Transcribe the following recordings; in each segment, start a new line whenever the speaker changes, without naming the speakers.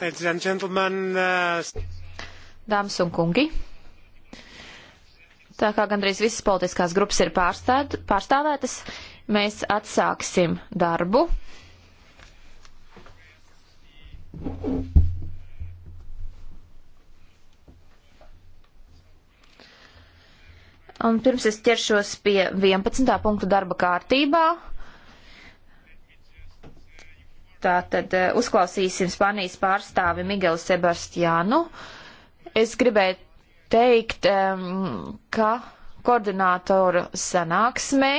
Uh,
Dāmas un kungi, tā kā gandrīz visas politiskās grupas ir pārstād, pārstāvētas, mēs atsāksim darbu. Un pirms es ķeršos pie 11. punktu darba kārtībā, Tātad eh, uzklausīsim Spānijas pārstāvi Migelu Sebastiānu. Es gribēju teikt, ka koordinātoru sanāksmē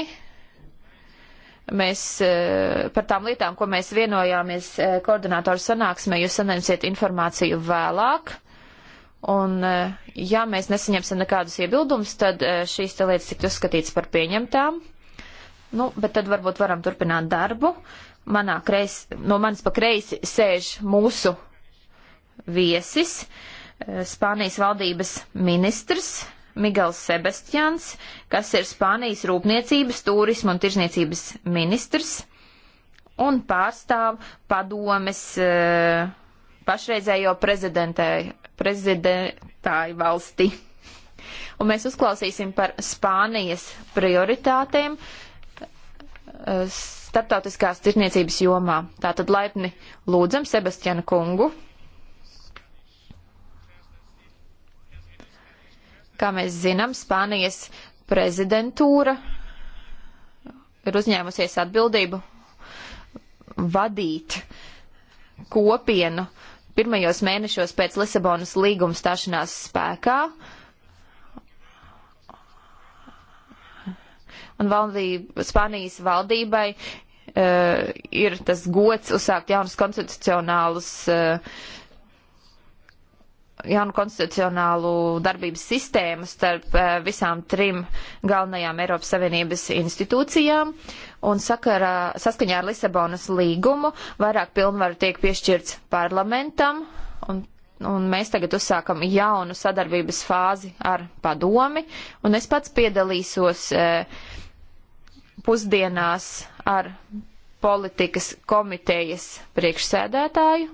mēs eh, par tām lietām, ko mēs vienojāmies eh, koordinātoru sanāksmē, jūs saņemsiet informāciju vēlāk. Un, ja mēs nesaņemsim nekādus iebildumus, tad šīs te lietas tiks uzskatītas par pieņemtām. Nu, bet tad varbūt varam turpināt darbu. Uh, manā kreis, no manis pa kreisi sēž mūsu viesis, eh, Spānijas valdības ministrs Migels Sebastians, kas ir Spānijas rūpniecības, turismu un tirzniecības ministrs un pārstāv padomes eh, pašreizējo prezidentāju valsti. Un mēs uzklausīsim par Spānijas prioritātēm eh, starptautiskās tirniecības jomā. Tātad laipni lūdzam Sebastianu kungu. Kā mēs zinām, Spānijas prezidentūra ir uzņēmusies atbildību vadīt kopienu pirmajos mēnešos pēc Lisabonas līguma stāšanās spēkā. Uh, un valdība, Spānijas valdībai uh, ir tas gods uzsākt jaunas konstitucionālas. Uh, eh, jaunu konstitucionālu darbības sistēmu starp eh, visām trim galvenajām Eiropas Savienības institūcijām. Un sakarā, saskaņā ar Lisabonas līgumu vairāk pilnvaru tiek piešķirts parlamentam, un un mēs tagad uzsākam jaunu sadarbības fāzi ar padomi, un es pats piedalīsos e, pusdienās ar politikas komitejas priekšsēdētāju.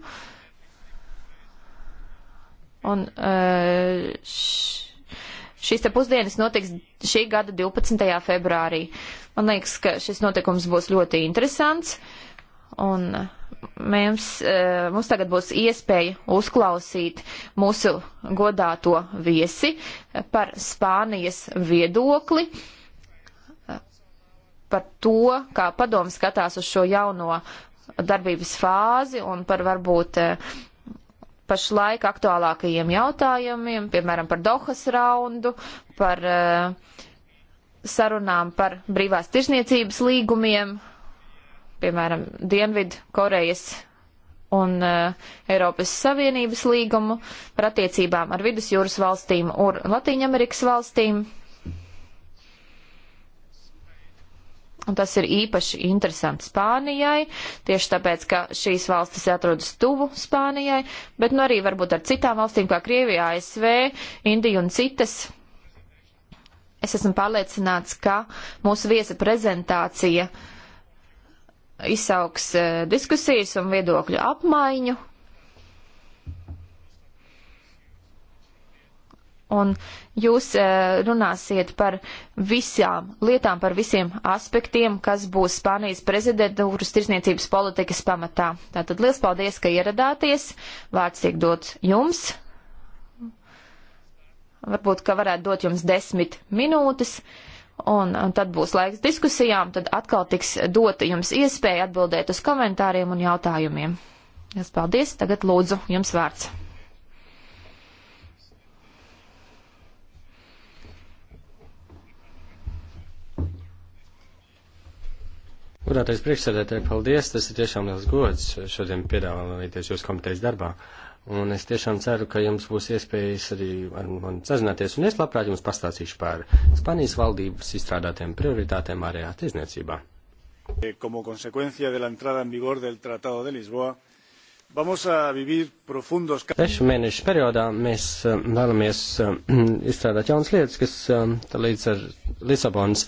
Un e, šīs te pusdienas notiks šī gada 12. februārī. Man liekas, ka šis notikums būs ļoti interesants. Un mums, e, mums tagad būs iespēja uzklausīt mūsu godāto viesi par Spānijas viedokli, e, par to, kā padomu skatās uz šo jauno darbības fāzi un par varbūt e, pašlaik aktuālākajiem jautājumiem, piemēram, par Dohas raundu, par sarunām par brīvās tirzniecības līgumiem, piemēram, Dienvidu Korejas un uh, Eiropas Savienības līgumu par attiecībām ar Vidusjūras valstīm un Latīņamerikas valstīm. Un tas ir īpaši interesanti Spānijai, tieši tāpēc, ka šīs valstis atrodas tuvu Spānijai, bet nu arī varbūt ar citām valstīm kā Krievija, ASV, Indija un citas. Es esmu pārliecināts, ka mūsu viesa prezentācija uh, izsauks eh, diskusijas un viedokļu apmaiņu. Un jūs eh, runāsiet par visām lietām, par visiem aspektiem, kas būs Spānijas prezidentūras tirsniecības politikas pamatā. Tātad liels paldies, ka ieradāties. Vārds tiek dots jums. Varbūt, ka varētu dot jums desmit minūtes. Uh, un, un tad būs laiks diskusijām, tad atkal tiks dota jums iespēja atbildēt uz komentāriem un jautājumiem. Es paldies, tagad lūdzu, jums vārds.
Godātais priekšsēdētāji, paldies, tas ir tiešām liels gods šodien piedāvāties jūs komitejas darbā. Uh, Un es tiešām ceru, ka jums būs iespējas arī ar mani sazināties, un es labprāt jums pastāstīšu par Spānijas valdības izstrādātiem prioritātēm ārējā tirzniecībā.
Eh, como consecuencia de la entrada en vigor del Tratado de Lisboa, Sešu
mēnešu periodā mēs eh, vēlamies eh, izstrādāt jaunas lietas, kas eh, līdz ar Lisabonas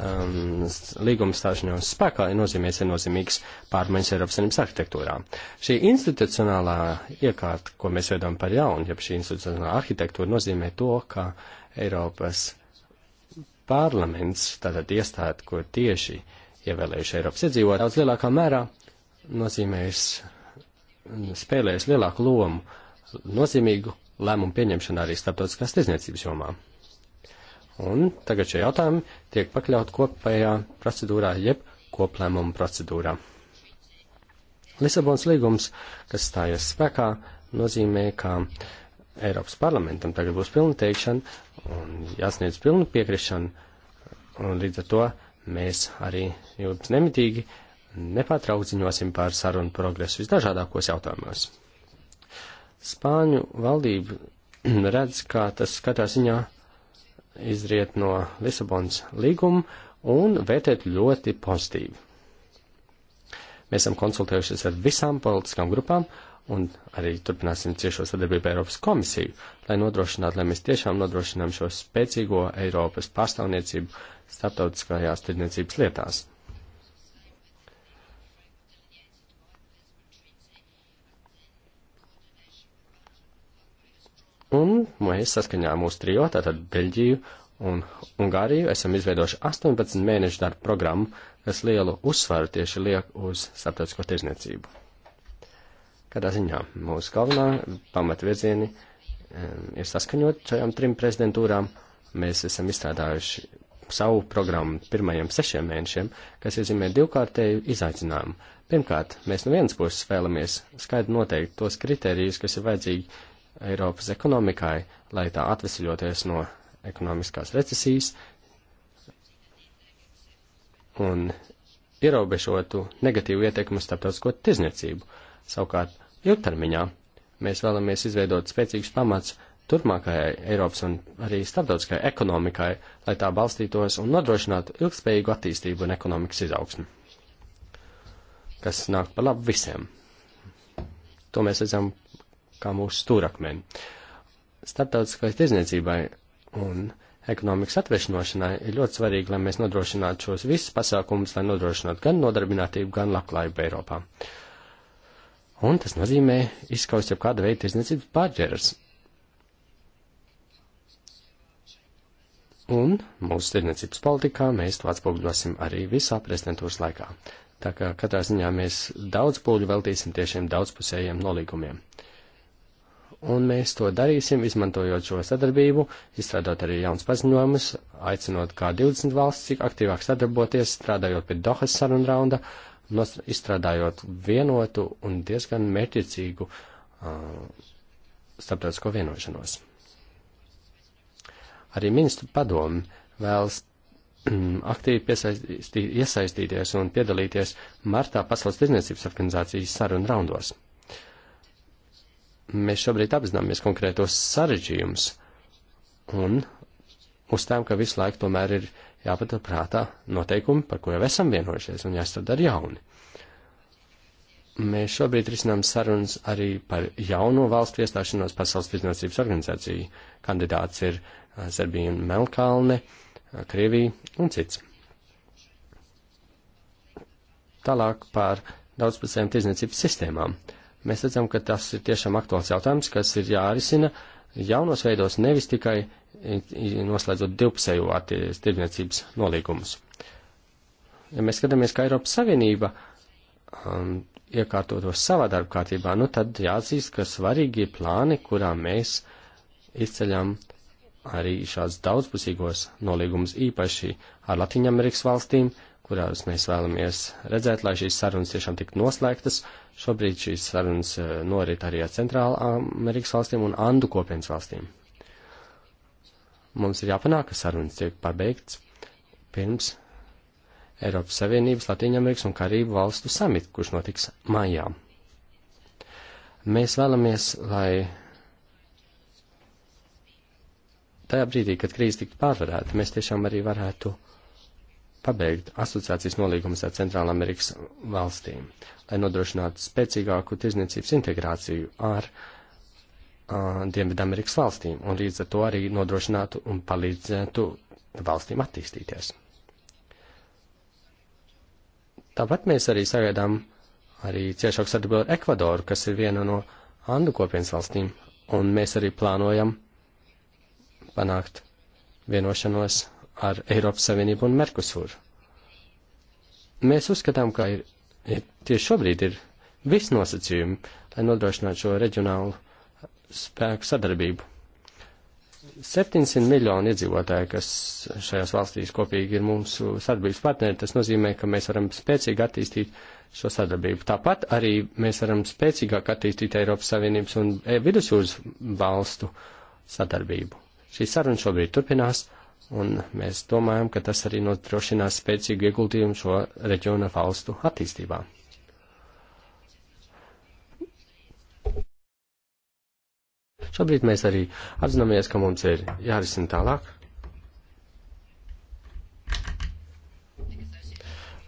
um, līguma stāšanos spēkā nozīmēs ir nozīmīgs pārmaiņas Eiropas Savienības arhitektūrā. Šī institucionālā iekārta, ko mēs veidojam par jaunu, ja šī institucionālā arhitektūra nozīmē to, ka Eiropas parlaments, tātad iestāde, ko tieši ievēlējuši Eiropas iedzīvotāji, daudz lielākā mērā nozīmēs spēlējis lielāku lomu, nozīmīgu lēmumu pieņemšanā arī starptautiskās tirzniecības jomā. Un tagad šie jautājumi tiek pakļaut kopējā procedūrā, jeb koplēmuma procedūrā. Lisabons līgums, kas stājas spēkā, nozīmē, ka Eiropas parlamentam tagad būs pilna teikšana un jāsniedz pilna piekrišana, un līdz ar to mēs arī jums nemitīgi uh, nepārtraukt ziņosim par sarunu progresu visdažādākos jautājumos. Spāņu valdība redz, kā tas katrā ziņā izriet no Lisabonas līguma un vērtēt ļoti pozitīvi. Mēs esam konsultējušies ar visām politiskām grupām un arī turpināsim ciešo sadarbību Eiropas komisiju, lai nodrošinātu, lai mēs tiešām nodrošinām šo spēcīgo Eiropas pārstāvniecību starptautiskajās tirdzniecības lietās. Un mēs saskaņā mūsu trijo, tātad Beļģiju un Ungāriju, esam izveidojuši 18 mēnešu darbu programmu, kas lielu uzsvaru tieši liek uz starptautisko tirzniecību. Kādā ziņā mūsu galvenā pamatvirzieni ir saskaņot šajām trim prezidentūrām. Mēs esam izstrādājuši savu programmu pirmajiem sešiem mēnešiem, kas iezīmē divkārtēju izaicinājumu. Pirmkārt, mēs no vienas puses vēlamies skaidri noteikt tos kriterijus, kas ir vajadzīgi Eiropas ekonomikai, lai tā atvesaļoties no ekonomiskās recesijas un ierobežotu negatīvu ietekmu starptautisko tirzniecību. Savukārt, ilgtermiņā mēs vēlamies izveidot spēcīgus pamats turpmākajai Eiropas un arī starptautiskajai ekonomikai, lai tā balstītos un nodrošinātu ilgspējīgu attīstību un ekonomikas izaugsmu, kas nāk par labu visiem. To mēs redzam kā mūsu stūrakmeni. Startautiskai tirzniecībai un ekonomikas atvešanošanai ir ļoti svarīgi, lai mēs nodrošinātu šos visus pasākumus, lai nodrošinātu gan nodarbinātību, gan labklājību Eiropā. Un tas nozīmē izskaust jau kādu veidu tirzniecības pārģeras. Un mūsu tirzniecības politikā mēs to atspoguļosim arī visā prezidentūras laikā. Tā kā katrā ziņā mēs daudz pūļu veltīsim tiešiem daudzpusējiem nolīgumiem. Uh, un mēs to darīsim, izmantojot šo sadarbību, izstrādot arī jauns paziņojumus, aicinot kā 20 valsts cik aktīvāk sadarboties, strādājot pie Dohas sarunu raunda, izstrādājot vienotu un diezgan mērķicīgu uh, starptautisko vienošanos. Arī ministru padomu vēlas mm, aktīvi iesaistīties un piedalīties martā Pasaules tirdzniecības organizācijas sarunu raundos. Mēs šobrīd apzināmies konkrētos sarežģījumus un uzstājam, ka visu laiku tomēr ir jāpatur prātā noteikumi, par ko jau esam vienojušies, un jāstrādā ar jauni. Mēs šobrīd risinām sarunas arī par jauno valstu iestāšanos Pasaules tirdzniecības organizāciju. Kandidāts ir Serbija un Melkalne, Krievija un cits. Tālāk par daudzpusējām tirdzniecības sistēmām. Uh, Mēs redzam, ka tas ir tiešām aktuāls jautājums, kas ir jārisina jaunos veidos, nevis tikai noslēdzot divpusēju tirdzniecības nolīgumus. Ja mēs skatāmies, kā Eiropas Savienība um, iekārtotos savā darba kārtībā, nu tad jāatzīst, ka svarīgi ir plāni, kurā mēs izceļam arī šāds daudzpusīgos nolīgumus īpaši ar Latviju-Amerikas valstīm, uh, kurās mēs vēlamies redzēt, lai šīs sarunas tiešām tiktu noslēgtas. Šobrīd šīs sarunas eh, norit arī ar Centrāla Amerikas valstīm un Andu kopienas valstīm. Mums ir jāpanāk, ka sarunas tiek pabeigts pirms Eiropas Savienības, Latīņamerikas un Karību valstu samita, kurš notiks maijā. Mēs vēlamies, lai tajā brīdī, kad krīze tiktu pārvarēta, mēs tiešām arī varētu uh, pabeigt asociācijas nolīgumus ar Centrāla Amerikas valstīm, lai nodrošinātu spēcīgāku tirzniecības integrāciju ar uh, Dienvidamerikas valstīm un līdz ar to arī nodrošinātu un palīdzētu valstīm attīstīties. Tāpat mēs arī sagaidām arī ciešāku sadarbību ar Ekvadoru, kas ir viena no Andu kopienas valstīm, un mēs arī plānojam panākt vienošanos ar Eiropas Savienību un Merkusuru. Mēs uzskatām, ka ir, ir tieši šobrīd ir viss nosacījumi, lai nodrošinātu šo reģionālu spēku sadarbību. 700 miljoni iedzīvotāji, kas šajās valstīs kopīgi ir mūsu sadarbības partneri, tas nozīmē, ka mēs varam spēcīgi attīstīt šo sadarbību. Tāpat arī mēs varam spēcīgāk attīstīt Eiropas Savienības un e, Vidusjūras valstu sadarbību. Šī saruna šobrīd turpinās, un mēs domājam, ka tas arī nodrošinās spēcīgu ieguldījumu šo reģiona valstu attīstībā. Šobrīd mēs arī apzināmies, ka mums ir jārisina tālāk.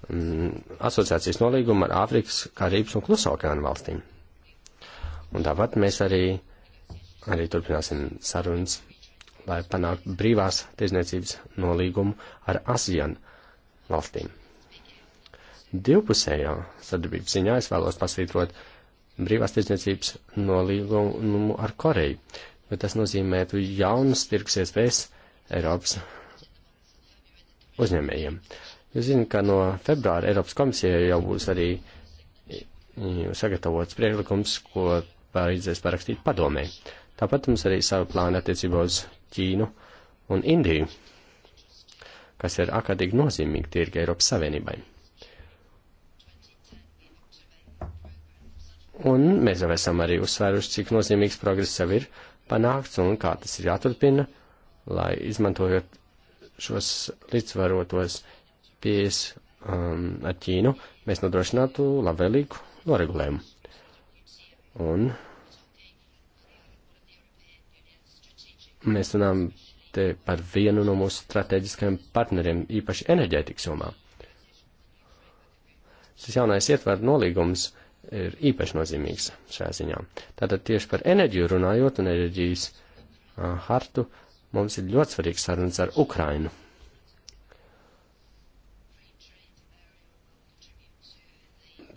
Mm, asociācijas nolīguma ar Āfrikas, Karības un Klusa okeāna valstīm. Un tāpat mēs arī, arī turpināsim sarunas lai panāktu brīvās tirzniecības nolīgumu ar ASEAN valstīm. Divpusējā sadarbības ziņā es vēlos pasvītrot brīvās tirzniecības nolīgumu ar Koreju, jo tas nozīmētu jaunas tirgus iespējas Eiropas uzņēmējiem. Jūs zināt, ka no februāra Eiropas komisija jau būs arī sagatavots priekšlikums, ko pārīdzēs parakstīt padomē. Tāpat mums arī savu plānu attiecībā uz Ķīnu un Indiju, kas ir akadīgi nozīmīgi tirgi Eiropas Savienībai. Un mēs jau esam arī uzsvēruši, cik nozīmīgs progress jau ir panākts un kā tas ir jāturpina, lai izmantojot šos līdzsvarotos pieejas um, ar Ķīnu, mēs nodrošinātu labvēlīgu noregulējumu. Un Mēs runājam te par vienu no mūsu strateģiskajiem partneriem, īpaši enerģētikas jomā. Šis jaunais ietver nolīgums ir īpaši nozīmīgs šajā ziņā. Tātad tieši par enerģiju runājot un enerģijas uh, hartu mums ir ļoti svarīgs sarunas ar Ukrainu.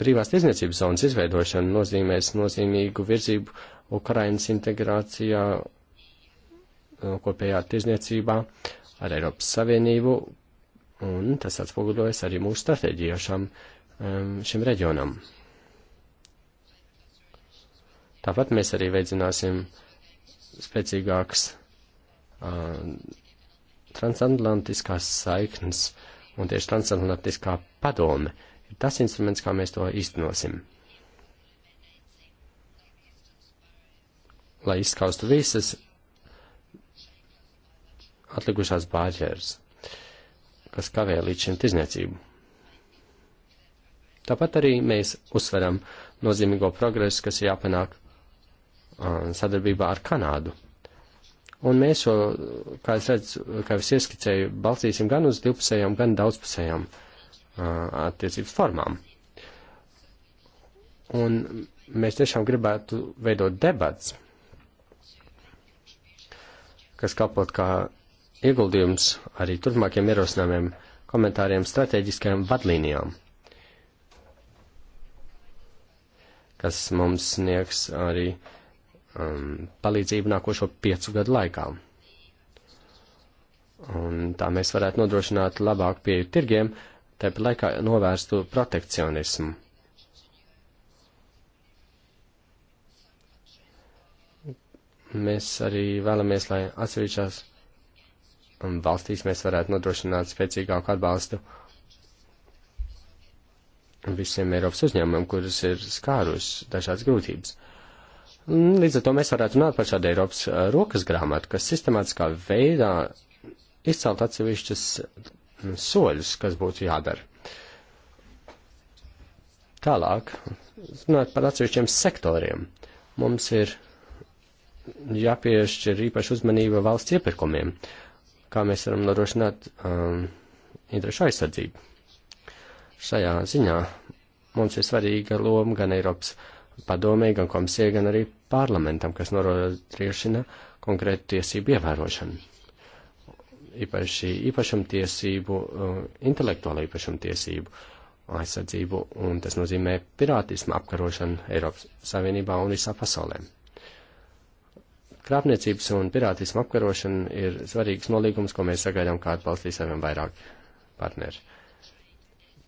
Brīvās tirzniecības zonas izveidošana nozīmēs nozīmīgu virzību Ukrainas integrācijā kopējā tirzniecībā ar Eiropas Savienību, un tas atspoguļojas arī mūsu stratēģijā šam, šim reģionam. Tāpat mēs arī veicināsim spēcīgākas uh, transatlantiskās saiknes, un tieši transatlantiskā padome ir tas instruments, kā mēs to īstenosim. Lai izskaustu visas atlikušās bāķēras, kas kavē līdz šim tirzniecību. Tāpat arī mēs uzsveram nozīmīgo progresu, kas ir jāpanāk uh, sadarbībā ar Kanādu. Un mēs šo, kā es redzu, kā es ieskicēju, balstīsim gan uz divpusējām, gan daudzpusējām uh, attiecības formām. Un mēs tiešām gribētu veidot debats, kas kalpot kā ieguldījums arī turpmākiem ierosinājumiem, komentāriem, strateģiskajām vadlīnijām, kas mums sniegs arī um, palīdzību nākošo piecu gadu laikā. Un tā mēs varētu nodrošināt labāku pieeju tirgiem, tāpat laikā novērstu protekcionismu. Mēs arī vēlamies, lai atsevišķās valstīs mēs varētu nodrošināt spēcīgāku atbalstu visiem Eiropas uzņēmumiem, kurus ir skārus dažādas grūtības. Līdz ar to mēs varētu runāt par šādu Eiropas rokas grāmatu, kas sistemātiskā veidā izcelt atsevišķas soļus, kas būtu jādara. Tālāk, runāt par atsevišķiem sektoriem. Mums ir jāpiešķir īpaši uzmanība valsts iepirkumiem. Uh, kā mēs varam nodrošināt um, interešu aizsardzību. Šajā ziņā mums ir svarīga loma gan Eiropas padomē, gan komisijai, gan arī parlamentam, kas norotriešina konkrētu tiesību ievērošanu. Īpaši īpašumtiesību, uh, intelektuāla īpašumtiesību aizsardzību, un tas nozīmē pirātismu apkarošanu Eiropas Savienībā un visā pasaulē. Krāpniecības un pirātismu apkarošana ir svarīgs nolīgums, ko mēs sagaidām, kā atbalstīs arvien vairāk partneri.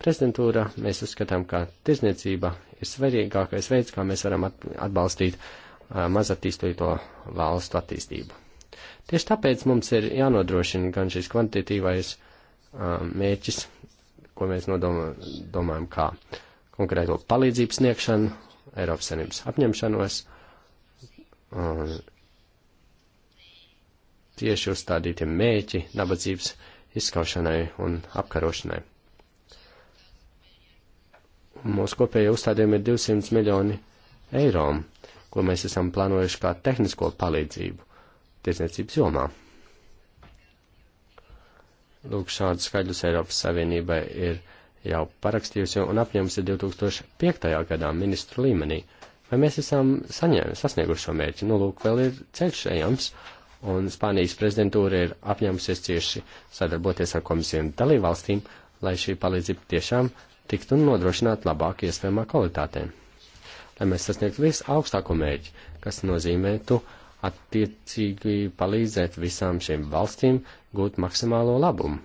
Prezidentūra mēs uzskatām, ka tirzniecība ir svarīgākais veids, kā mēs varam atbalstīt mazattīstīto valstu attīstību. Tieši tāpēc mums ir jānodrošina gan šis kvantitīvais mērķis, ko mēs nodomājam kā konkrēto palīdzību sniegšanu, Eiropas Savienības apņemšanos, tieši uzstādīti mēķi nabadzības izskaušanai un apkarošanai. Mūsu kopējie uzstādījumi ir 200 miljoni eiro, ko mēs esam plānojuši kā tehnisko palīdzību tiesniecības jomā. Lūk, šādu skaļus Eiropas Savienībai ir jau parakstījusi un apņēmusi 2005. gadā ministru līmenī. Vai mēs esam saņēmi, sasnieguši šo mērķi? Nu, lūk, vēl ir ceļš ejams. Uh, un Spānijas prezidentūra ir apņēmusies cieši sadarboties ar komisiju un dalībvalstīm, lai šī palīdzība tiešām tiktu nodrošināta labāk iespējamā kvalitātē. Lai mēs sasniegtu visaugstāko mērķi, kas nozīmētu attiecīgi palīdzēt visām šīm valstīm gūt maksimālo labumu.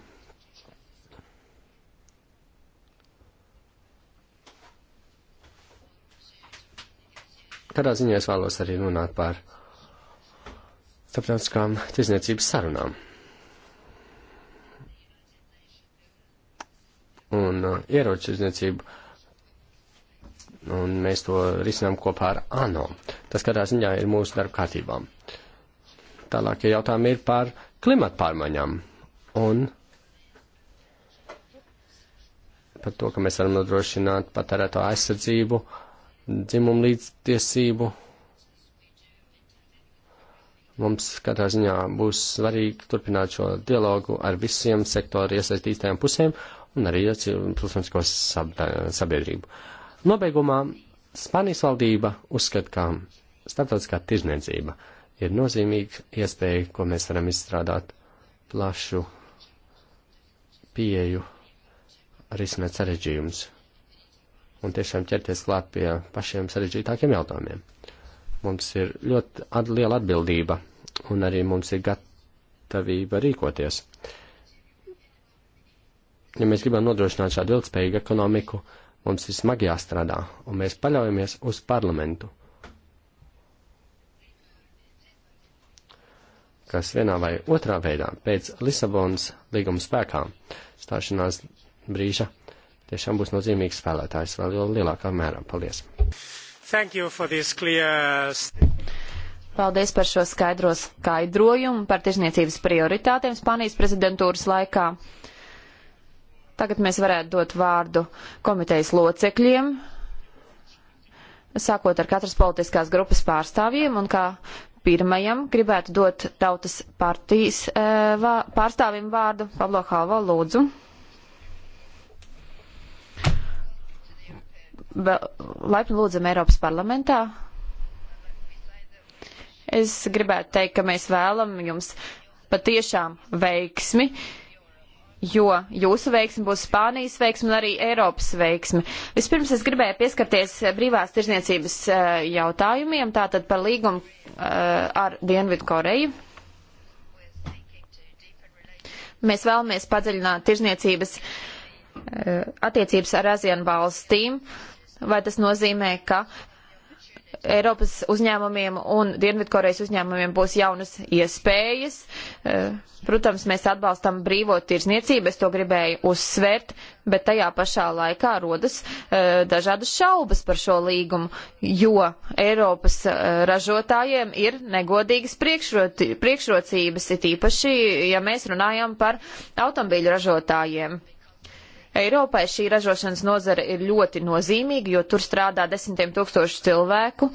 Katrā ziņā es vēlos arī runāt par starptautiskām tirzniecības sarunām. Un uh, ieroču tirzniecību, un mēs to risinām kopā ar ANO. Tas kādā ziņā ir mūsu darba kārtībām. Tālākie ja jautājumi ir par klimatu pārmaiņām un par to, ka mēs varam nodrošināt patērēto aizsardzību, dzimumu līdztiesību Mums katrā ziņā būs svarīgi turpināt šo dialogu ar visiem sektoru iesaistītajām pusēm un arī ar pilsonisko sabiedrību. Nobeigumā Spānijas valdība uzskata, ka starptautiskā tirzniecība ir nozīmīga iespēja, ko mēs varam izstrādāt plašu pieju, risināt sarežģījumus un tiešām ķerties klāt pie pašiem sarežģītākiem jautājumiem. Mums ir ļoti at liela atbildība un arī mums ir gatavība rīkoties. Ja mēs gribam nodrošināt šādu ilgspējīgu ekonomiku, mums ir smagi jāstrādā, un mēs paļaujamies uz parlamentu, kas vienā vai otrā veidā pēc Lisabonas līguma spēkā stāšanās brīža tiešām būs nozīmīgs spēlētājs vēl lielākā mērā. Paldies!
Clear...
Paldies par šo skaidro skaidrojumu par tirzniecības prioritātēm Spānijas prezidentūras laikā. Tagad mēs varētu dot vārdu komitejas locekļiem, sākot ar katras politiskās grupas pārstāvjiem, un kā pirmajam gribētu dot tautas partijas eh, pārstāvim vārdu Pablo Halvo Lūdzu. laipni lūdzam Eiropas parlamentā. Es gribētu teikt, ka mēs vēlam jums patiešām veiksmi, jo jūsu veiksmi būs Spānijas veiksmi un arī Eiropas veiksmi. Vispirms es gribēju pieskarties brīvās tirzniecības eh, jautājumiem, tātad par līgumu eh, ar Dienvidu Koreju. Mēs vēlamies padziļināt tirzniecības eh, attiecības ar ASEAN valstīm. Uh, Vai tas nozīmē, ka Eiropas uzņēmumiem un Dienvidkorejas uzņēmumiem būs jaunas iespējas. Eh, protams, mēs atbalstam brīvo tirsniecību, es to gribēju uzsvērt, bet tajā pašā laikā rodas eh, dažādas šaubas par šo līgumu, jo Eiropas eh, ražotājiem ir negodīgas priekšrocības, it īpaši, ja mēs runājam par automobīļu ražotājiem. Eiropai šī ražošanas nozara ir ļoti nozīmīga, jo tur strādā desmitiem tūkstošu cilvēku.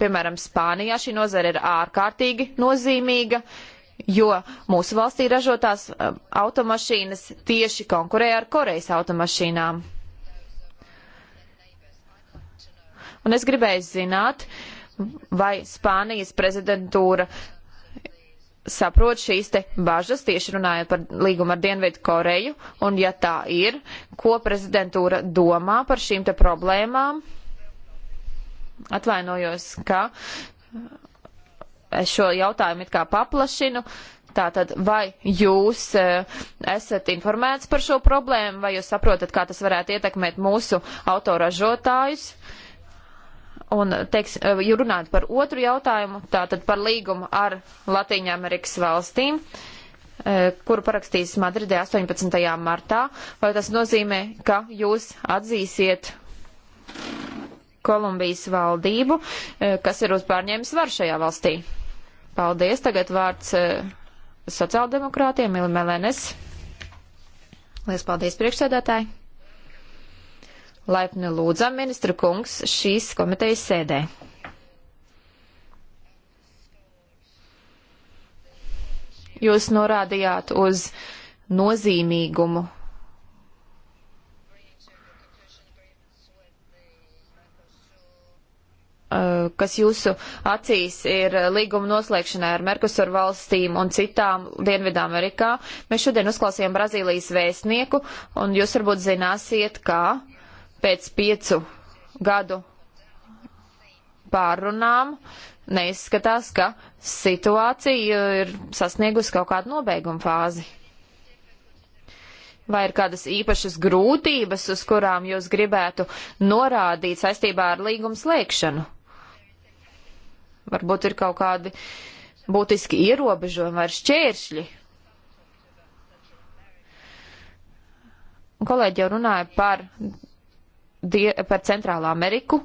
Piemēram, Spānijā šī nozara ir ārkārtīgi nozīmīga, jo mūsu valstī ražotās automašīnas tieši konkurē ar Korejas automašīnām. Un es gribēju zināt, vai Spānijas prezidentūra saprot šīs te bažas, tieši runājot par līgumu ar Dienvidu Koreju, un ja tā ir, ko prezidentūra domā par šīm te problēmām? Atvainojos, ka es šo jautājumu it kā paplašinu. Tātad, vai jūs eh, esat informēts par šo problēmu, vai jūs saprotat, kā tas varētu ietekmēt mūsu autoražotājus? Uh, Un, teiks, eh, ja runājot par otru jautājumu, tātad par līgumu ar Latīņu Amerikas valstīm, eh, kuru parakstīs Madridē 18. martā, vai tas nozīmē, ka jūs atzīsiet Kolumbijas valdību, eh, kas ir uzpārņēmis varu šajā valstī? Paldies, tagad vārds sociāldemokrātiem Ilmelenes. Lielas paldies priekšsēdētāji! Laipni nu lūdzam, ministra kungs, šīs komitejas sēdē. Jūs norādījāt uz nozīmīgumu eh, kas jūsu acīs ir līguma noslēgšanai ar Merkusur valstīm un citām Dienvidamerikā. Mēs šodien uzklausījām Brazīlijas vēstnieku, un jūs varbūt zināsiet, kā pēc piecu gadu pārunām neizskatās, ka situācija ir sasniegusi kaut kādu nobeigumu fāzi. Vai ir kādas īpašas grūtības, uz kurām jūs gribētu norādīt saistībā ar līgumu slēgšanu? Varbūt ir kaut kādi būtiski ierobežojumi vai šķēršļi. Kolēģi jau runāja par die, par Centrālā Ameriku.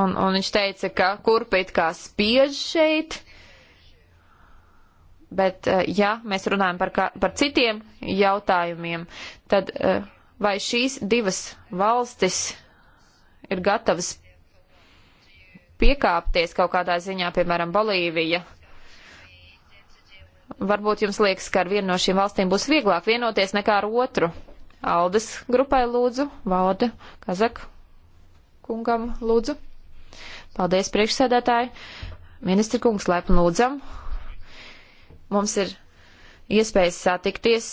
Un, un viņš teica, ka kurpīt kā spiež šeit, bet eh, ja mēs runājam par, kā, par citiem jautājumiem, tad eh, vai šīs divas valstis ir gatavas piekāpties kaut kādā ziņā, piemēram, Bolīvija? Varbūt jums liekas, ka ar vienu no šīm valstīm būs vieglāk vienoties nekā ar otru. Aldes grupai lūdzu, Valde Kazak kungam lūdzu. Paldies, priekšsēdētāji. Ministra kungs, laipni lūdzam. Mums ir iespējas satikties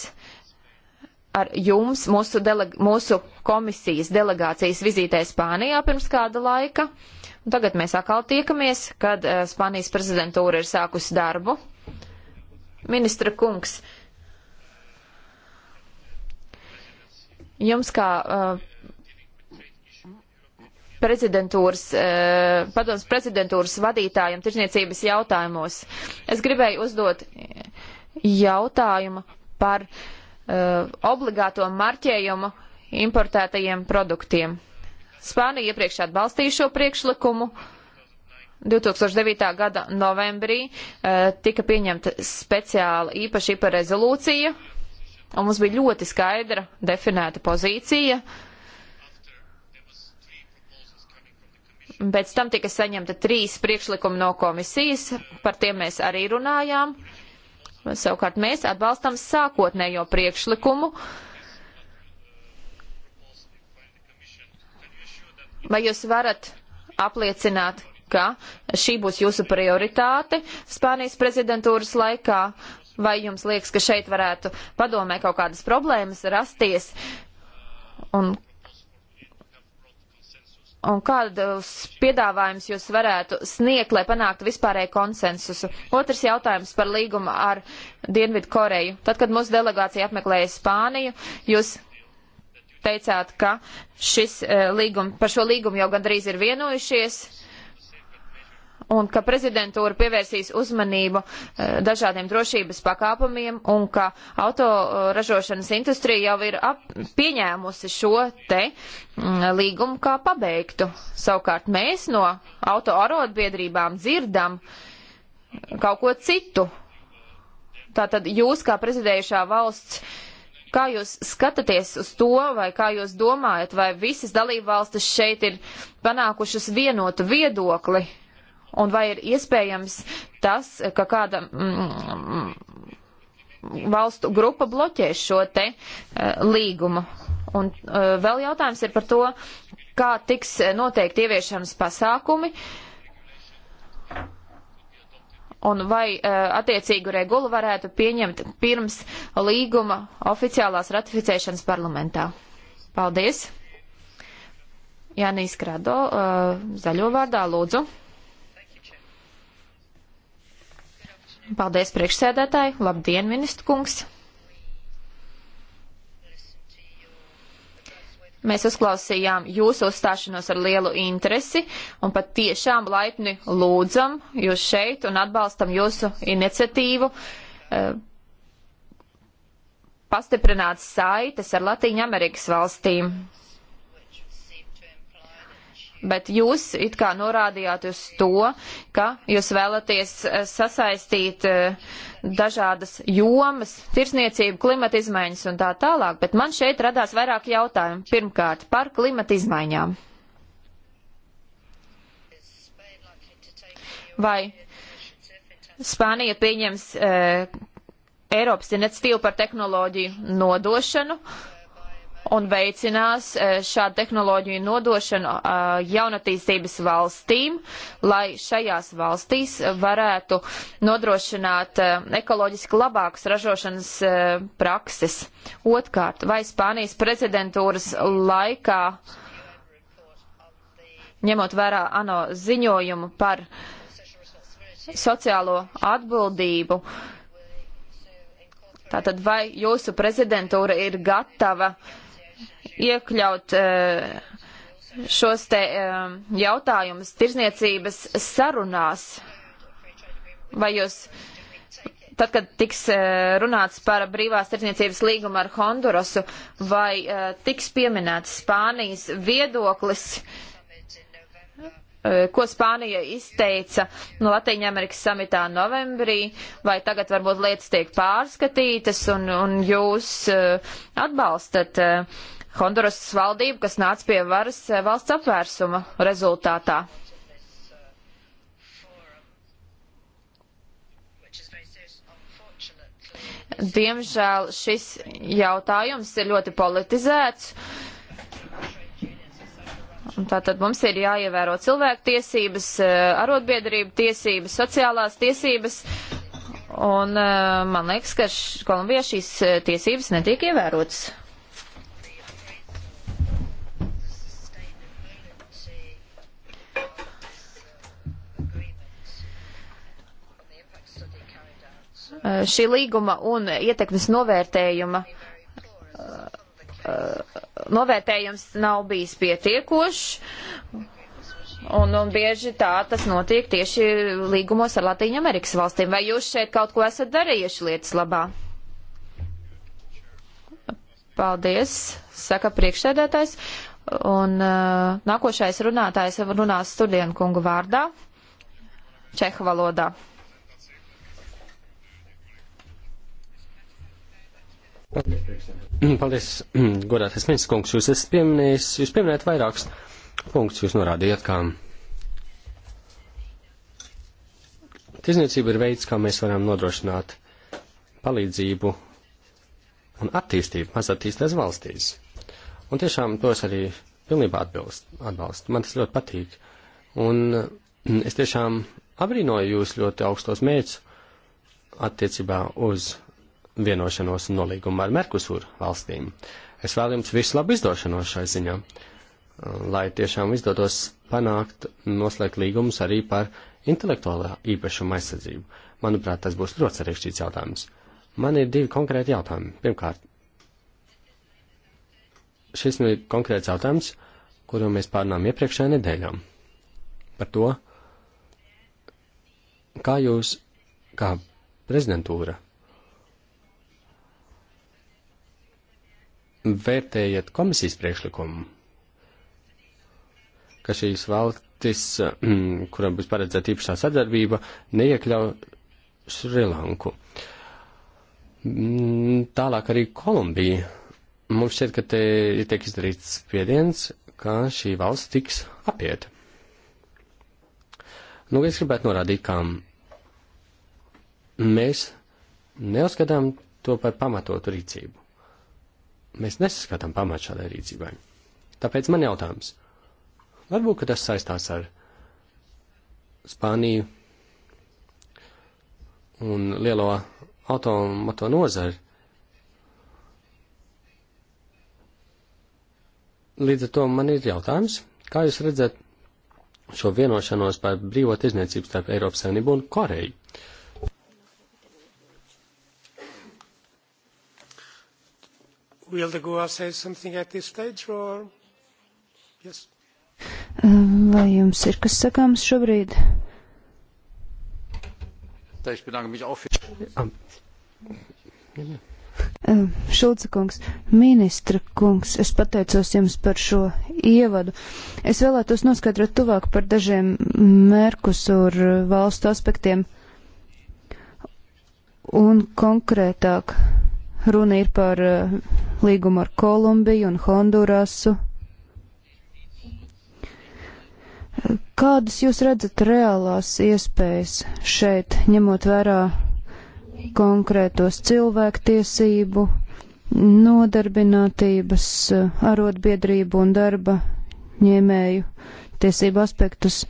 ar jums mūsu, delega, mūsu komisijas delegācijas vizītē Spānijā pirms kāda laika. Un tagad mēs atkal tiekamies, kad uh, Spānijas prezidentūra ir sākusi darbu. Ministra kungs, jums kā uh, prezidentūras, uh, padoms prezidentūras vadītājam tirzniecības jautājumos, es gribēju uzdot jautājumu par uh, obligāto marķējumu importētajiem produktiem. Spānija iepriekš atbalstīja šo priekšlikumu. Uh, 2009. gada novembrī eh, tika pieņemta speciāla īpaši par rezolūciju, un mums bija ļoti skaidra definēta pozīcija. Pēc tam tika saņemta trīs priekšlikumi no komisijas, par tiem mēs arī runājām. Savukārt mēs atbalstam sākotnējo priekšlikumu, uh, Vai jūs varat apliecināt, ka šī būs jūsu prioritāte Spānijas prezidentūras laikā, vai jums liekas, ka šeit varētu padomē kaut kādas problēmas rasties? Un, un kādus piedāvājumus jūs varētu sniegt, lai panāktu vispārēju konsensusu? Otrs jautājums par līgumu ar Dienvidu Koreju. Tad, kad mūsu delegācija apmeklēja Spāniju, jūs teicāt, ka šis, uh, līgum, par šo līgumu jau gandrīz ir vienojušies. Uh, un ka prezidentūra pievērsīs uzmanību eh, dažādiem drošības pakāpumiem un ka autoražošanas industrija jau ir ap, pieņēmusi šo te mm, līgumu kā pabeigtu. Savukārt mēs no auto arotbiedrībām dzirdam kaut ko citu. Tātad jūs kā prezidējušā valsts kā jūs skatāties uz to, vai kā jūs domājat, vai visas dalībvalstis šeit ir panākušas vienotu viedokli Un vai ir iespējams tas, ka kāda mm, valstu grupa bloķēs šo te uh, līgumu? Un uh, vēl jautājums ir par to, kā tiks noteikti ieviešanas pasākumi. Un vai uh, attiecīgu regulu varētu pieņemt pirms līguma oficiālās ratificēšanas parlamentā? Paldies! Jānis Krado, uh, zaļo vārdā, lūdzu. Paldies priekšsēdētāji. Labdien, ministru kungs. Mēs uzklausījām jūsu uzstāšanos ar lielu interesi un pat tiešām laipni lūdzam jūs šeit un atbalstam jūsu iniciatīvu eh, pastiprināt saites ar Latīņu Amerikas valstīm bet jūs it kā norādījāt uz to, ka jūs vēlaties eh, sasaistīt eh, dažādas jomas, tirsniecību, klimata izmaiņas un tā tālāk, bet man šeit radās vairāk jautājumu. Pirmkārt, par klimata izmaiņām. Vai Spānija pieņems eh, Eiropas iniciatīvu par tehnoloģiju nodošanu? Uh, un veicinās eh, šādu tehnoloģiju nodošanu eh, jaunatīstības valstīm, lai šajās valstīs varētu nodrošināt eh, ekoloģiski labākas ražošanas prakses. Otkārt, vai Spānijas prezidentūras laikā, ņemot vērā ANO ziņojumu par sociālo atbildību, tātad vai jūsu prezidentūra ir gatava uh, iekļaut eh, šos te eh, jautājumus tirzniecības sarunās? Vai jūs, tad, kad tiks eh, runāts par brīvās tirzniecības līgumu ar Hondurasu, vai tiks pieminēts Spānijas viedoklis? ko Spānija izteica no Latvijas Amerikas samitā novembrī, vai tagad varbūt lietas tiek pārskatītas un, un jūs atbalstat Honduras valdību, kas nāca pie varas eh, valsts apvērsuma rezultātā. Diemžēl šis jautājums ir ļoti politizēts. Tātad mums ir jāievēro cilvēktiesības, eh, arotbiedrību tiesības, sociālās tiesības, un eh, man liekas, ka Kolumbijā šīs tiesības netiek ievērotas. Eh, šī līguma un ietekmes novērtējuma eh, eh, novērtējums nav bijis pietiekošs. Un, un bieži tā tas notiek tieši līgumos ar Latīņu Amerikas valstīm. Vai jūs šeit kaut ko esat darījuši lietas labā? Paldies, saka priekšsēdētājs. Un uh, nākošais runātājs runās studienu kungu vārdā, čehu valodā.
Mm, paldies, mm, godātais ministrs kungs. Jūs esat pieminējis, jūs pieminējat vairākus punktus, jūs norādījat, kā tirzniecība ir veids, kā mēs varam nodrošināt palīdzību un attīstību mazattīstās valstīs. Un tiešām tos arī pilnībā atbilst, atbalst. Man tas ļoti patīk. Un mm, es tiešām abrīnoju jūs ļoti augstos mērķus attiecībā uz vienošanos un nolīgumu ar Merkusūru valstīm. Es vēlu jums visu labu izdošanos šai ziņā, lai tiešām izdotos panākt noslēgt līgumus arī par intelektuālā īpašuma aizsardzību. Manuprāt, tas būs ļoti sarežģīts jautājums. Man ir divi konkrēti jautājumi. Pirmkārt, šis nu ir konkrēts jautājums, kuru mēs pārnām iepriekšējā nedēļā. Par to, kā jūs, kā prezidentūra, vērtējat komisijas priekšlikumu, ka šīs valstis, kurām būs paredzēta īpašā sadarbība, neiekļauj Šrilanku. Mm, tālāk arī Kolumbija. Mums šķiet, ka te ir tiek izdarīts spiediens, ka šī valsts tiks apiet. Nu, es gribētu norādīt, kā mēs neuzskatām to par pamatotu rīcību mēs nesaskatām pamatu šādai rīcībai. Tāpēc man jautājums. Varbūt, ka tas saistās ar Spāniju un lielo automoto nozari. Līdz ar to man ir jautājums, kā jūs redzat šo vienošanos par brīvo tirzniecību starp Eiropas Savienību un Koreju? Uh,
Will the Goa say something at this stage or? Yes.
Um, vai jums ir kas sakāms šobrīd? Um, Šulca kungs, ministra kungs, es pateicos jums par šo ievadu. Es vēlētos noskaidrot tuvāk par dažiem Merkusur valstu aspektiem un konkrētāk Runa ir par eh, līgumu ar Kolumbiju un Hondurasu. Kādas jūs redzat reālās iespējas šeit, ņemot vērā konkrētos cilvēktiesību, nodarbinātības, eh, arotbiedrību un darba ņēmēju tiesību aspektus?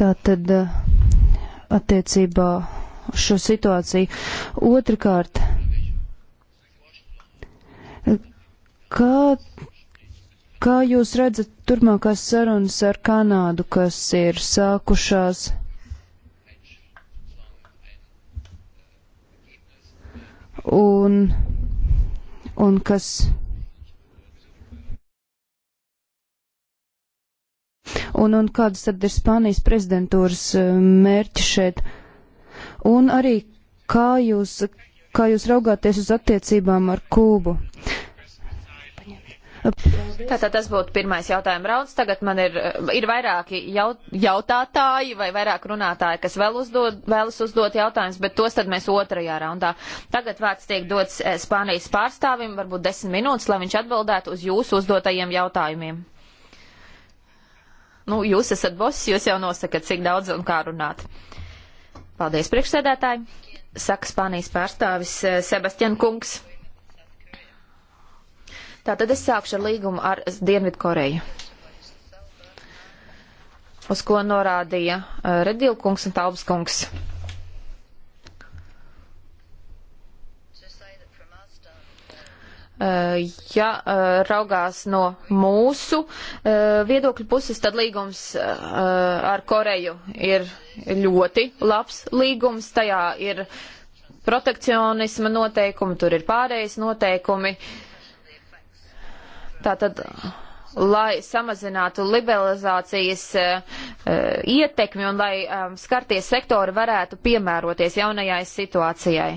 Tātad. Uh, attiecībā uz šo situāciju. Otrakārt, kā, kā jūs redzat turpmākās sarunas ar Kanādu, kas ir sākušās? Un, un kas un, un kādas tad ir Spānijas prezidentūras e, mērķi šeit. Un arī kā jūs, kā jūs raugāties uz attiecībām ar Kūbu.
Tātad tas būtu pirmais jautājuma rauns. Tagad man ir, e, ir vairāki jaut, jautātāji vai vairāk runātāji, kas vēl uzdod, vēlas uzdot jautājumus, bet tos tad mēs otrajā raundā. Tagad vārds tiek dots e, Spānijas pārstāvim, varbūt desmit minūtes, lai viņš atbildētu uz jūsu uzdotajiem jautājumiem. Nu, jūs esat boss, jūs jau nosakat, cik daudz un kā runāt. Paldies, priekšsēdētāji. Saka Spānijas pārstāvis eh, Sebastian Kungs. Tātad es sākšu ar līgumu ar Dienvidu Koreju, uz ko norādīja eh, Redilkungs un Taubskungs. kungs. Eh, ja eh, raugās no mūsu eh, viedokļa puses, tad līgums ar Koreju ir ļoti labs līgums. Tajā ir protekcionisma noteikumi, tur ir pārējais noteikumi. Tātad, lai samazinātu liberalizācijas ietekmi un lai skarties sektori varētu piemēroties jaunajai situācijai.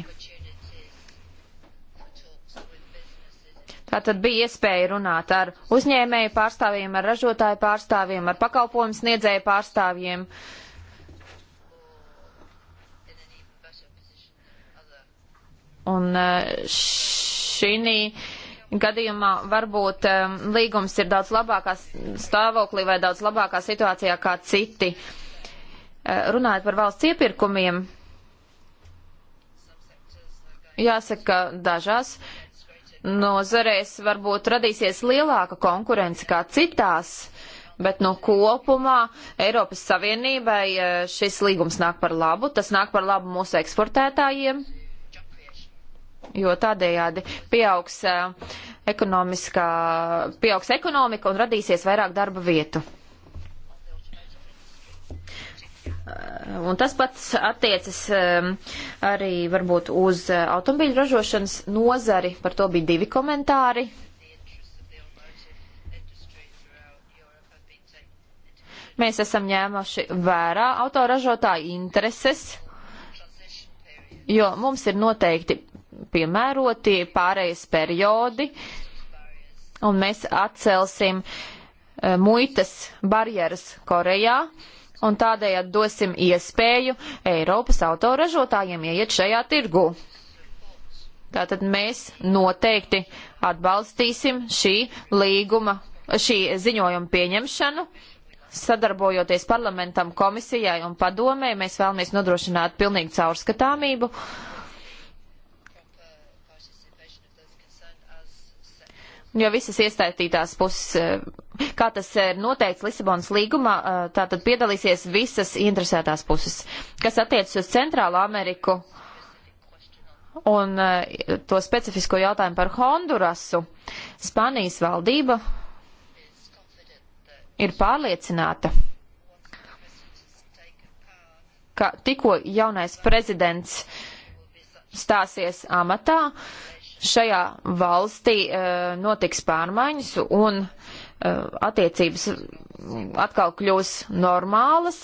Tātad bija iespēja runāt ar uzņēmēju pārstāvjiem, ar ražotāju pārstāvjiem, ar pakalpojumu sniedzēju pārstāvjiem. Un e, šī gadījumā varbūt um, līgums ir daudz labākā stāvoklī vai daudz labākā situācijā kā citi. Uh, runājot par valsts iepirkumiem, jāsaka, ka dažās nozarēs varbūt radīsies lielāka konkurence kā citās, bet no kopumā Eiropas Savienībai eh, šis līgums nāk par labu, tas nāk par labu mūsu eksportētājiem, jo tādējādi pieaugs, eh, ekonomiskā, pieaugs ekonomika un radīsies vairāk darba vietu. Eh, un tas pats attiecas ehm, arī varbūt uz eh, automobīļu ražošanas nozari. Par to bija divi komentāri. Mēs esam ņēmuši vērā autoražotāju intereses, jo mums ir noteikti piemērotie pārējais periodi, un mēs atcelsim eh, muitas barjeras Korejā un tādējādi dosim iespēju Eiropas autoražotājiem ieiet šajā tirgu. Tātad mēs noteikti atbalstīsim šī līguma, šī ziņojuma pieņemšanu. Sadarbojoties parlamentam, komisijai un padomē, mēs vēlamies nodrošināt pilnīgu caurskatāmību. Uh, jo visas iesaistītās puses, eh, kā tas eh, ir noteikts Lisabonas līgumā, eh, tātad piedalīsies visas interesētās puses. Kas attiecas uz Centrālu Ameriku un to specifisko jautājumu par Hondurasu, Spānijas valdība ir pārliecināta, ka tikko jaunais prezidents stāsies amatā, uh, šajā valstī eh, notiks pārmaiņas un eh, attiecības atkal kļūs normālas.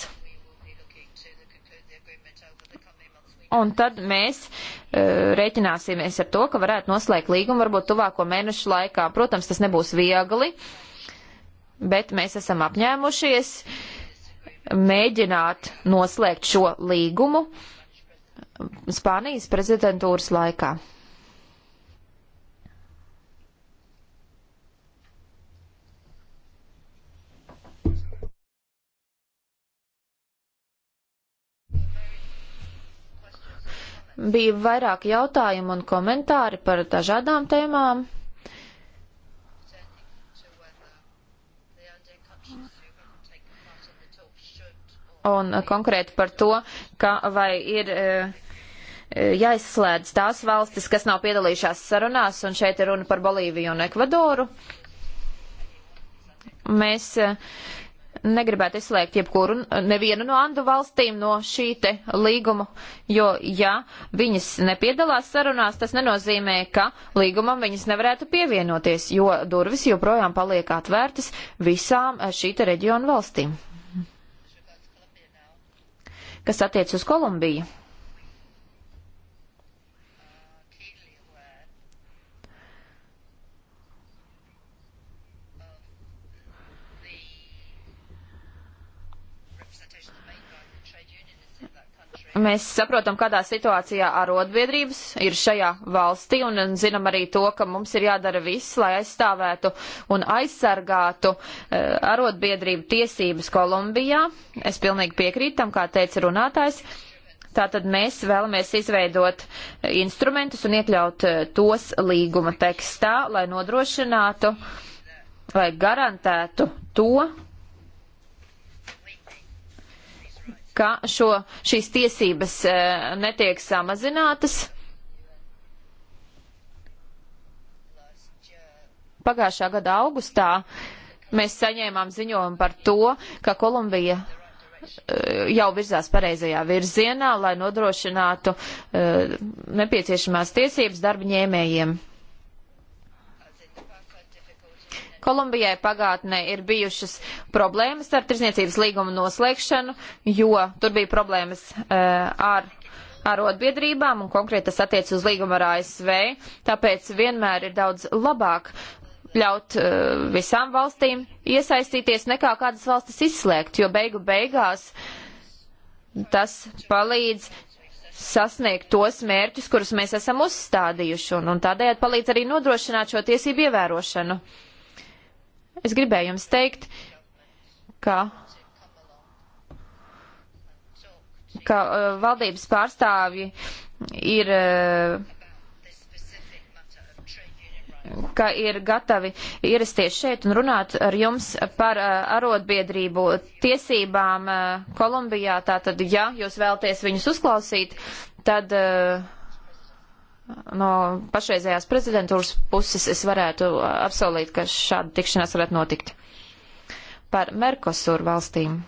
Un tad mēs uh, rēķināsimies ar to, ka varētu noslēgt līgumu varbūt tuvāko mēnešu laikā. Protams, tas nebūs viegli, bet mēs esam apņēmušies mēģināt noslēgt šo līgumu Spānijas prezidentūras laikā. Bija vairāk jautājumu un komentāri par dažādām tēmām. Un eh, konkrēti par to, ka vai ir eh, jāizslēdz tās valstis, kas nav piedalījušās sarunās, un šeit ir runa par Bolīviju un Ekvadoru. Mēs uh, negribētu izslēgt jebkuru, nevienu no Andu valstīm no šī te līguma, jo ja viņas nepiedalās sarunās, tas nenozīmē, ka līgumam viņas nevarētu pievienoties, jo durvis joprojām paliek atvērtas visām eh, šī te reģionu valstīm. Kas attiec uz Kolumbiju? Mēs saprotam, kādā situācijā arotbiedrības ir šajā valstī un zinām arī to, ka mums ir jādara viss, lai aizstāvētu un aizsargātu eh, arotbiedrību tiesības Kolumbijā. Es pilnīgi piekrītu tam, kā teica runātājs. Tātad mēs vēlamies izveidot eh, instrumentus un iekļaut eh, tos līguma tekstā, lai nodrošinātu vai garantētu to, ka šo, šīs tiesības eh, netiek samazinātas. Pagājušā gada augustā mēs saņēmām ziņojumu par to, ka Kolumbija eh, jau virzās pareizajā virzienā, lai nodrošinātu eh, nepieciešamās tiesības darba ņēmējiem. Kolumbijai pagātnē ir bijušas problēmas ar tirzniecības līgumu noslēgšanu, jo tur bija problēmas uh, ar arotbiedrībām, un konkrēti tas attiec uz līgumu ar ASV, tāpēc vienmēr ir daudz labāk ļaut uh, visām valstīm iesaistīties nekā kādas valstis izslēgt, jo beigu beigās tas palīdz sasniegt tos mērķus, kurus mēs esam uzstādījuši, un, un tādējādi palīdz arī nodrošināt šo tiesību ievērošanu. Uh, Es gribēju jums teikt, ka, ka uh, valdības pārstāvji ir, uh, ka ir gatavi ierasties šeit un runāt ar jums par uh, arotbiedrību tiesībām Kolumbijā. Tātad, ja jūs vēlties viņus uzklausīt, tad. Uh, no pašreizējās prezidentūras puses es varētu uh, apsolīt, ka šāda tikšanās varētu notikt. Par Merkosur valstīm.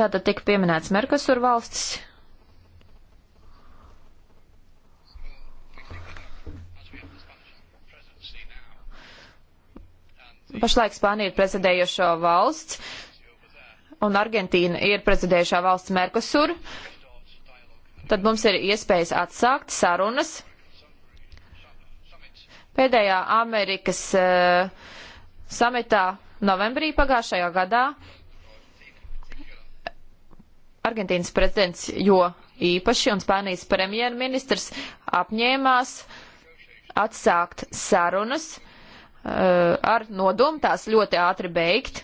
Tātad tika pieminēts Merkosur valstis. Pašlaik Spānija ir prezidējošo valsts, un Argentīna ir prezidējušā valsts Merkosur. Uh, tad mums ir iespējas atsākt sarunas. Pēdējā Amerikas uh, samitā novembrī pagājušajā gadā Argentīnas prezidents, jo īpaši un Spānijas premjerministrs apņēmās atsākt sarunas uh, ar nodomu tās ļoti ātri beigt.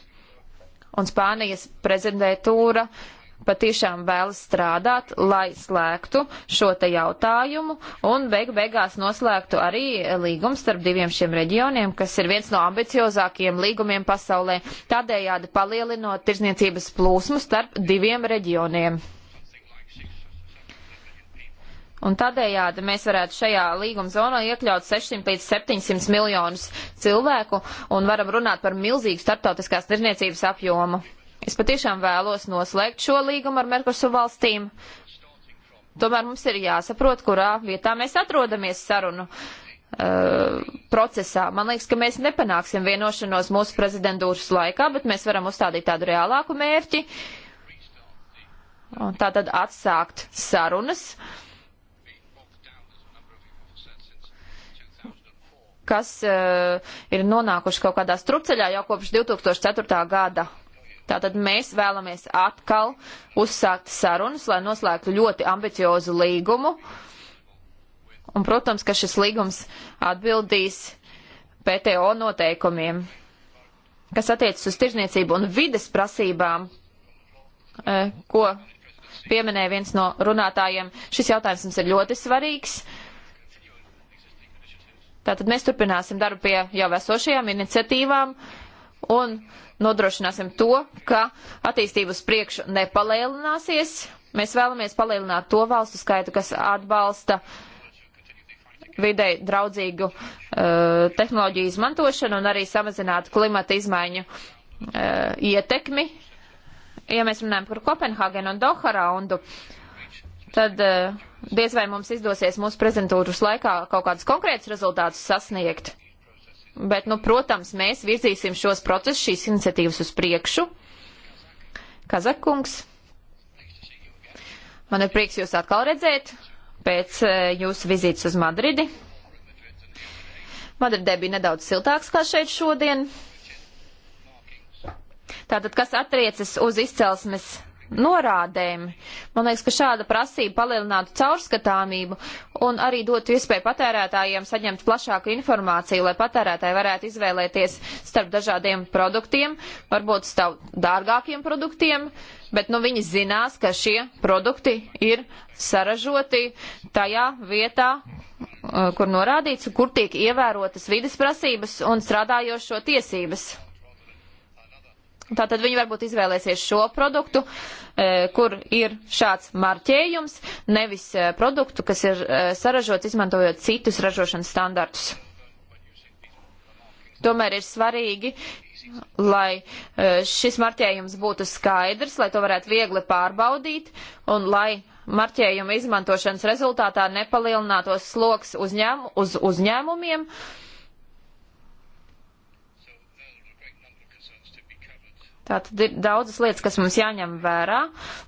Un Spānijas prezidentūra uh, patiešām vēlas strādāt, lai slēgtu šo te jautājumu un beigu beigās noslēgtu arī līgums starp diviem šiem reģioniem, kas ir viens no ambiciozākajiem līgumiem pasaulē, tādējādi palielinot tirzniecības plūsmu starp diviem reģioniem. Un tādējādi mēs varētu šajā līguma zonā iekļaut 600 līdz 700 miljonus cilvēku un varam runāt par milzīgu starptautiskās tirzniecības apjomu. Es patiešām vēlos noslēgt šo līgumu ar Merkursu valstīm. Tomēr mums ir jāsaprot, kurā vietā mēs atrodamies sarunu uh, procesā. Man liekas, ka mēs nepanāksim vienošanos mūsu prezidentūras laikā, bet mēs varam uzstādīt tādu reālāku mērķi. Un tā tad atsākt sarunas. kas uh, ir nonākuši kaut kādā strupceļā jau kopš 2004. gada Tātad mēs vēlamies atkal uzsākt sarunas, lai noslēgtu ļoti ambiciozu līgumu. Un, protams, ka šis līgums atbildīs PTO noteikumiem, kas attiecas uz tirzniecību un vides prasībām, e, ko pieminēja viens no runātājiem. Šis jautājums mums ir ļoti svarīgs. Tātad mēs turpināsim darbu pie jau esošajām iniciatīvām. Uh, un nodrošināsim to, ka attīstības priekšu nepalielināsies. Mēs vēlamies palielināt to valstu skaitu, kas atbalsta videi draudzīgu uh, tehnoloģiju izmantošanu un arī samazināt klimata izmaiņu uh, ietekmi. Ja mēs runājam par Kopenhāgenu un Doha raundu, tad uh, diez vai mums izdosies mūsu prezentūras laikā kaut kādus konkrētus rezultātus sasniegt bet, nu, protams, mēs virzīsim šos procesus, šīs iniciatīvas uz priekšu. Kazakungs, man ir prieks jūs atkal redzēt pēc e, jūsu vizītes uz Madridi. Madridē bija nedaudz siltāks kā šeit šodien. Tātad, kas attiecas uz izcelsmes norādēm. Man liekas, ka šāda prasība palielinātu caurskatāmību un arī dotu iespēju patērētājiem saņemt plašāku informāciju, lai patērētāji varētu izvēlēties starp dažādiem produktiem, varbūt stāv dārgākiem produktiem, bet nu viņi zinās, ka šie produkti ir saražoti tajā vietā, uh, kur norādīts, kur tiek ievērotas vides prasības un strādājošo tiesības. Tātad viņi varbūt izvēlēsies šo produktu, e, kur ir šāds marķējums, nevis e, produktu, kas ir e, saražots izmantojot citus ražošanas standartus. Tomēr ir svarīgi, lai šis marķējums būtu skaidrs, lai to varētu viegli pārbaudīt un lai marķējuma izmantošanas rezultātā nepalielinātos sloks uzņēm, uz uzņēmumiem. Uh, Tātad ir daudzas lietas, kas mums jāņem vērā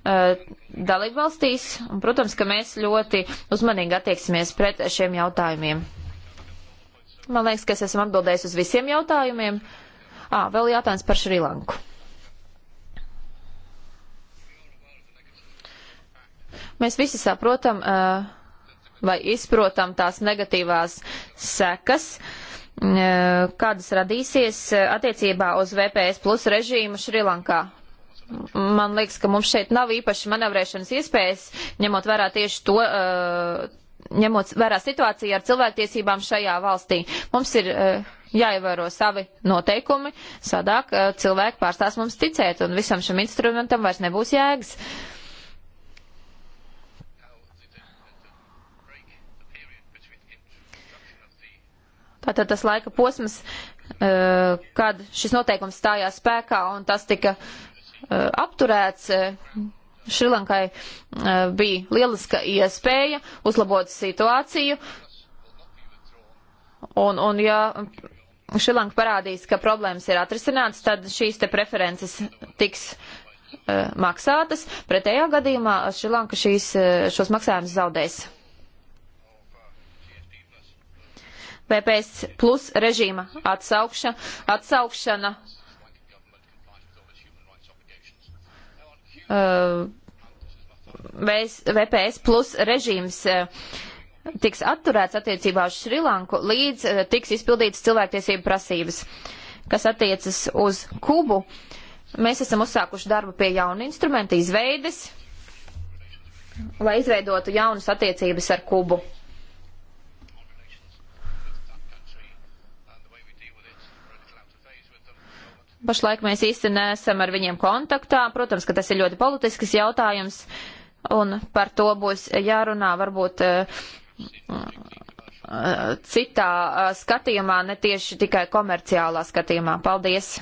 eh, dalībvalstīs, un, protams, ka mēs ļoti uzmanīgi attieksimies pret šiem jautājumiem. Man liekas, ka es esmu atbildējis uz visiem jautājumiem. Ā, vēl jautājums par Šrilanku. Mēs visi saprotam eh, vai izprotam tās negatīvās sekas. Uh, kādas radīsies e, attiecībā uz VPS plus režīmu Šrilankā. Man liekas, ka mums šeit nav īpaši manevrēšanas iespējas, ņemot vērā tieši to, e, ņemot vērā situāciju ar cilvēktiesībām šajā valstī. Mums ir e, jāievēro savi noteikumi, sadāk cilvēki pārstās mums ticēt, un visam šim instrumentam vairs nebūs jēgas. Uh, Tātad tas laika posms, eh, kad šis noteikums stājās spēkā un tas tika eh, apturēts, eh, Šrilankai bija lieliska iespēja uzlabot situāciju. Un, un ja Šrilanka parādīs, ka problēmas ir atrisinātas, tad šīs te preferences tiks maksātas. Pretējā gadījumā Šrilanka šīs, šos maksājumus zaudēs. PPS plus režīma atsaukša, atsaukšana. Uh, VPS plus režīms uh, tiks atturēts attiecībā uz Šrilanku, līdz uh, tiks izpildītas cilvēktiesību prasības, kas attiecas uz Kubu. Mēs esam uzsākuši darbu pie jauna instrumenta izveides, lai izveidotu jaunas attiecības ar Kubu. Pašlaik mēs īsti neesam ar viņiem kontaktā. Protams, ka tas ir ļoti politisks jautājums, un par to būs jārunā varbūt eh, eh, citā eh, skatījumā, ne tieši tikai komerciālā skatījumā. Paldies!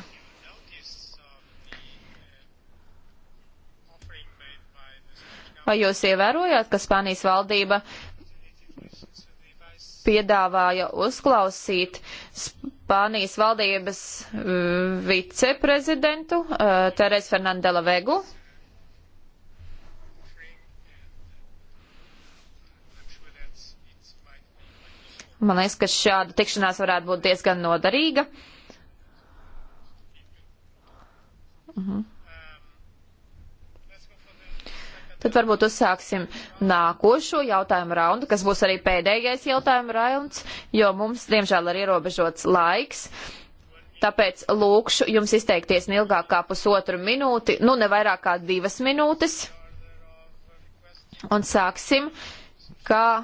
Vai jūs ievērojāt, ka Spānijas valdība uh, piedāvāja uzklausīt Spānijas valdības uh, viceprezidentu uh, Teres Fernandela Vegu. Man liekas, ka šāda tikšanās varētu būt diezgan noderīga. Mhm. Uh -huh. Tad varbūt uzsāksim nākošo jautājumu raundu, kas būs arī pēdējais jautājumu rauns, jo mums, diemžēl, ir ierobežots laiks. Tāpēc lūkšu jums izteikties neilgāk kā pusotru minūti, nu ne vairāk kā divas minūtes. Un sāksim, kā uh,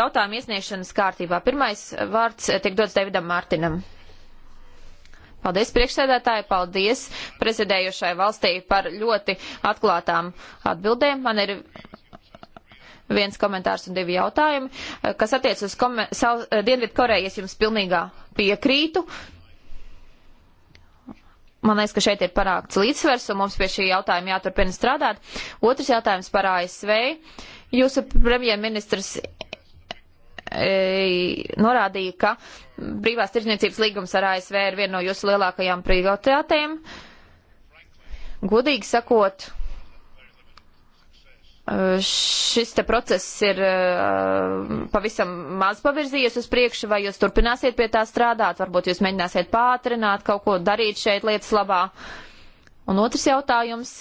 jautājumu iesniegšanas kārtībā. Pirmais vārds eh, tiek dots Davidam Mārtinam. Paldies priekšsēdētāji, paldies prezidējušai valstī par ļoti atklātām atbildēm. Man ir viens komentārs un divi jautājumi, kas attiec uz Dienvidkorejas jums pilnīgā piekrītu. Man liekas, ka šeit ir parākts līdzsvers, un mums pie šī jautājuma jāturpina strādāt. Otrs jautājums par ASV. Jūsu premjerministrs norādīja, ka brīvās tirdzniecības līgums ar ASV ir viena no jūsu lielākajām prioritātēm. Godīgi sakot, eh, šis te process ir eh, pavisam maz pavirzījies uz priekšu, vai jūs turpināsiet pie tā strādāt, varbūt jūs mēģināsiet pātrināt, kaut ko darīt šeit lietas labā. Un otrs jautājums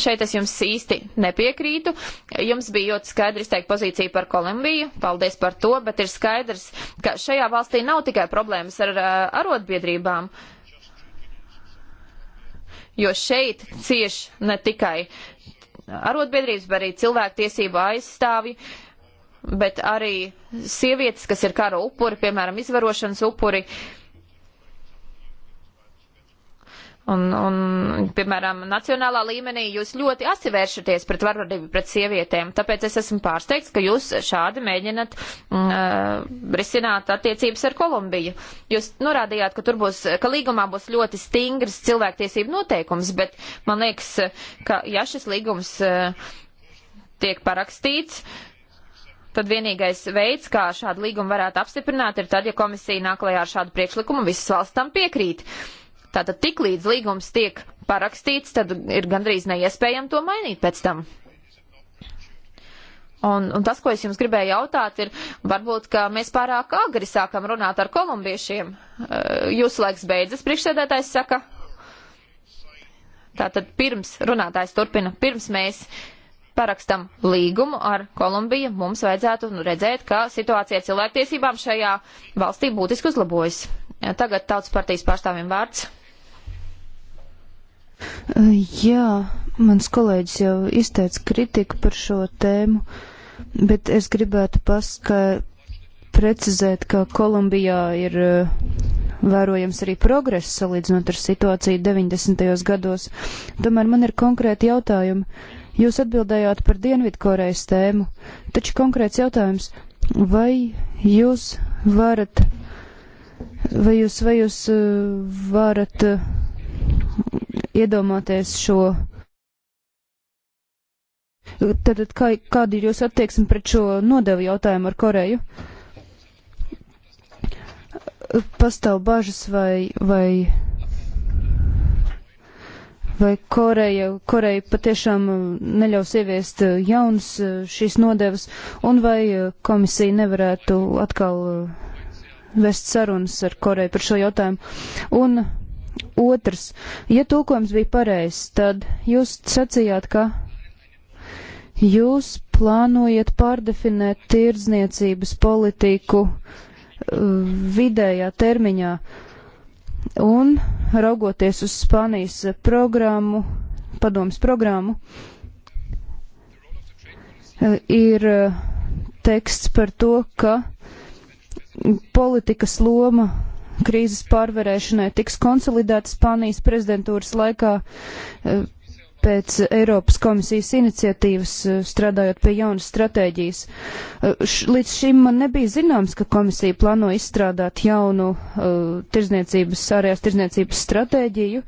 šeit es jums īsti nepiekrītu. Jums bija ļoti skaidri izteikta pozīcija par Kolumbiju, paldies par to, bet ir skaidrs, ka šajā valstī nav tikai problēmas ar eh, arotbiedrībām, jo šeit cieš ne tikai arotbiedrības, bet arī cilvēktiesību aizstāvji. Bet arī sievietes, kas ir kara upuri, piemēram, izvarošanas upuri, uh, Un, un, piemēram, nacionālā līmenī jūs ļoti asi vēršaties pret varvardību pret sievietēm, tāpēc es esmu pārsteigts, ka jūs šādi mēģinat uh, risināt attiecības ar Kolumbiju. Jūs norādījāt, ka tur būs, ka līgumā būs ļoti stingrs cilvēktiesību noteikums, bet man liekas, ka ja šis līgums uh, tiek parakstīts, uh, tad vienīgais veids, kā šādu līgumu varētu apstiprināt, ir tad, ja komisija nāk klajā ar šādu priekšlikumu, visas valsts tam piekrīt. Uh, Tātad tik līdz līgums tiek parakstīts, tad ir gandrīz neiespējami to mainīt pēc tam. Un, un tas, ko es jums gribēju jautāt, ir varbūt, ka mēs pārāk agri sākam runāt ar kolumbiešiem. Eh, jūsu laiks beidzas, priekšsēdētājs saka. Tātad pirms runātājs turpina, pirms mēs parakstam līgumu ar Kolumbiju, mums vajadzētu nu, redzēt, ka situācija cilvēktiesībām šajā valstī būtiski uzlabojas. Eh, tagad tautas partijas pārstāvim vārds.
Jā, mans kolēģis jau izteica kritiku par šo tēmu, bet es gribētu paskai precizēt, ka Kolumbijā ir vērojams arī progress salīdzinot ar situāciju 90. gados. Tomēr man ir konkrēti jautājumi. Jūs atbildējāt par Dienvidkorejas tēmu, taču konkrēts jautājums, vai jūs varat, vai jūs, vai jūs varat iedomāties šo. Tad kā, kāda ir jūsu attieksme pret šo nodevu jautājumu ar Koreju? Pastāv bažas vai, vai, vai Koreja, Koreja patiešām neļaus ieviest jaunas šīs nodevas, un vai komisija nevarētu atkal vest sarunas ar Koreju par šo jautājumu. Un Otrs, ja tūkojums bija pareizs, tad jūs sacījāt, ka jūs plānojat pārdefinēt tirdzniecības politiku uh, vidējā termiņā un raugoties uz Spānijas programmu, padomas programmu, uh, ir uh, teksts par to, ka politikas loma krīzes pārvarēšanai tiks konsolidēta Spānijas prezidentūras laikā eh, pēc Eiropas komisijas iniciatīvas eh, strādājot pie jaunas stratēģijas. Eh, līdz šim man nebija zināms, ka komisija plāno izstrādāt jaunu uh, tirzniecības, ārējās tirzniecības stratēģiju.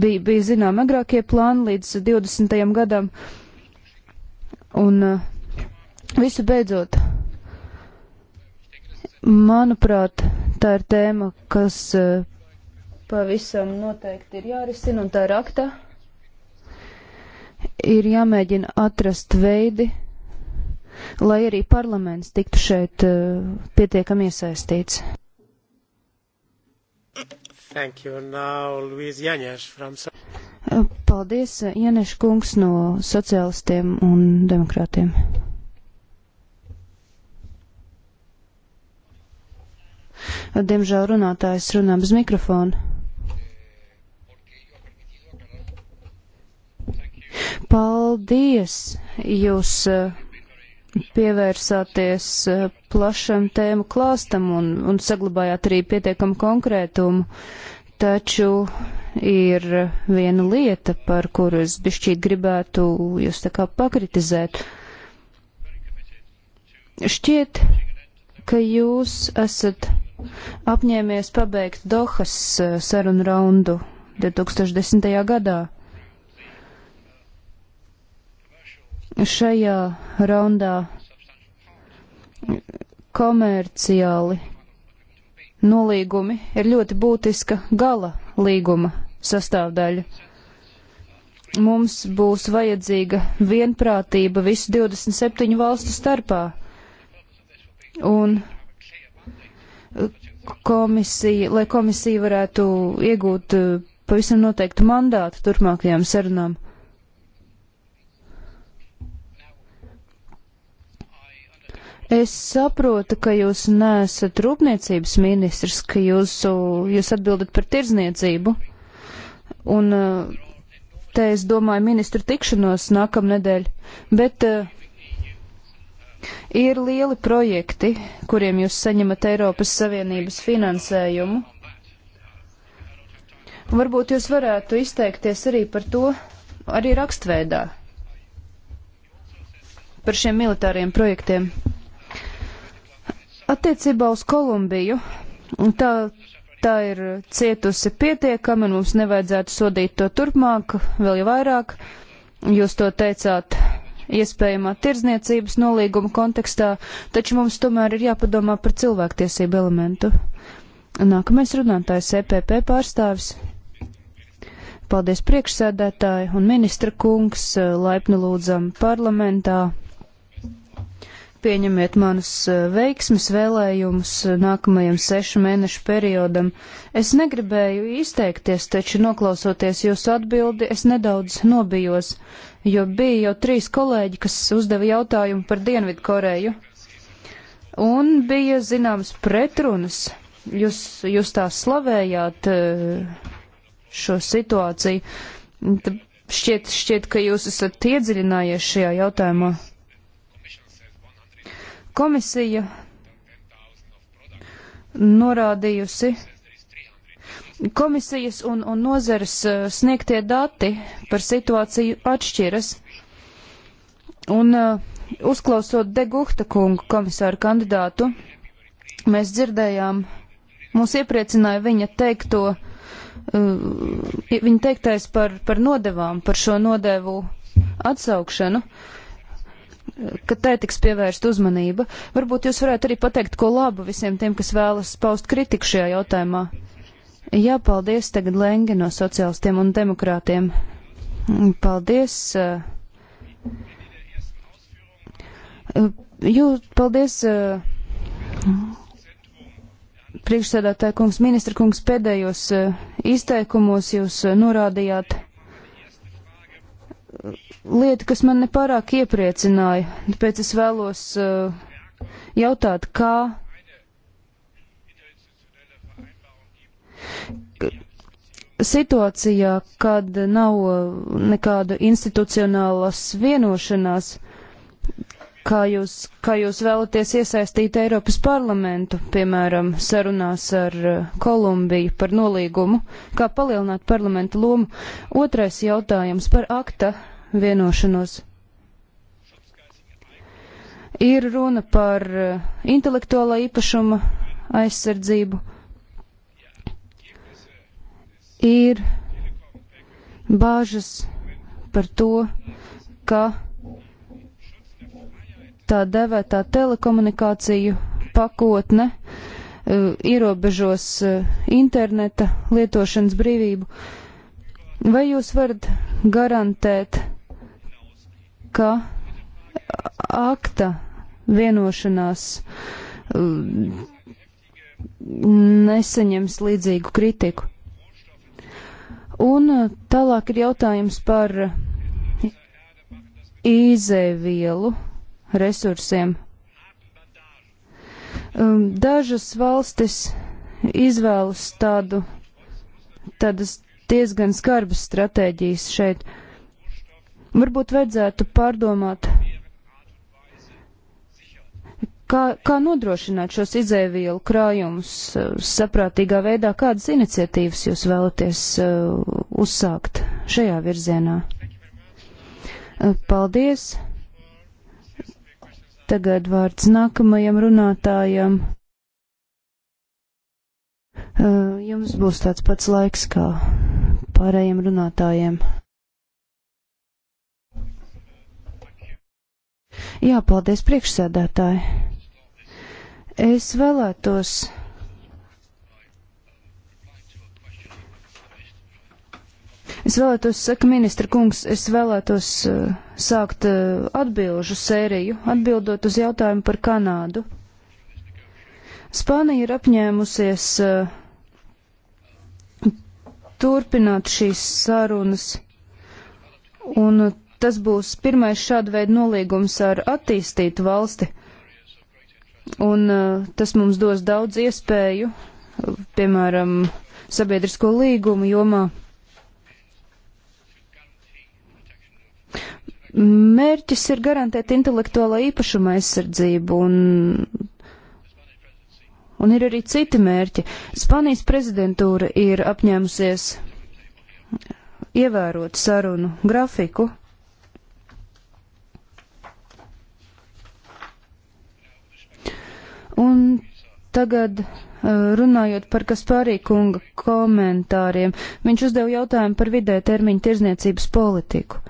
Bija, bija zinām agrākie plāni līdz 20. gadam. Un uh, visu beidzot, manuprāt, uh, Tā ir tēma, kas eh, pavisam noteikti ir jārisina, un tā ir akta. Ir jāmēģina atrast veidi, lai arī parlaments tiktu šeit eh, pietiekami iesaistīts.
Thank you. Now, Luis Jaņēš from...
Eh, paldies, Janeš kungs no sociālistiem un demokrātiem. Diemžēl runātājs runā bez mikrofona. Paldies! Jūs eh, pievērsāties eh, plašam tēmu klāstam un, un saglabājāt arī pietiekamu konkrētumu, taču ir eh, viena lieta, par kuru es bišķīt gribētu jūs tā kā pakritizēt. Šķiet, ka jūs esat apņēmies pabeigt Dohas eh, sarunu raundu 2010. gadā. Šajā raundā komerciāli nolīgumi ir ļoti būtiska gala līguma sastāvdaļa. Mums būs vajadzīga vienprātība visu 27 valstu starpā, un komisija, lai komisija varētu iegūt eh, pavisam noteiktu mandātu turpmākajām sarunām. Es saprotu, ka jūs neesat rūpniecības ministrs, ka jūs, jūs atbildat par tirzniecību. Un eh, te es domāju ministru tikšanos nākamnedēļ. Bet uh, Ir lieli projekti, kuriem jūs saņemat Eiropas Savienības finansējumu. Varbūt jūs varētu izteikties arī par to, arī rakstveidā, par šiem militāriem projektiem. Attiecībā uz Kolumbiju, tā, tā ir cietusi pietiekami, un mums nevajadzētu sodīt to turpmāk, vēl jau vairāk. Jūs to teicāt iespējamā tirdzniecības nolīguma kontekstā, taču mums tomēr ir jāpadomā par cilvēktiesību elementu. Nākamais runātājs EPP pārstāvis. Paldies priekšsēdētāji un ministra kungs, laipni lūdzam parlamentā. Pieņemiet manus eh, veiksmes vēlējumus nākamajam sešu mēnešu periodam. Es negribēju izteikties, taču noklausoties jūsu atbildi, es nedaudz nobijos jo bija jau trīs kolēģi, kas uzdeva jautājumu par Dienvidu Koreju. Un bija zināmas pretrunas. Jūs, jūs tā slavējāt eh, šo situāciju. Šķiet, šķiet, ka jūs esat iedziļinājies šajā jautājumā. Komisija norādījusi Komisijas un, un nozeres eh, sniegtie dati par situāciju atšķiras. Un uh, uzklausot Degukta kungu komisāru kandidātu, mēs dzirdējām, mūs iepriecināja viņa teikto, uh, viņa teiktais par, par nodevām, par šo nodevu atsaukšanu, ka tai tiks pievērst uzmanība. Varbūt jūs varētu arī pateikt, ko labu visiem tiem, kas vēlas paust kritiku šajā jautājumā. Jā, paldies tagad Lengi no sociālistiem un demokrātiem. Paldies. Eh, eh, jūs, paldies, eh, priekšsēdētāja kungs, ministra kungs, pēdējos izteikumos jūs norādījāt lieta, kas man nepārāk iepriecināja. Tāpēc es vēlos jautāt, kā Situācijā, kad nav nekāda institucionālas vienošanās, kā jūs, kā jūs vēlaties iesaistīt Eiropas parlamentu, piemēram, sarunās ar uh, Kolumbiju par nolīgumu, kā palielināt parlamentu lomu. Otrais jautājums par akta vienošanos. Ir runa par uh, intelektuālā īpašuma aizsardzību ir bāžas par to, ka tā devētā telekomunikāciju pakotne uh, ierobežos uh, interneta lietošanas brīvību. Vai jūs varat garantēt, ka akta vienošanās uh, nesaņems līdzīgu kritiku? Un eh, tālāk ir jautājums par izēvielu resursiem. Um, dažas valstis izvēlas tādu, tādas diezgan skarbas stratēģijas šeit. Varbūt vajadzētu pārdomāt Kā, kā nodrošināt šos izēvielu krājumus eh, saprātīgā veidā? Kādas iniciatīvas jūs vēlaties eh, uzsākt šajā virzienā? Eh, paldies! Tagad vārds nākamajam runātājam. Jums būs tāds pats laiks kā pārējiem runātājiem. Jā, paldies priekšsēdētāji. Es vēlētos Es vēlētos, saka ministra kungs, es vēlētos uh, sākt uh, atbilžu sēriju, atbildot uz jautājumu par Kanādu. Spānija ir apņēmusies uh, turpināt šīs sarunas, un tas būs pirmais šāda veida nolīgums ar attīstītu valsti. Un uh, tas mums dos daudz iespēju, uh, piemēram, sabiedrisko līgumu jomā. Mērķis ir garantēt intelektuālā īpašuma aizsardzību un, un ir arī citi mērķi. Spānijas prezidentūra ir apņēmusies ievērot sarunu grafiku. Un tagad eh, runājot par Kaspārī kunga komentāriem, viņš uzdeva jautājumu par vidē termiņu tirzniecības politiku.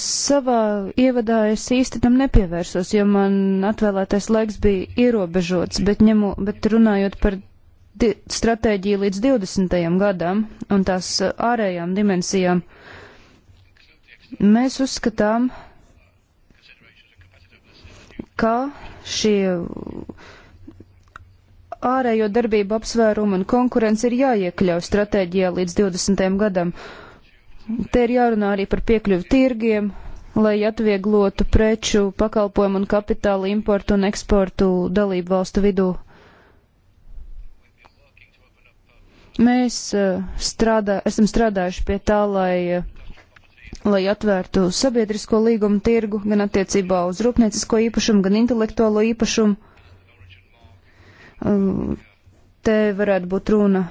Savā ievadā es īsti tam nepievērsos, jo man atvēlētais laiks bija ierobežots, bet, ņemu, bet runājot par stratēģiju līdz 20. gadam un tās eh, ārējām dimensijām, mēs uzskatām, ka šie ārējo darbību apsvērumu un konkurence ir jāiekļauj stratēģijā līdz 20. gadam. Te ir jārunā arī par piekļuvu tirgiem, lai atvieglotu preču, pakalpojumu un kapitāla importu un eksportu dalību valstu vidū. Mēs eh, strādā, esam strādājuši pie tā, lai eh, lai atvērtu sabiedrisko līgumu tirgu gan attiecībā uz rūpniecisko īpašumu, gan intelektuālo īpašumu. Eh, te varētu būt runa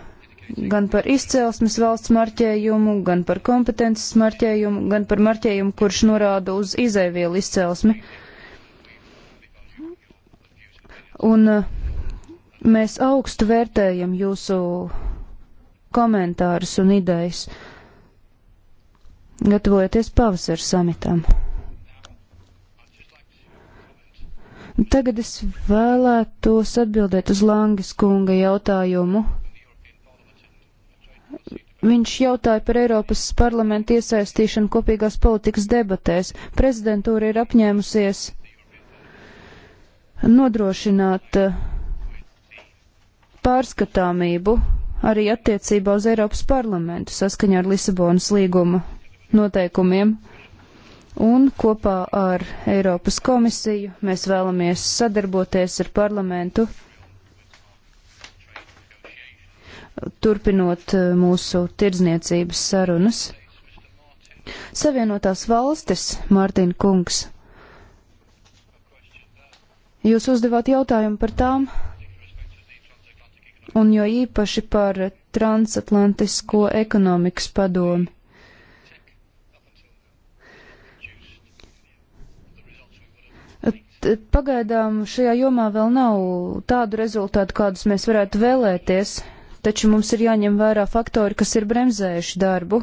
gan par izcelsmes valsts marķējumu, gan par kompetences marķējumu, gan par marķējumu, kurš norāda uz izēvielu izcelsmi. Un eh, mēs augstu vērtējam jūsu komentārus un idejas. Uh, gatavojoties pavasara samitam. Tagad es vēlētos atbildēt uz Langis kunga jautājumu. Viņš jautāja par Eiropas parlamentu iesaistīšanu kopīgās politikas debatēs. Prezidentūra ir apņēmusies nodrošināt eh, pārskatāmību arī attiecībā uz Eiropas parlamentu saskaņā ar Lisabonas līgumu noteikumiem. Un kopā ar Eiropas komisiju mēs vēlamies sadarboties ar parlamentu, turpinot eh, mūsu tirdzniecības sarunas. Savienotās valstis, Mārtiņa kungs, jūs uzdevāt jautājumu par tām, un jo īpaši par transatlantisko ekonomikas padomi. Pagaidām šajā jomā vēl nav tādu rezultātu, kādus mēs varētu vēlēties, taču mums ir jāņem vērā faktori, kas ir bremzējuši darbu.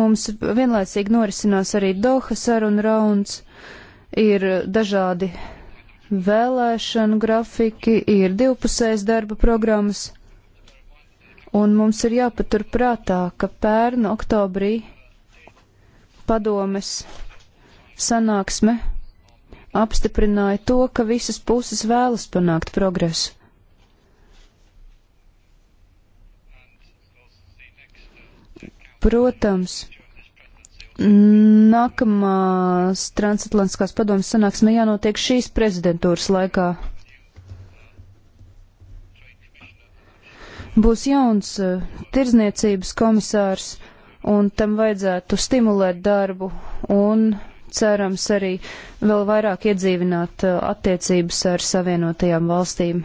Mums vienlaicīgi norisinās arī Doha saruna rauns, ir dažādi vēlēšanu grafiki, ir divpusējas darba programmas, un mums ir jāpatur prātā, ka pērn oktobrī padomes sanāksme apstiprināja to, ka visas puses vēlas panākt progresu. Protams, nākamās transatlantiskās padomas sanāksme jānotiek šīs prezidentūras laikā. Būs jauns eh, tirzniecības komisārs, un tam vajadzētu stimulēt darbu un cerams arī vēl vairāk iedzīvināt uh, attiecības ar savienotajām valstīm.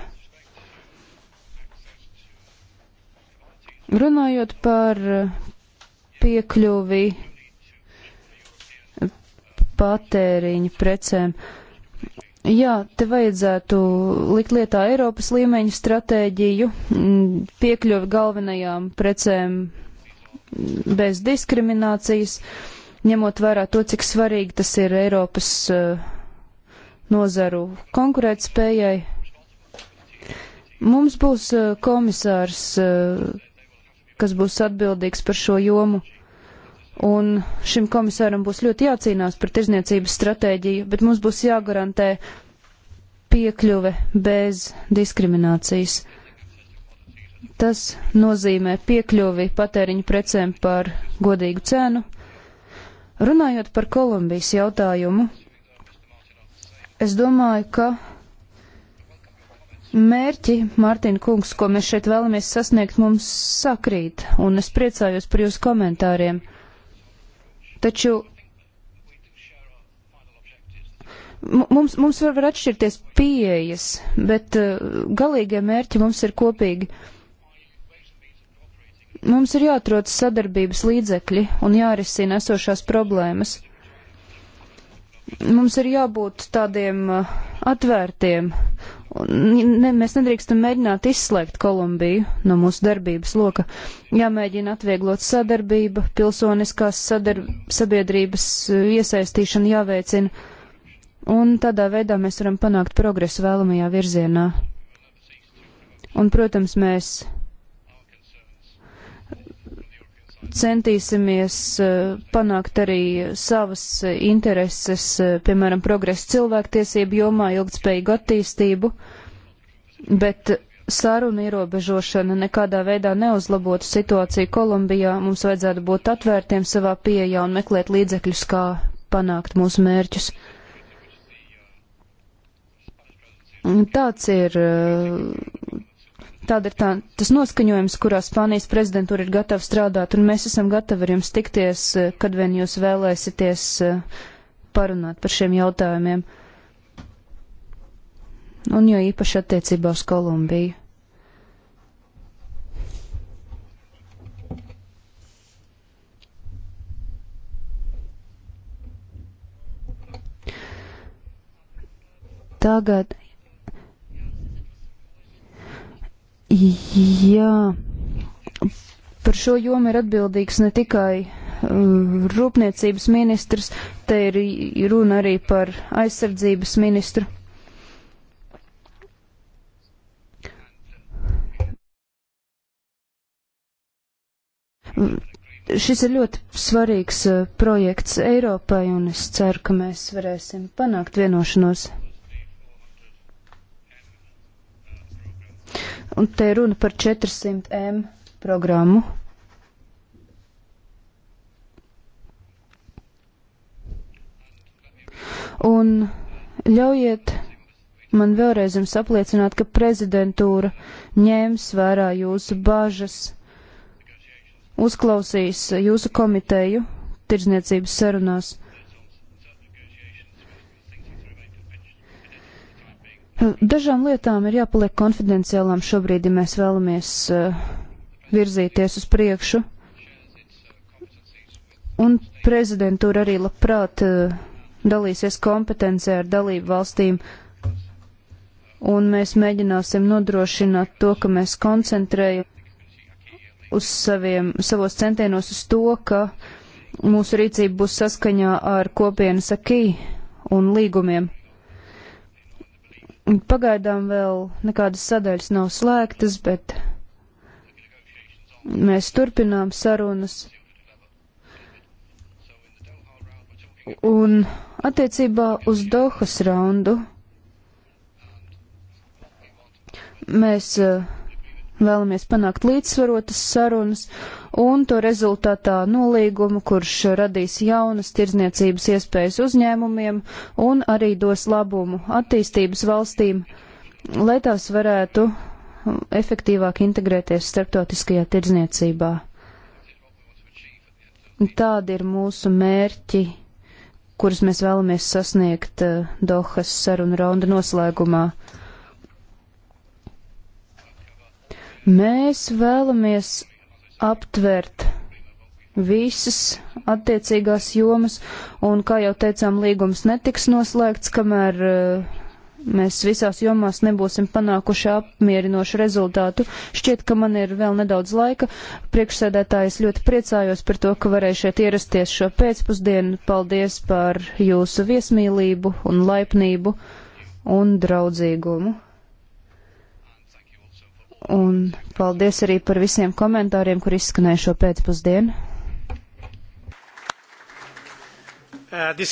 Runājot par uh, piekļuvi uh, patēriņu precēm, jā, te vajadzētu likt lietā Eiropas līmeņa stratēģiju, mm, piekļuvi galvenajām precēm bez diskriminācijas. Uh, ņemot vērā to, cik svarīgi tas ir Eiropas eh, nozaru konkurētspējai. Mums būs eh, komisārs, eh, kas būs atbildīgs par šo jomu, un šim komisāram būs ļoti jācīnās par tirzniecības stratēģiju, bet mums būs jāgarantē piekļuve bez diskriminācijas. Tas nozīmē piekļuvi patēriņu precēm par godīgu cenu, Runājot par Kolumbijas jautājumu, es domāju, ka mērķi, Mārtiņa kungs, ko mēs šeit vēlamies sasniegt, mums sakrīt, un es priecājos par jūsu komentāriem. Taču mums, mums var, var atšķirties pieejas, bet uh, galīgie mērķi mums ir kopīgi. Uh, Mums ir jāatrod sadarbības līdzekļi un jārisina esošās problēmas. Mums ir jābūt tādiem uh, atvērtiem. Ne, mēs nedrīkstam mēģināt izslēgt Kolumbiju no mūsu darbības loka. Jāmēģina atvieglot sadarbība, pilsoniskās sadar sabiedrības uh, iesaistīšana jāveicina un tādā veidā mēs varam panākt progresu vēlamajā virzienā. Un, protams, mēs centīsimies eh, panākt arī savas intereses, eh, piemēram, progresu cilvēktiesību jomā, ilgtspējīgu attīstību, bet saruna ierobežošana nekādā veidā neuzlabotu situāciju Kolumbijā. Mums vajadzētu būt atvērtiem savā pieejā un meklēt līdzekļus, kā panākt mūsu mērķus. Tāds ir eh, Tāda ir tā, tas noskaņojums, kurā Spānijas prezidentūra ir gatava strādāt, un mēs esam gatavi ar jums tikties, eh, kad vien jūs vēlēsieties eh, parunāt par šiem jautājumiem. Un jo īpaši attiecībā uz Kolumbiju. Tagad Jā, par šo jomu ir atbildīgs ne tikai uh, rūpniecības ministrs, te ir runa arī par aizsardzības ministru. Šis ir ļoti svarīgs uh, projekts Eiropai, un es ceru, ka mēs varēsim panākt vienošanos. Un te runa par 400M programmu. Un ļaujiet man vēlreiz jums apliecināt, ka prezidentūra ņēms vērā jūsu bažas, uzklausīs jūsu komiteju tirdzniecības sarunās. Dažām lietām ir jāpaliek konfidenciālām šobrīd, ja mēs vēlamies eh, virzīties uz priekšu. Un prezidentūra arī labprāt eh, dalīsies kompetencē ar dalību valstīm, un mēs mēģināsim nodrošināt to, ka mēs koncentrējam uz saviem, savos centienos uz to, ka mūsu rīcība būs saskaņā ar kopienas akī un līgumiem. Pagaidām vēl nekādas sadaļas nav slēgtas, bet mēs turpinām sarunas. Un attiecībā uz Dohas raundu mēs eh, vēlamies panākt līdzsvarotas sarunas un to rezultātā nolīgumu, kurš radīs jaunas tirdzniecības iespējas uzņēmumiem un arī dos labumu attīstības valstīm, lai tās varētu um, efektīvāk integrēties starptautiskajā tirdzniecībā. Tādi ir mūsu mērķi, kurus mēs vēlamies sasniegt uh, Dohas sarunu raunda noslēgumā. Mēs vēlamies aptvert visas attiecīgās jomas, un, kā jau teicām, līgums netiks noslēgts, kamēr uh, mēs visās jomās nebūsim panākuši apmierinošu rezultātu. Šķiet, ka man ir vēl nedaudz laika. Priekšsēdētājs ļoti priecājos par to, ka varēju šeit ierasties šo pēcpusdienu. Paldies par jūsu viesmīlību un laipnību un draudzīgumu. Un paldies arī par visiem komentāriem, kur izskanēja šo pēcpusdienu. Uh,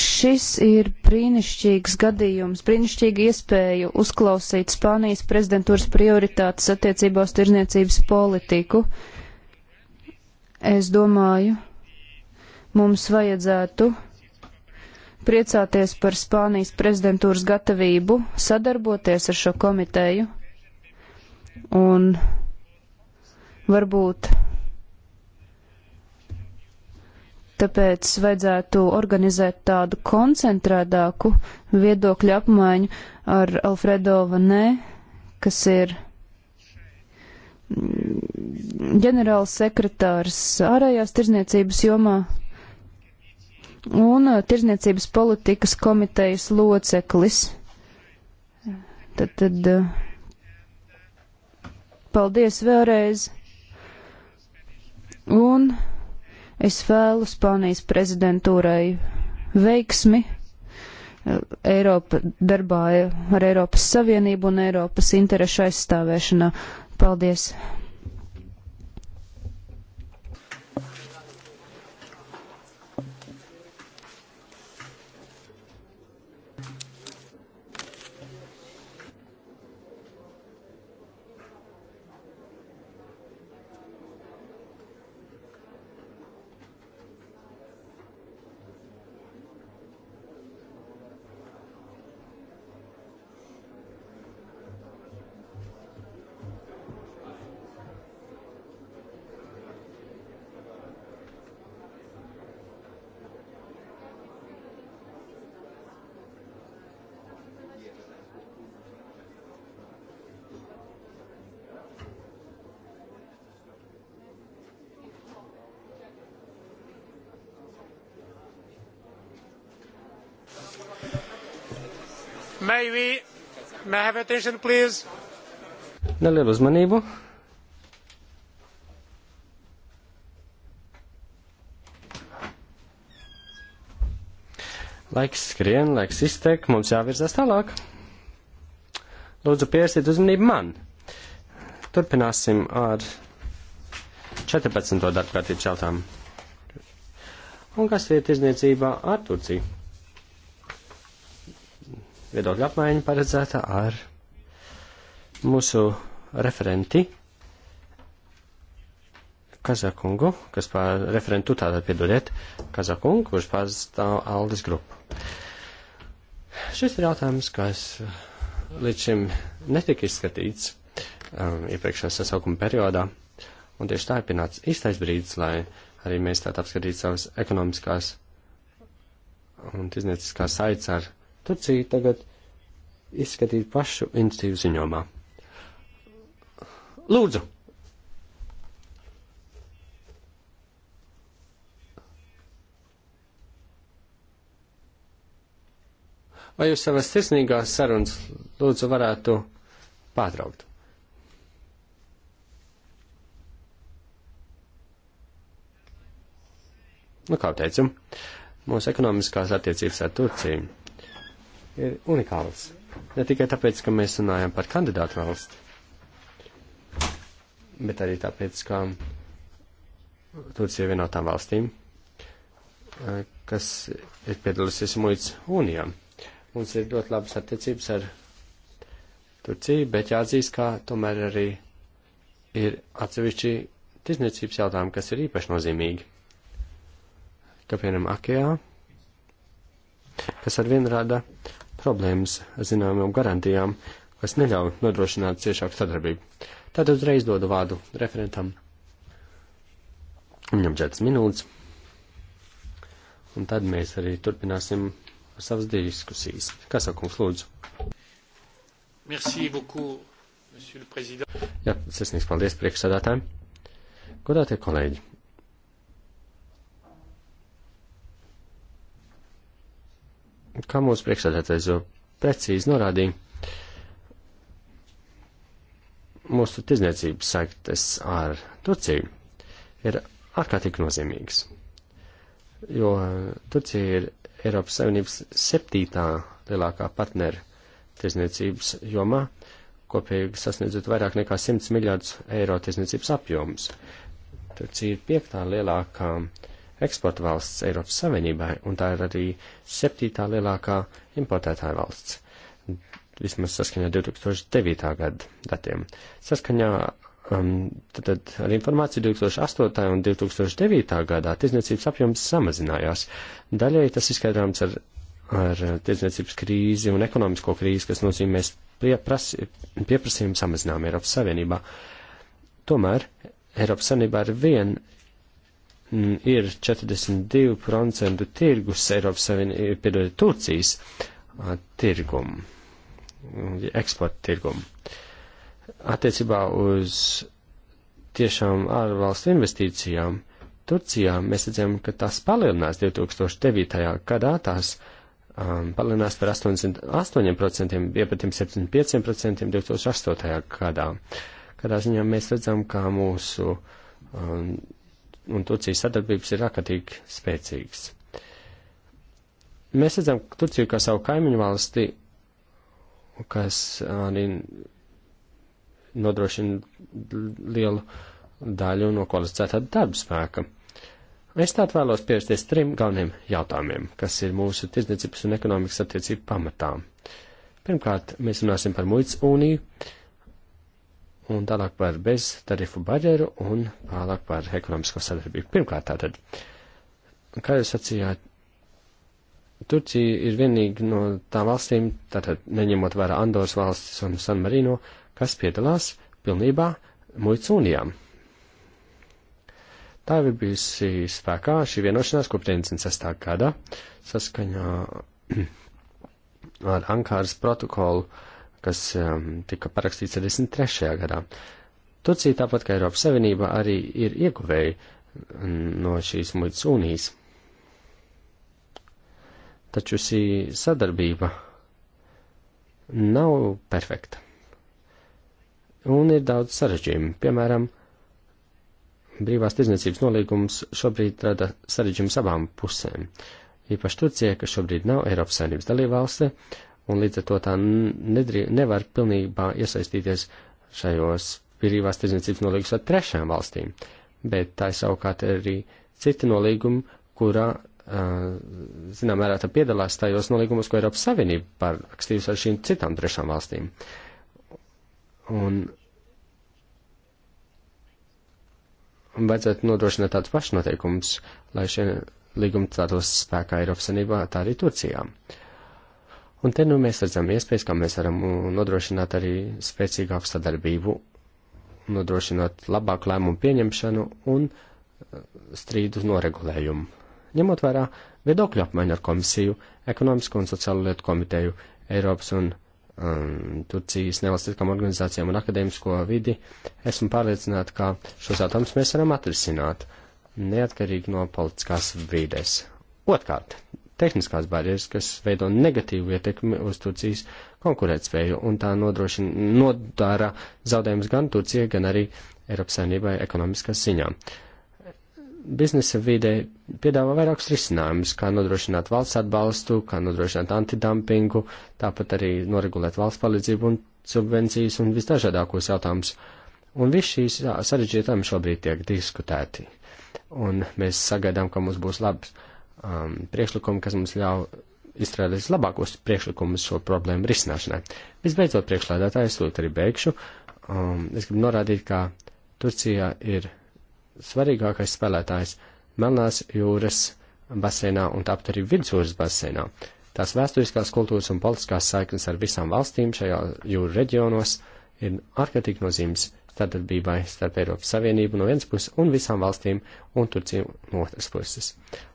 Šis ir brīnišķīgs gadījums, brīnišķīga iespēja uzklausīt Spānijas prezidentūras prioritātes attiecībā uz tirzniecības politiku. Es domāju, mums vajadzētu priecāties par Spānijas prezidentūras gatavību sadarboties ar šo komiteju un varbūt tāpēc vajadzētu organizēt tādu koncentrētāku viedokļu apmaiņu ar Alfredo Vanē, kas ir ģenerāls sekretārs ārējās tirzniecības jomā un uh, Tirzniecības politikas komitejas loceklis. Tad, tad uh, paldies vēlreiz. Un es vēlu Spānijas prezidentūrai veiksmi. Uh, Eiropa darbā ar Eiropas Savienību un Eiropas interešu aizstāvēšanā. Paldies!
May I have attention, please?
Nelielu uzmanību. Laiks skrien, laiks iztek, mums jāvirzās tālāk. Lūdzu, piesiet uzmanību man. Turpināsim ar 14. darbkārtības jautājumu. Un kas ir tirzniecībā ar Turciju? viedokļa apmaiņa paredzēta ar mūsu referenti Kazakungu, kas pār referentu tātad piedodiet, Kazakungu, kurš pārstāv Aldis grupu. Šis ir jautājums, kas līdz šim netika izskatīts um, iepriekšējā sasaukuma periodā, un tieši tā ir pienācis īstais brīdis, lai arī mēs tātad apskatītu savas ekonomiskās un tirzniecības kā saites ar Turcija tagad izskatīt pašu iniciatīvu ziņomā. Lūdzu! Vai jūs savas sirsnīgās sarunas lūdzu varētu pārtraukt? Nu, kā teicu, mūsu ekonomiskās attiecības ar Turciju ir unikāls. Ne tikai tāpēc, ka mēs runājam par kandidātu valsti, bet arī tāpēc, ka Turcija ir viena no tām valstīm, eh, kas ir piedalīsies muitas unijā. Mums ir ļoti labas attiecības ar Turciju, bet jāatzīst, ka tomēr arī ir atsevišķi tirzniecības jautājumi, kas ir īpaši nozīmīgi. Kā piemēram, Akijā, kas ar vienu rada problēmas ar zināmām garantijām, kas neļauj nodrošināt ciešāku sadarbību. Tad uzreiz dodu vārdu referentam. Viņam četras minūtes. Un tad mēs arī turpināsim ar savas diskusijas. Kas sakums lūdzu? Merci beaucoup, monsieur le président. Jā, sesnīgs paldies priekšsādātājiem. Godātie kolēģi, kā mūsu priekšsēdētājs jau precīzi norādīja, mūsu tirzniecības saites ar Turciju ir ārkārtīgi nozīmīgas, jo Turcija ir Eiropas Savienības septītā lielākā partnera tirzniecības jomā, kopīgi sasniedzot vairāk nekā 100 miljārdus eiro tirzniecības apjomus. Turcija ir piektā lielākā uh, eksporta valsts Eiropas Savienībai, un tā ir arī septītā lielākā importētāja valsts, vismaz saskaņā 2009. gada datiem. Saskaņā um, tad, tad ar informāciju 2008. un 2009. gadā tirdzniecības apjoms samazinājās. Daļai tas izskaidrāms ar, ar tirdzniecības krīzi un ekonomisko krīzi, kas nozīmē pieprasījumu samazinājumu Eiropas Savienībā. Tomēr Eiropas Savienībā ir vien Mm, ir 42% tirgus Eiropas Savienības, piedod, Turcijas tirgumu, eksporta tirgumu. Attiecībā uz tiešām ārvalstu investīcijām Turcijā mēs redzam, ka tās palielinās 2009. gadā, tās um, palielinās par 88%, iepatiem 75% 2008. gadā. Kādā ziņā mēs redzam, ka mūsu um, un Turcijas sadarbības ir ārkārtīgi spēcīgas. Mēs redzam Turciju kā savu kaimiņu valsti, kas arī nodrošina lielu daļu no kvalificētā darba spēka. Es tātad vēlos pievērsties trim galveniem jautājumiem, kas ir mūsu tirdzniecības un ekonomikas attiecību pamatām. Pirmkārt, mēs runāsim par muitas uniju, uh, un tālāk par beztarifu barjeru un tālāk par ekonomisko sadarbību. Pirmkārt, tātad, kā jūs sacījāt, Turcija ir vienīgi no tā valstīm, tātad neņemot vērā Andoras valstis un San Marino, kas piedalās pilnībā muitas unijām. Tā ir bijusi spēkā šī vienošanās kopš 96. gada saskaņā ar Ankāras protokolu uh, kas um, tika parakstīts 73. gadā. Turcija, tāpat kā Eiropas Savienība, arī ir ieguvēja mm, no šīs muitas unijas. Taču šī sadarbība nav perfekta. Un ir daudz sarežģījumu. Piemēram, brīvās tirdzniecības nolīgums šobrīd rada sarežģījumus abām pusēm. Īpaši Turcija, kas šobrīd nav Eiropas Savienības dalībvalste, un līdz ar to tā nedrī, nevar pilnībā iesaistīties šajos brīvās tirdzniecības nolīgums ar trešām valstīm, bet tā ir savukārt arī citi nolīgumi, kurā, zinām, mērā tā piedalās tajos nolīgumos, ko Eiropas Savienība parakstījusi ar šīm citām trešām valstīm. Un vajadzētu nodrošināt tādus pašnoteikumus, lai šie līgumi tādos spēkā Eiropas Savienībā, tā arī Turcijām. Uh, Un te nu mēs redzam iespējas, kā mēs varam uh, nodrošināt arī spēcīgāku sadarbību, nodrošināt labāku lēmumu pieņemšanu un uh, strīdu noregulējumu. Ņemot vērā viedokļu apmaiņu ar komisiju, ekonomisko un sociālo lietu komiteju, Eiropas un um, Turcijas nevalstiskām organizācijām un akadēmisko vidi, esmu pārliecināta, ka šos jautājumus mēs varam atrisināt neatkarīgi no politiskās vides. Otkārt, tehniskās barjeras, kas veido negatīvu ietekmi uz Turcijas konkurētspēju, un tā nodrošina, nodara zaudējumus gan Turcijai, gan arī Eiropas saimnībai ekonomiskās ziņā. Biznesa vide piedāvā vairākus risinājumus, kā nodrošināt valsts atbalstu, kā nodrošināt antidumpingu, tāpat arī noregulēt valsts palīdzību un subvencijas un visdažādākos jautājumus. Un viss šīs sarežģītājumi šobrīd tiek diskutēti. Un mēs sagaidām, ka mums būs labs um, priekšlikumi, kas mums ļauj izstrādāt vislabākos priekšlikumus šo problēmu risināšanai. Visbeidzot, priekšlādātāji, es lūdzu arī beigšu. Um, es gribu norādīt, ka Turcija ir svarīgākais spēlētājs Melnās jūras basēnā un tāpat arī vidusjūras basēnā. Tās vēsturiskās kultūras un politiskās saiknes ar visām valstīm šajā jūru reģionos ir ārkārtīgi nozīmes sadarbībai starp Eiropas Savienību no vienas puses un visām valstīm un Turciju no otras puses.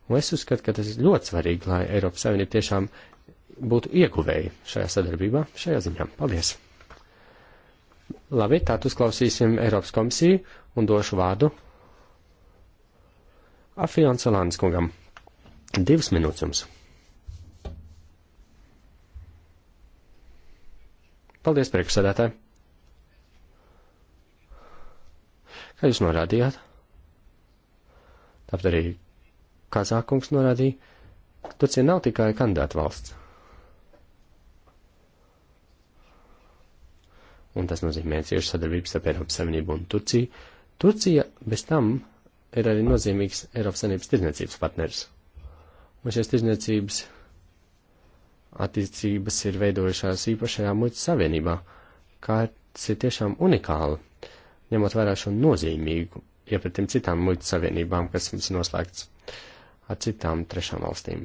Un es uzskatu, ka tas ir ļoti svarīgi, lai Eiropas Savienība tiešām būtu ieguvēji šajā sadarbībā, šajā ziņā. Paldies! Labi, tātad uzklausīsim Eiropas komisiju un došu vārdu Afion Solāns kungam. Divas minūtes jums. Paldies, priekšsēdētāji! kā jūs norādījāt. Tāpat arī Kazākungs norādīja, ka Turcija nav tikai kandidāta valsts. Un tas nozīmē cieši sadarbības ar Eiropas Savienību un Turciju. Turcija bez tam ir arī nozīmīgs Eiropas Savienības tirdzniecības partners. Un šīs tirdzniecības attiecības ir veidojušās īpašajā muitas savienībā, kā ir tiešām unikāla ņemot vērā šo nozīmīgu iepratim citām muitas savienībām, kas mums ir noslēgts ar citām trešām valstīm.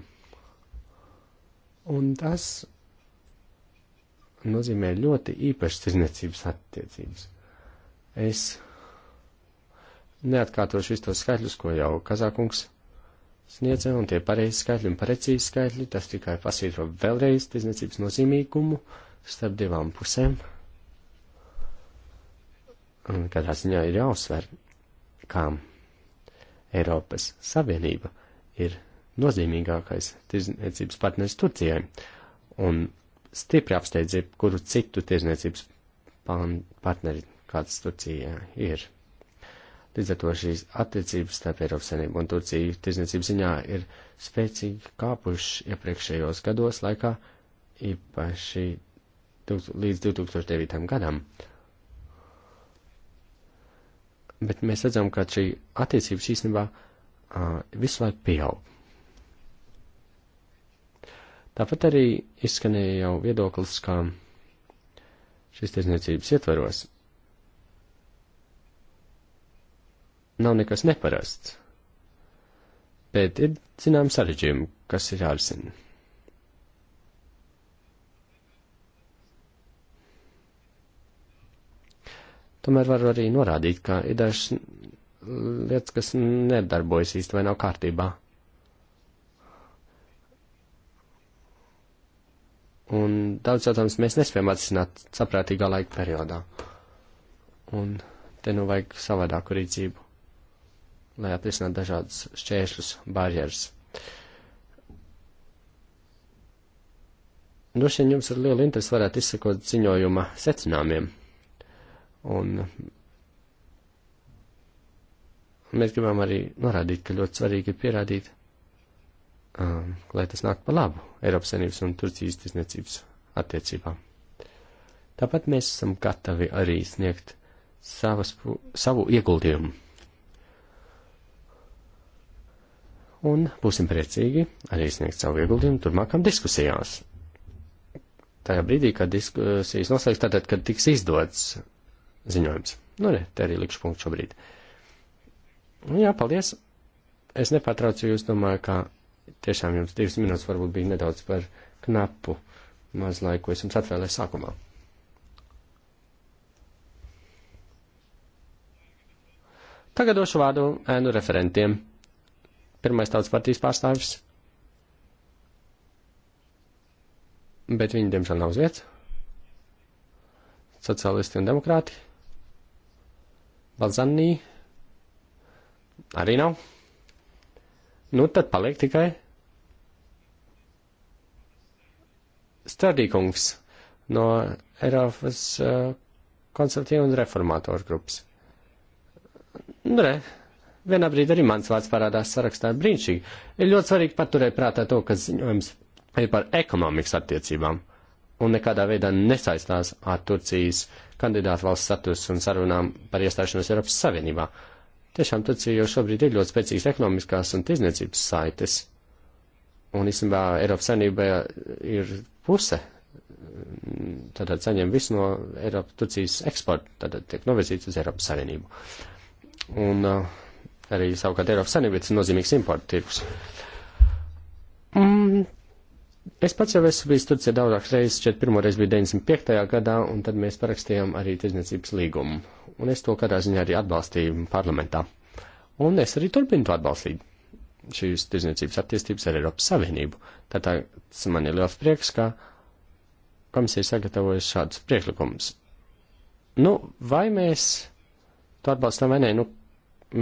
Un tas nozīmē ļoti īpašas izniecības attiecības. Es neatkārtošu visus tos skaitļus, ko jau Kazākungs sniedza, un tie pareizi skaitļi un precīzi skaitļi, tas tikai pasvītro vēlreiz tirdzniecības nozīmīgumu starp divām pusēm katrā ziņā ir jāuzsver, kā Eiropas Savienība ir nozīmīgākais tirzniecības partners Turcijai un stipri apsteidz jebkuru citu tirzniecības partneri, kāds Turcijā ir. Līdz ar to šīs attiecības starp Eiropas Savienību un Turciju tirzniecības ziņā ir spēcīgi kāpuši iepriekšējos gados laikā, īpaši līdz 2009. gadam bet mēs redzam, ka šī attiecības īstenībā uh, visu laiku pieaug. Tāpat arī izskanēja jau viedoklis, ka šis tiesniecības ietveros nav nekas neparasts, bet ir zinām sarežģījumi, kas ir jārisina. Tomēr varu arī norādīt, ka ir dažas lietas, kas nedarbojas īsti vai nav kārtībā. Un daudz jautājums mēs nespējam atrisināt saprātīgā laika periodā. Un te nu vajag savādāku rīcību, lai atrisinātu dažādas šķēršļus, barjeras. Nu, šeit jums ar lielu interesi varētu izsakot ziņojuma secinājumiem. Un mēs gribam arī norādīt, ka ļoti svarīgi ir pierādīt, um, lai tas nāk pa labu Eiropas Savienības un Turcijas tirsniecības attiecībām. Tāpat mēs esam gatavi arī sniegt savas, savu ieguldījumu. Un būsim priecīgi arī sniegt savu ieguldījumu turmākam diskusijās. Tajā brīdī, kad diskusijas noslēgs, tātad, kad tiks izdots ziņojums. Nu, ne, te arī likšu punktu šobrīd. Nu, jā, paldies. Es nepārtraucu jūs, domāju, ka tiešām jums divas minūtes varbūt bija nedaudz par knapu maz laiku, ko es jums atvēlēju sākumā. Tagad došu vārdu ēnu referentiem. Pirmais tautas partijas pārstāvis. Bet viņi, diemžēl, nav uz vietas. Sociālisti un demokrāti. Balzanī arī nav. Nu, tad paliek tikai Stradīkungs no Eiropas uh, eh, konservatīva un reformātoru grupas. Nu, re, vienā brīdī arī mans vārds parādās sarakstā brīnišķīgi. Ir ļoti svarīgi paturēt prātā to, ka ziņojums ir par ekonomikas attiecībām un nekādā veidā nesaistās ar Turcijas kandidātu valsts status un sarunām par iestāšanos Eiropas Savienībā. Tiešām Turcija jau šobrīd ir ļoti spēcīgas ekonomiskās un tirzniecības saites, un īstenībā Eiropas Savienība ir puse tātad saņem visu no Eiropas, Turcijas eksporta, tātad tiek novirzīts uz Eiropas Savienību. Un uh, arī savukārt Eiropas Savienība ir nozīmīgs importa tirgus. Es pats jau esmu bijis Turcijā daudzākas reizes, šeit pirmoreiz bija 95. gadā, un tad mēs parakstījām arī tirdzniecības līgumu. Un es to kādā ziņā arī atbalstīju parlamentā. Un es arī turpinu to atbalstīt šīs tirdzniecības attīstības ar Eiropas Savienību. Tātad man ir liels prieks, ka komisija sagatavojas šādus priekšlikumus. Nu, vai mēs to atbalstam vai nē? Nu,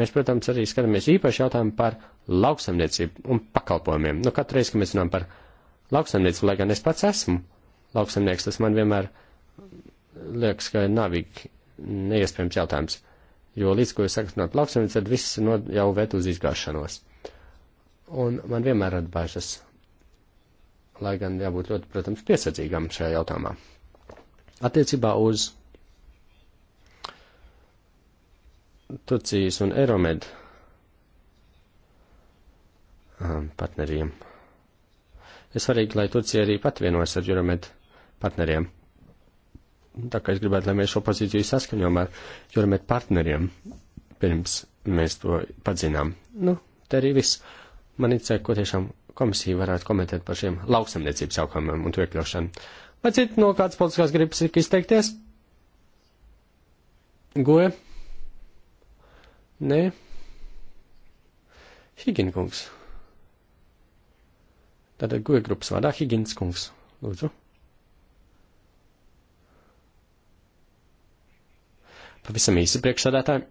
mēs, protams, arī skatāmies īpaši jautājumu par lauksamniecību un pakalpojumiem. Nu, katru reizi, kad mēs runājam par lauksaimniecību, lai gan es pats esmu lauksaimnieks, tas man vienmēr liekas, ka ir navīgi neiespējams jautājums. Jo līdz ko jūs sakat, lauksaimniecība, tad viss no, jau vēt uz izgāšanos. Un man vienmēr ir bažas, lai gan jābūt ļoti, protams, piesardzīgam šajā jautājumā. Attiecībā uz Turcijas un Eromed um, partneriem ir svarīgi, lai Turcija arī patvienojas ar Euromed partneriem. Tā kā es gribētu, lai mēs šo pozīciju saskaņojam ar Euromed partneriem, pirms mēs to padzinām. Nu, te arī viss. Man ir cēk, ko tiešām komisija varētu komentēt par šiem lauksamniecības jautājumiem un to iekļaušanu. Vai citi no kādas politiskās gribas ir izteikties? Goe? Nē? Higinkungs. Tātad guja grupas vārdā Higins kungs. Lūdzu. Pavisam īsi priekšsādātāji.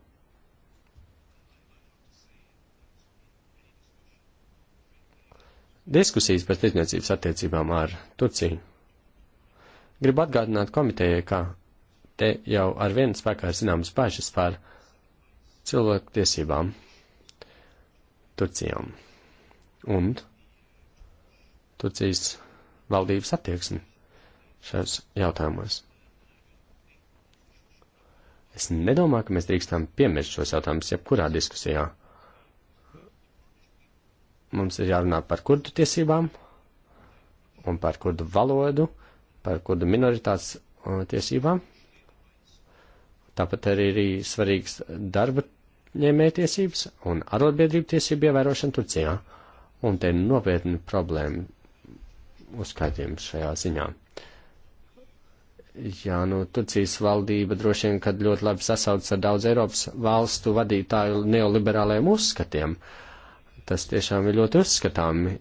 Diskusijas par tirdzniecības attiecībām ar Turciju. Gribu atgādināt komitejai, ka te jau ar vienu spēkā ir zināmas bažas par cilvēku tiesībām Turcijām. Un Turcijas valdības attieksmi šajos jautājumos. Es nedomāju, ka mēs drīkstam piemirst šos jautājumus jebkurā diskusijā. Mums ir jārunā par kurdu tiesībām un par kurdu valodu, par kurdu minoritātes uh, tiesībām. Tāpat arī ir svarīgs darba ņēmētiesības un arotbiedrību tiesību ievērošana Turcijā. Un te ir nopietna problēma uzskaitījums šajā ziņā. Jā, nu, Turcijas valdība droši vien, kad ļoti labi sasaucas ar daudz Eiropas valstu vadītāju neoliberālajiem uzskatiem. Tas tiešām ir ļoti uzskatāmi.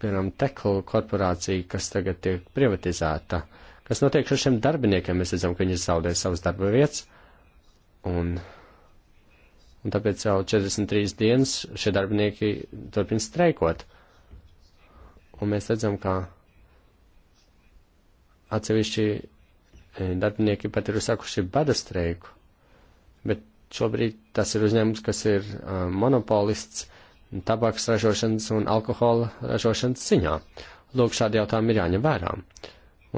Piemēram, Tekla korporācija, kas tagad tiek privatizēta. Kas notiek ar šiem darbiniekiem? Mēs redzam, ka viņi zaudē savas darba vietas. Un un tāpēc jau 43 dienas šie darbinieki turpina streikot un mēs redzam, ka atsevišķi e, darbinieki pat ir uzsākuši bada streiku, bet šobrīd tas ir uzņēmums, kas ir uh, monopolists tabaks ražošanas un alkohola ražošanas ziņā. Lūk, šādi jautājumi ir jāņem vērā.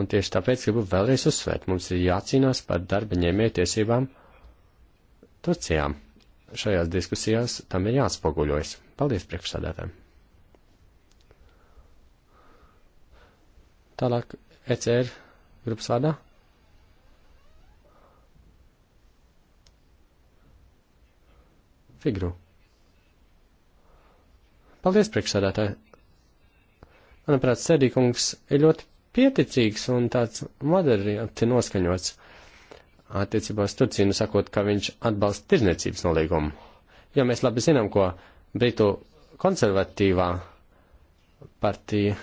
Un tieši tāpēc gribu vēlreiz uzsvērt, mums ir jācīnās par darba ņēmēju tiesībām Turcijā. Šajās diskusijās tam ir jāatspoguļojas. Paldies priekšsādātājiem! Tālāk ECR grupas vārdā. Figru. Paldies, priekšsādātāji. Manuprāt, Sēdīkungs ir ļoti pieticīgs un tāds moderni noskaņots attiecībā uz Turciju, sakot, ka viņš atbalsta tirzniecības nolīgumu. Jo mēs labi zinām, ko Britu konservatīvā partija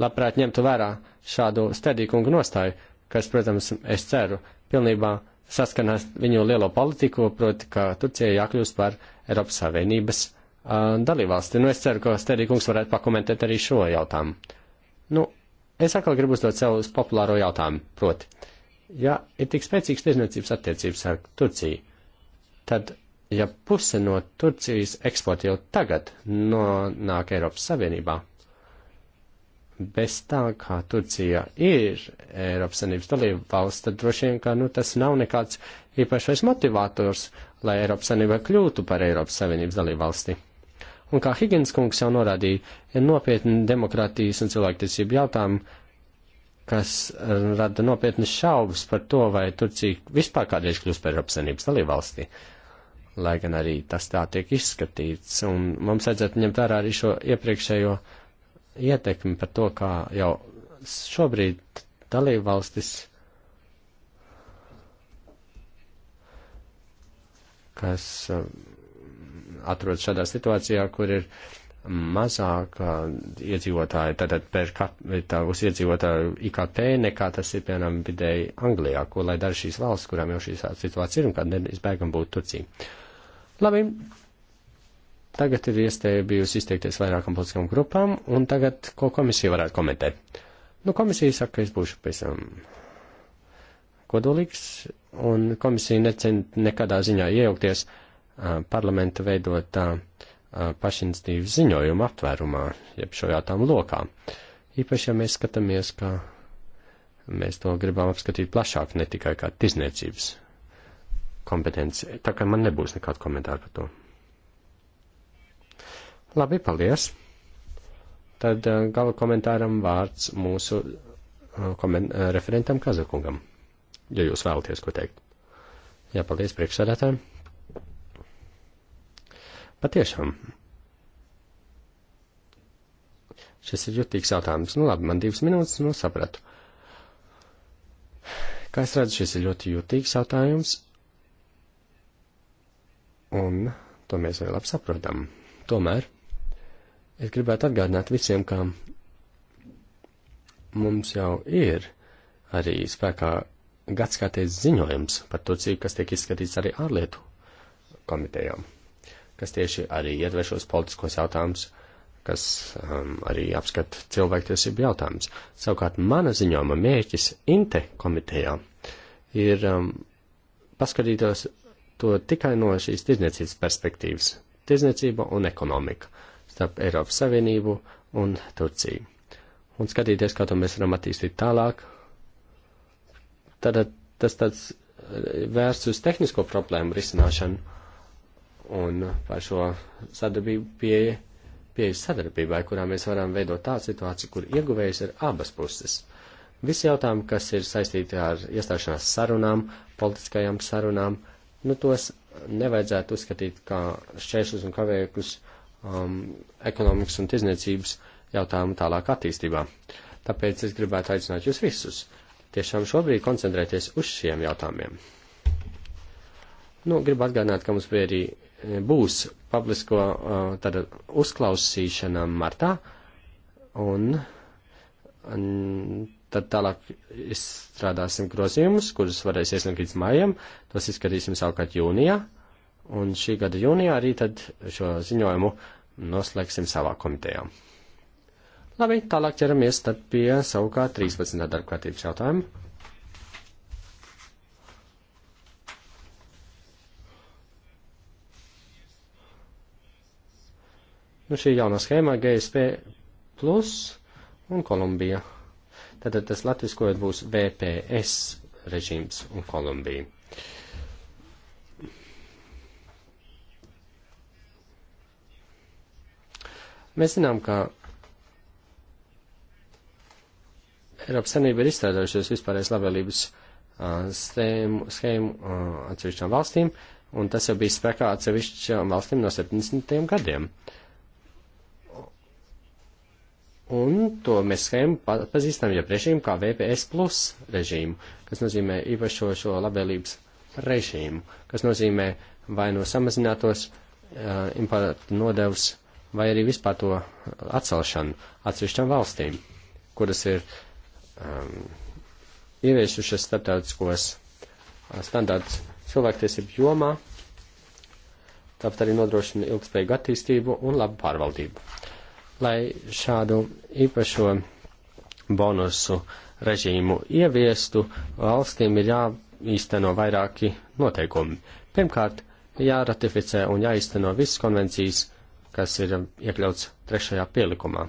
labprāt ņemtu vērā šādu stedīkungu nostāju, kas, protams, es ceru, pilnībā saskanās viņu lielo politiku, proti, ka Turcija jākļūst par Eiropas Savienības uh, dalībvalsti. Nu, es ceru, ka stedīkungs varētu pakomentēt arī šo jautājumu. Nu, es atkal gribu uzdot sev uz populāro jautājumu, proti, ja ir tik spēcīgs tirzniecības attiecības ar Turciju, tad ja puse no Turcijas eksporta jau tagad nonāk Eiropas Savienībā, bez tā, kā Turcija ir Eiropas Savienības dalība valsts, tad droši vien, ka nu, tas nav nekāds īpašais motivators, lai Eiropas Savienība kļūtu par Eiropas Savienības dalību valsti. Un kā Higgins kungs jau norādīja, ir nopietni demokrātijas un cilvēktiesību jautājumi, kas eh, rada nopietnas šaubas par to, vai Turcija vispār kādreiz kļūs par Eiropas Savienības dalību valsti. Lai gan arī tas tā tiek izskatīts, un mums vajadzētu ņemt vērā arī šo iepriekšējo uh, ietekmi par to, kā jau šobrīd dalībvalstis, kas um, atrodas šādā situācijā, kur ir mazāk uh, iedzīvotāji, tātad per capita uz iedzīvotāju IKP nekā tas ir, piemēram, vidēji Anglijā, ko lai dara šīs valsts, kurām jau šī situācija ir un kāda neizbēgam būtu Turcija. Labi, Tagad ir iespēja bijusi izteikties vairākam politiskam grupām, un tagad, ko komisija varētu komentēt. Nu, komisija saka, ka es būšu pēc tam kodolīgs, un komisija necent nekādā ziņā iejaukties uh, parlamenta veidotā uh, pašinstīvu ziņojumu aptvērumā, jeb šo jautājumu lokā. Īpaši, ja mēs skatāmies, ka mēs to gribam apskatīt plašāk, ne tikai kā tirzniecības kompetenci. Tā kā man nebūs nekāda komentāra par to. Labi, paldies. Tad eh, gala komentāram vārds mūsu eh, koment eh, referentam Kazakungam, ja jūs vēlaties ko teikt. Jā, paldies priekšsēdētājiem. Patiešām. Šis ir jutīgs jautājums. Nu labi, man divas minūtes, nu sapratu. Kā es redzu, šis ir ļoti jutīgs jautājums. Un to mēs vēl labi saprotam. Tomēr Es gribētu atgādināt visiem, ka mums jau ir arī spēkā gadskārtais ziņojums par to, cik kas tiek izskatīts arī ārlietu komitejām, kas tieši arī ietver šos politiskos jautājumus, kas um, arī apskata cilvēktiesību jautājumus. Savukārt mana ziņojuma mērķis INTE komitejā ir um, paskatītos to tikai no šīs tirdzniecības perspektīvas - tirdzniecība un ekonomika. Uh, starp Eiropas Savienību un Turciju. Un skatīties, kā to mēs varam attīstīt tālāk. Tad tas tāds eh, vērsts uz tehnisko problēmu risināšanu un par šo sadarbību pieeja pieeja sadarbībai, kurā mēs varam veidot tādu situāciju, kur ieguvējs ir abas puses. Visi jautājumi, kas ir saistīti ar iestāšanās sarunām, politiskajām sarunām, nu tos nevajadzētu uzskatīt kā šķēršļus un kavēkļus uh, um, ekonomikas un tirzniecības jautājumu tālāk attīstībā. Tāpēc es gribētu aicināt jūs visus tiešām šobrīd koncentrēties uz šiem jautājumiem. Nu, gribu atgādināt, ka mums bija arī e, būs publisko uh, tāda uzklausīšana martā, un, un tad tālāk izstrādāsim grozījumus, kurus varēs iesniegt līdz mājam, tos izskatīsim savukārt jūnijā. Uh, un šī gada jūnijā arī tad šo ziņojumu noslēgsim savā komitejā. Labi, tālāk ķeramies tad pie savukārt 13. darbkārtības jautājuma. Nu, šī jaunā schēma GSP plus un Kolumbija. Tātad tas latviskojot būs VPS režīms un Kolumbija. Mēs zinām, ka Eiropas Savienība ir izstrādājušies vispārējais labvēlības schēmu, schēmu atsevišķām valstīm, un tas jau bija spēkā atsevišķām valstīm no 70. gadiem. Un to mēs schēmu pazīstam iepriekšējiem kā VPS plus režīmu, kas nozīmē īpašo šo labvēlības režīmu, kas nozīmē vai no samazinātos uh, importu nodevs uh, vai arī vispār to atcelšanu atsevišķām valstīm, kuras ir um, ieviešušas starptautiskos uh, standārtus cilvēktiesību jomā, tāpat arī nodrošina ilgspējīgu attīstību un labu pārvaldību. Lai šādu īpašo bonusu režīmu ieviestu, valstīm ir jāīsteno vairāki noteikumi. Pirmkārt, jāratificē un jāīsteno visas konvencijas, kas ir um, iekļauts trešajā pielikumā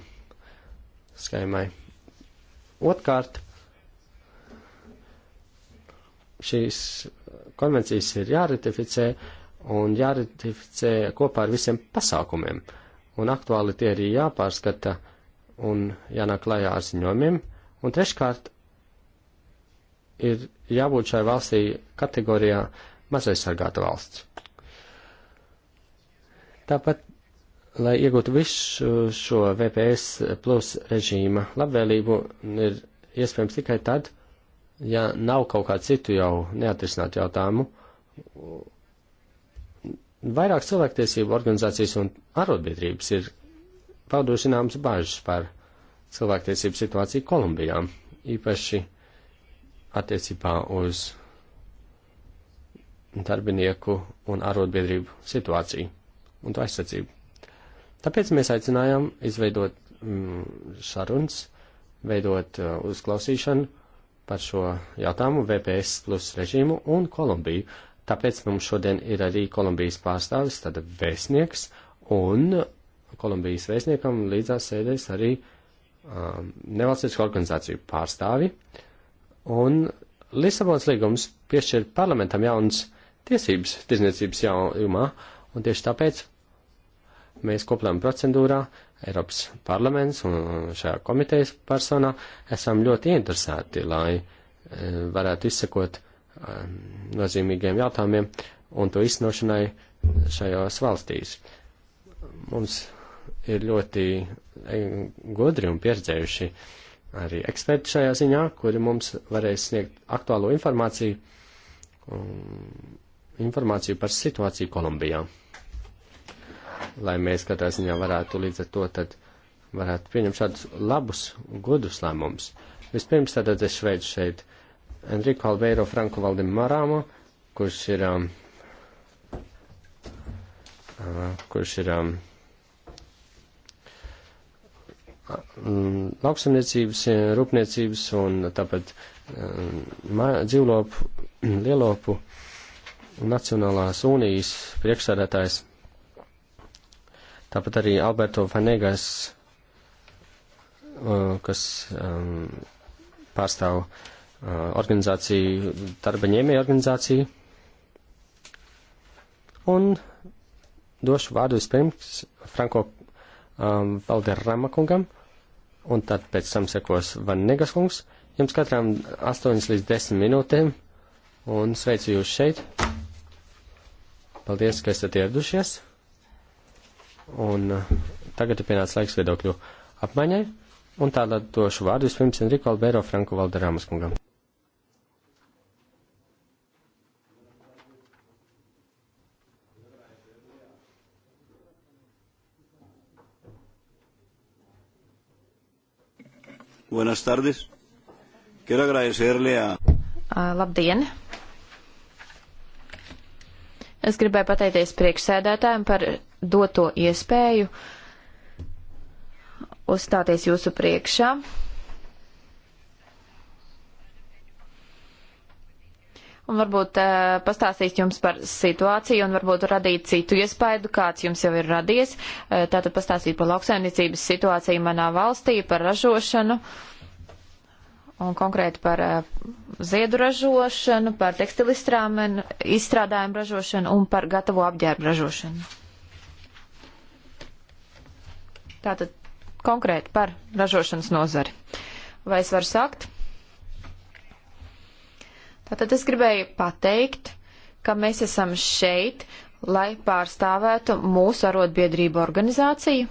schēmai. Otkārt, šīs konvencijas ir jāratificē un jāratificē kopā ar visiem pasākumiem, un aktuāli tie arī jāpārskata un jānāk klajā ar ziņojumiem, un treškārt ir jābūt šai valstī kategorijā mazai sargāta valsts. Tāpat Lai iegūtu visu šo VPS plus režīma labvēlību, ir iespējams tikai tad, ja nav kaut kā citu jau neatrisināt jautājumu. Vairāk cilvēktiesību organizācijas un arotbiedrības ir pauduši zināmas bažas par cilvēktiesību situāciju Kolumbijā, īpaši attiecībā uz darbinieku un arotbiedrību situāciju un to aizsardzību. Tāpēc mēs aicinājām izveidot mm, sarunas, veidot uh, uzklausīšanu par šo jautājumu VPS plus režīmu un Kolumbiju. Tāpēc mums šodien ir arī Kolumbijas pārstāvis, tad vēstnieks, un Kolumbijas vēstniekam līdzās sēdēs arī um, nevalstisku organizāciju pārstāvi. Un Lisabons līgums piešķir parlamentam jaunas tiesības tirzniecības jaunumā, un tieši tāpēc Mēs koplēma procedūrā, Eiropas parlaments un šajā komitejas personā esam ļoti interesēti, lai e, varētu izsekot e, nozīmīgiem jautājumiem un to iznošanai šajās valstīs. Mums ir ļoti e, gudri un pieredzējuši arī eksperti šajā ziņā, kuri mums varēs sniegt aktuālo informāciju, informāciju par situāciju Kolumbijā lai mēs katrā ziņā varētu līdz ar to tad varētu pieņemt šādus labus, godus lēmumus. Vispirms tātad es sveicu šeit Enrico Alveiro Franku Valdim Marāmo, kurš ir, um, uh, kurš ir um, uh, lauksamniecības, rūpniecības un tāpat um, dzīvlopu, lielopu Nacionālās unijas priekšsādātājs. Tāpat arī Alberto Fanegas, uh, kas um, pārstāv uh, organizāciju, darba ņēmēju organizāciju. Un došu vārdu vispirms Franko um, Valderrama kungam, un tad pēc tam sekos Vannegas kungs. Jums katram 8 līdz 10 minūtēm, un sveicu jūs šeit. Paldies, ka esat ieradušies. Un uh, tagad ir pienācis laiks viedokļu apmaiņai. Un tālāk došu vārdu vispirms Enrico Albero Franku Valderāmas kungam.
Buenas tardes. Quiero agradecerle a.
Uh, labdien! Es gribēju pateikties priekšsēdētājiem par doto iespēju uzstāties jūsu priekšā. Un varbūt uh, pastāstīs jums par situāciju un varbūt radīt citu iespaidu, kāds jums jau ir radies. Uh, tātad pastāstīt par lauksaimniecības situāciju manā valstī, par ražošanu un konkrēti par uh, ziedu ražošanu, par tekstilistrāmenu, izstrādājumu ražošanu un par gatavo apģērbu ražošanu. Tātad konkrēti par ražošanas nozari. Vai es varu sākt? Tātad es gribēju pateikt, ka mēs esam šeit, lai pārstāvētu mūsu arotbiedrību organizāciju,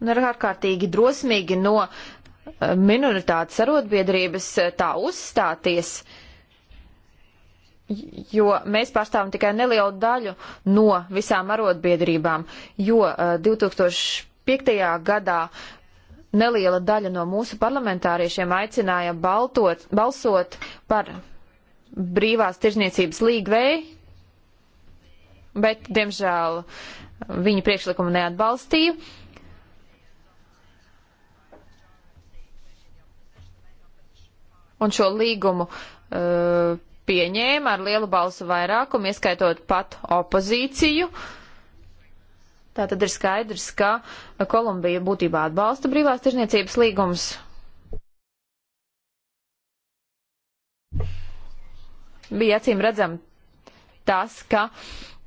un ir ārkārtīgi drosmīgi no eh, minoritātes arotbiedrības eh, tā uzstāties, jo mēs pārstāvam tikai nelielu daļu no visām arotbiedrībām, jo 2005. Eh, gadā neliela daļa no mūsu parlamentāriešiem aicināja baltot, balsot par brīvās tirzniecības līgvēju, bet, diemžēl, viņu priekšlikumu neatbalstīja. un šo līgumu uh, pieņēma ar lielu balsu vairākumu, ieskaitot pat opozīciju. Tā tad ir skaidrs, ka Kolumbija būtībā atbalsta brīvās tirzniecības līgumus. Bija acīm redzam tas, ka,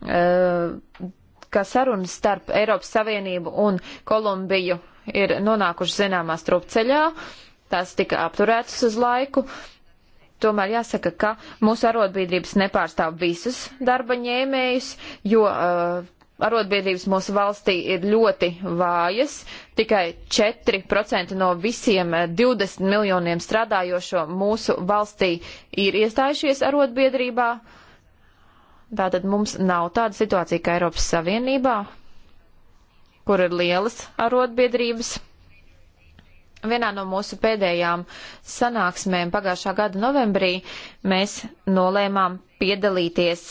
uh, ka sarunas starp Eiropas Savienību un Kolumbiju ir nonākuši zināmā strupceļā. Uh, tās tika apturētas uz laiku. Tomēr jāsaka, ka mūsu arotbiedrības nepārstāv visus darba ņēmējus, jo uh, arotbiedrības mūsu valstī ir ļoti vājas. Tikai 4% no visiem 20 uh, miljoniem strādājošo mūsu valstī ir iestājušies arotbiedrībā. Tātad mums nav tāda situācija kā Eiropas Savienībā, kur ir lielas arotbiedrības. Vienā no mūsu pēdējām sanāksmēm pagājušā gada novembrī mēs nolēmām piedalīties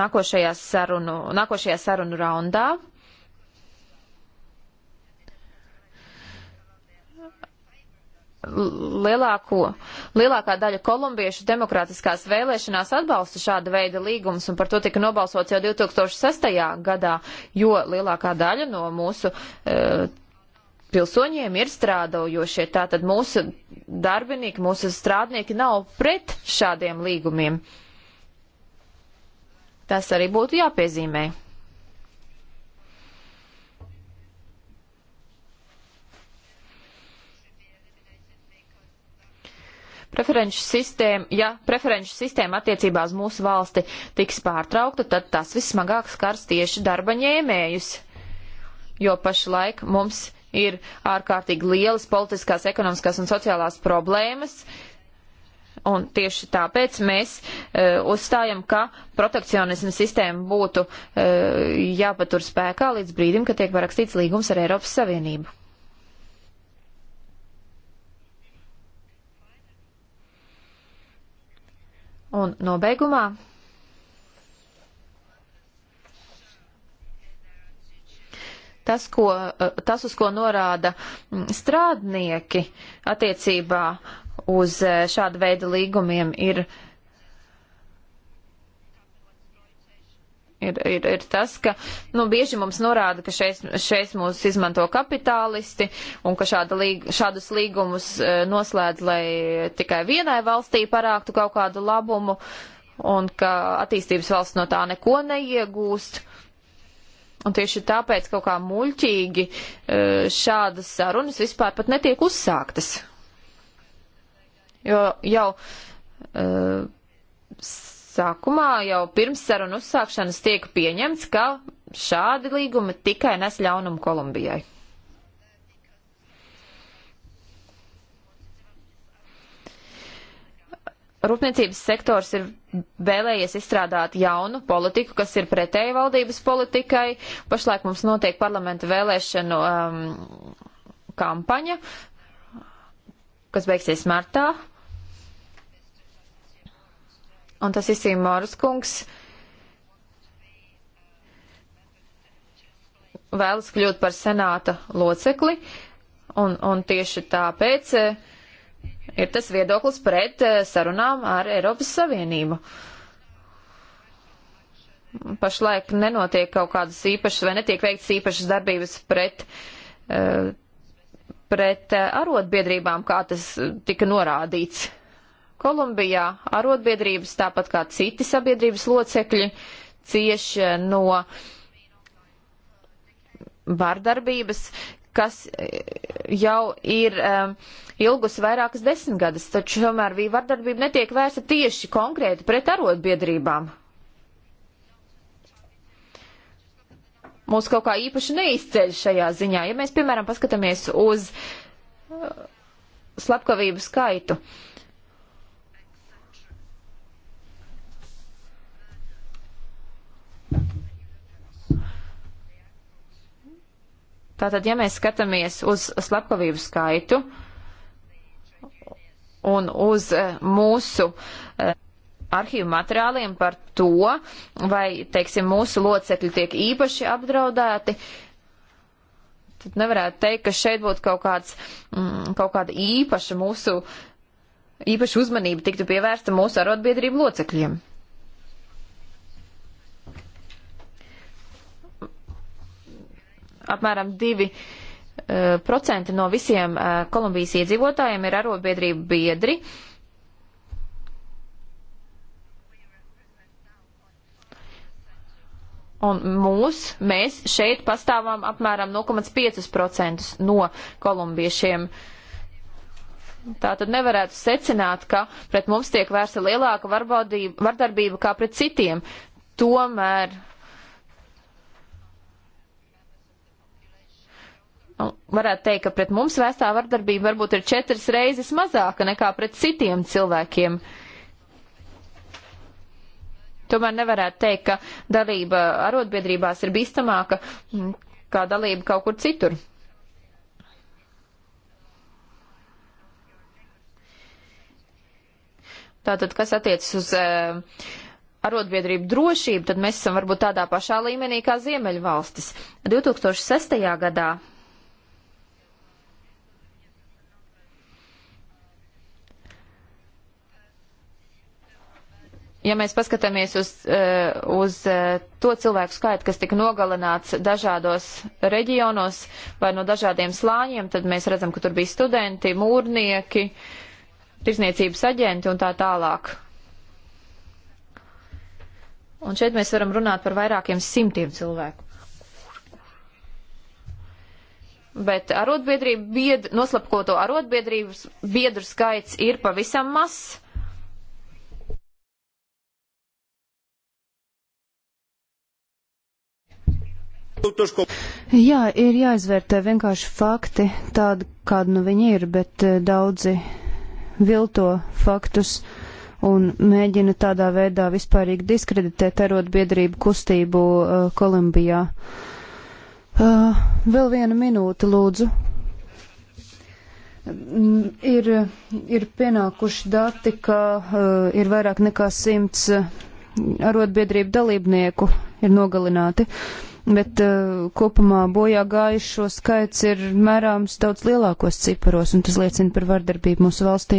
nākošajā sarunu, nākošajā sarunu raundā, lielāko, lielākā daļa kolumbiešu demokrātiskās vēlēšanās atbalsta šāda veida līgumus, un par to tika nobalsots jau 2006. gadā, jo lielākā daļa no mūsu e, pilsoņiem ir strādājošie. Tātad mūsu darbinieki, mūsu strādnieki nav pret šādiem līgumiem. Tas arī būtu jāpiezīmē. preferenču sistēma, ja preferenču sistēma attiecībā uz mūsu valsti tiks pārtraukta, tad tas vismagāk skars tieši darba ņēmējus. Jo pašlaik mums ir ārkārtīgi lielas politiskās, ekonomiskās un sociālās problēmas. Un tieši tāpēc mēs uh, uzstājam, ka protekcionismu sistēma būtu uh, jāpatur spēkā līdz brīdim, kad tiek parakstīts līgums ar Eiropas Savienību. Un nobeigumā tas, ko, eh, tas uz ko norāda mm, strādnieki attiecībā uz eh, šādu veidu līgumiem, ir, ir, ir, ir tas, ka nu, bieži mums norāda, ka šeit, šeit mūs izmanto kapitālisti un ka šāda līg, šādus līgumus eh, noslēdz, lai tikai vienai valstī parāktu kaut kādu labumu un ka attīstības valsts no tā neko neiegūst. Uh, Un tieši tāpēc kaut kā muļķīgi e, šādas sarunas vispār pat netiek uzsāktas. Jo jau e, sākumā, jau pirms sarunu uzsākšanas tiek pieņemts, ka šādi līgumi tikai nes ļaunumu Kolumbijai. rūpniecības sektors ir vēlējies izstrādāt jaunu politiku, kas ir pretēji valdības politikai. Pašlaik mums notiek parlamenta vēlēšanu um, kampaņa, kas beigsies martā. Un tas izsīm Moras kungs vēlas kļūt par senāta locekli, un, un tieši tāpēc uh, ir tas viedoklis pret eh, sarunām ar Eiropas Savienību. Pašlaik nenotiek kaut kādas īpašas vai netiek veikts īpašas darbības pret, eh, pret eh, arotbiedrībām, kā tas tika norādīts. Kolumbijā arotbiedrības, tāpat kā citi sabiedrības locekļi, cieši no vardarbības, kas e, jau ir um, ilgus vairākas desmitgadas, taču tomēr vardarbība netiek vērsta tieši konkrēti pret arotbiedrībām. Mūs kaut kā īpaši neizceļ šajā ziņā. Ja mēs, piemēram, paskatāmies uz uh, slepkavību skaitu, uh, Tātad, ja mēs skatāmies uz slepkavību skaitu un uz eh, mūsu eh, arhīvu materiāliem par to, vai, teiksim, mūsu locekļi tiek īpaši apdraudēti, tad nevarētu teikt, ka šeit būtu kaut, kāds, mm, kaut kāda īpaša mūsu, īpaša uzmanība tiktu pievērsta mūsu arotbiedrību locekļiem. apmēram 2% eh, no visiem eh, Kolumbijas iedzīvotājiem ir arotbiedrību biedri. Un mūs, mēs šeit pastāvām apmēram 0,5% no kolumbiešiem. Tā tad nevarētu secināt, ka pret mums tiek vērsta lielāka varbādība, vardarbība kā pret citiem. Tomēr Nu, varētu teikt, ka pret mums vēstā vardarbība varbūt ir četras reizes mazāka nekā pret citiem cilvēkiem. Tomēr nevarētu teikt, ka dalība arotbiedrībās ir bīstamāka mm, kā dalība kaut kur citur. Tātad, kas attiecas uz uh, arotbiedrību drošību, tad mēs esam varbūt tādā pašā līmenī kā Ziemeļvalstis. 2006. gadā ja mēs paskatāmies uz, eh, uz eh, to cilvēku skaitu, kas tika nogalināts dažādos reģionos vai no dažādiem slāņiem, tad mēs redzam, ka tur bija studenti, mūrnieki, tirsniecības aģenti un tā tālāk. Un šeit mēs varam runāt par vairākiem simtiem cilvēku. Bet arotbiedrību bied, noslapkoto arotbiedrības biedru skaits ir pavisam mazs
Jā, ir jāizvērtē vienkārši fakti tādi, kādi nu viņi ir, bet eh, daudzi vilto faktus un mēģina tādā veidā vispārīgi diskreditēt arotbiedrību kustību uh, Kolumbijā. Uh, vēl viena minūte, lūdzu. Mm, ir, ir pienākuši dati, ka uh, ir vairāk nekā simts arotbiedrību dalībnieku ir nogalināti. Uh, bet uh, kopumā bojā gājušo skaits ir mērāms daudz lielākos ciparos, un tas liecina par vardarbību mūsu valstī.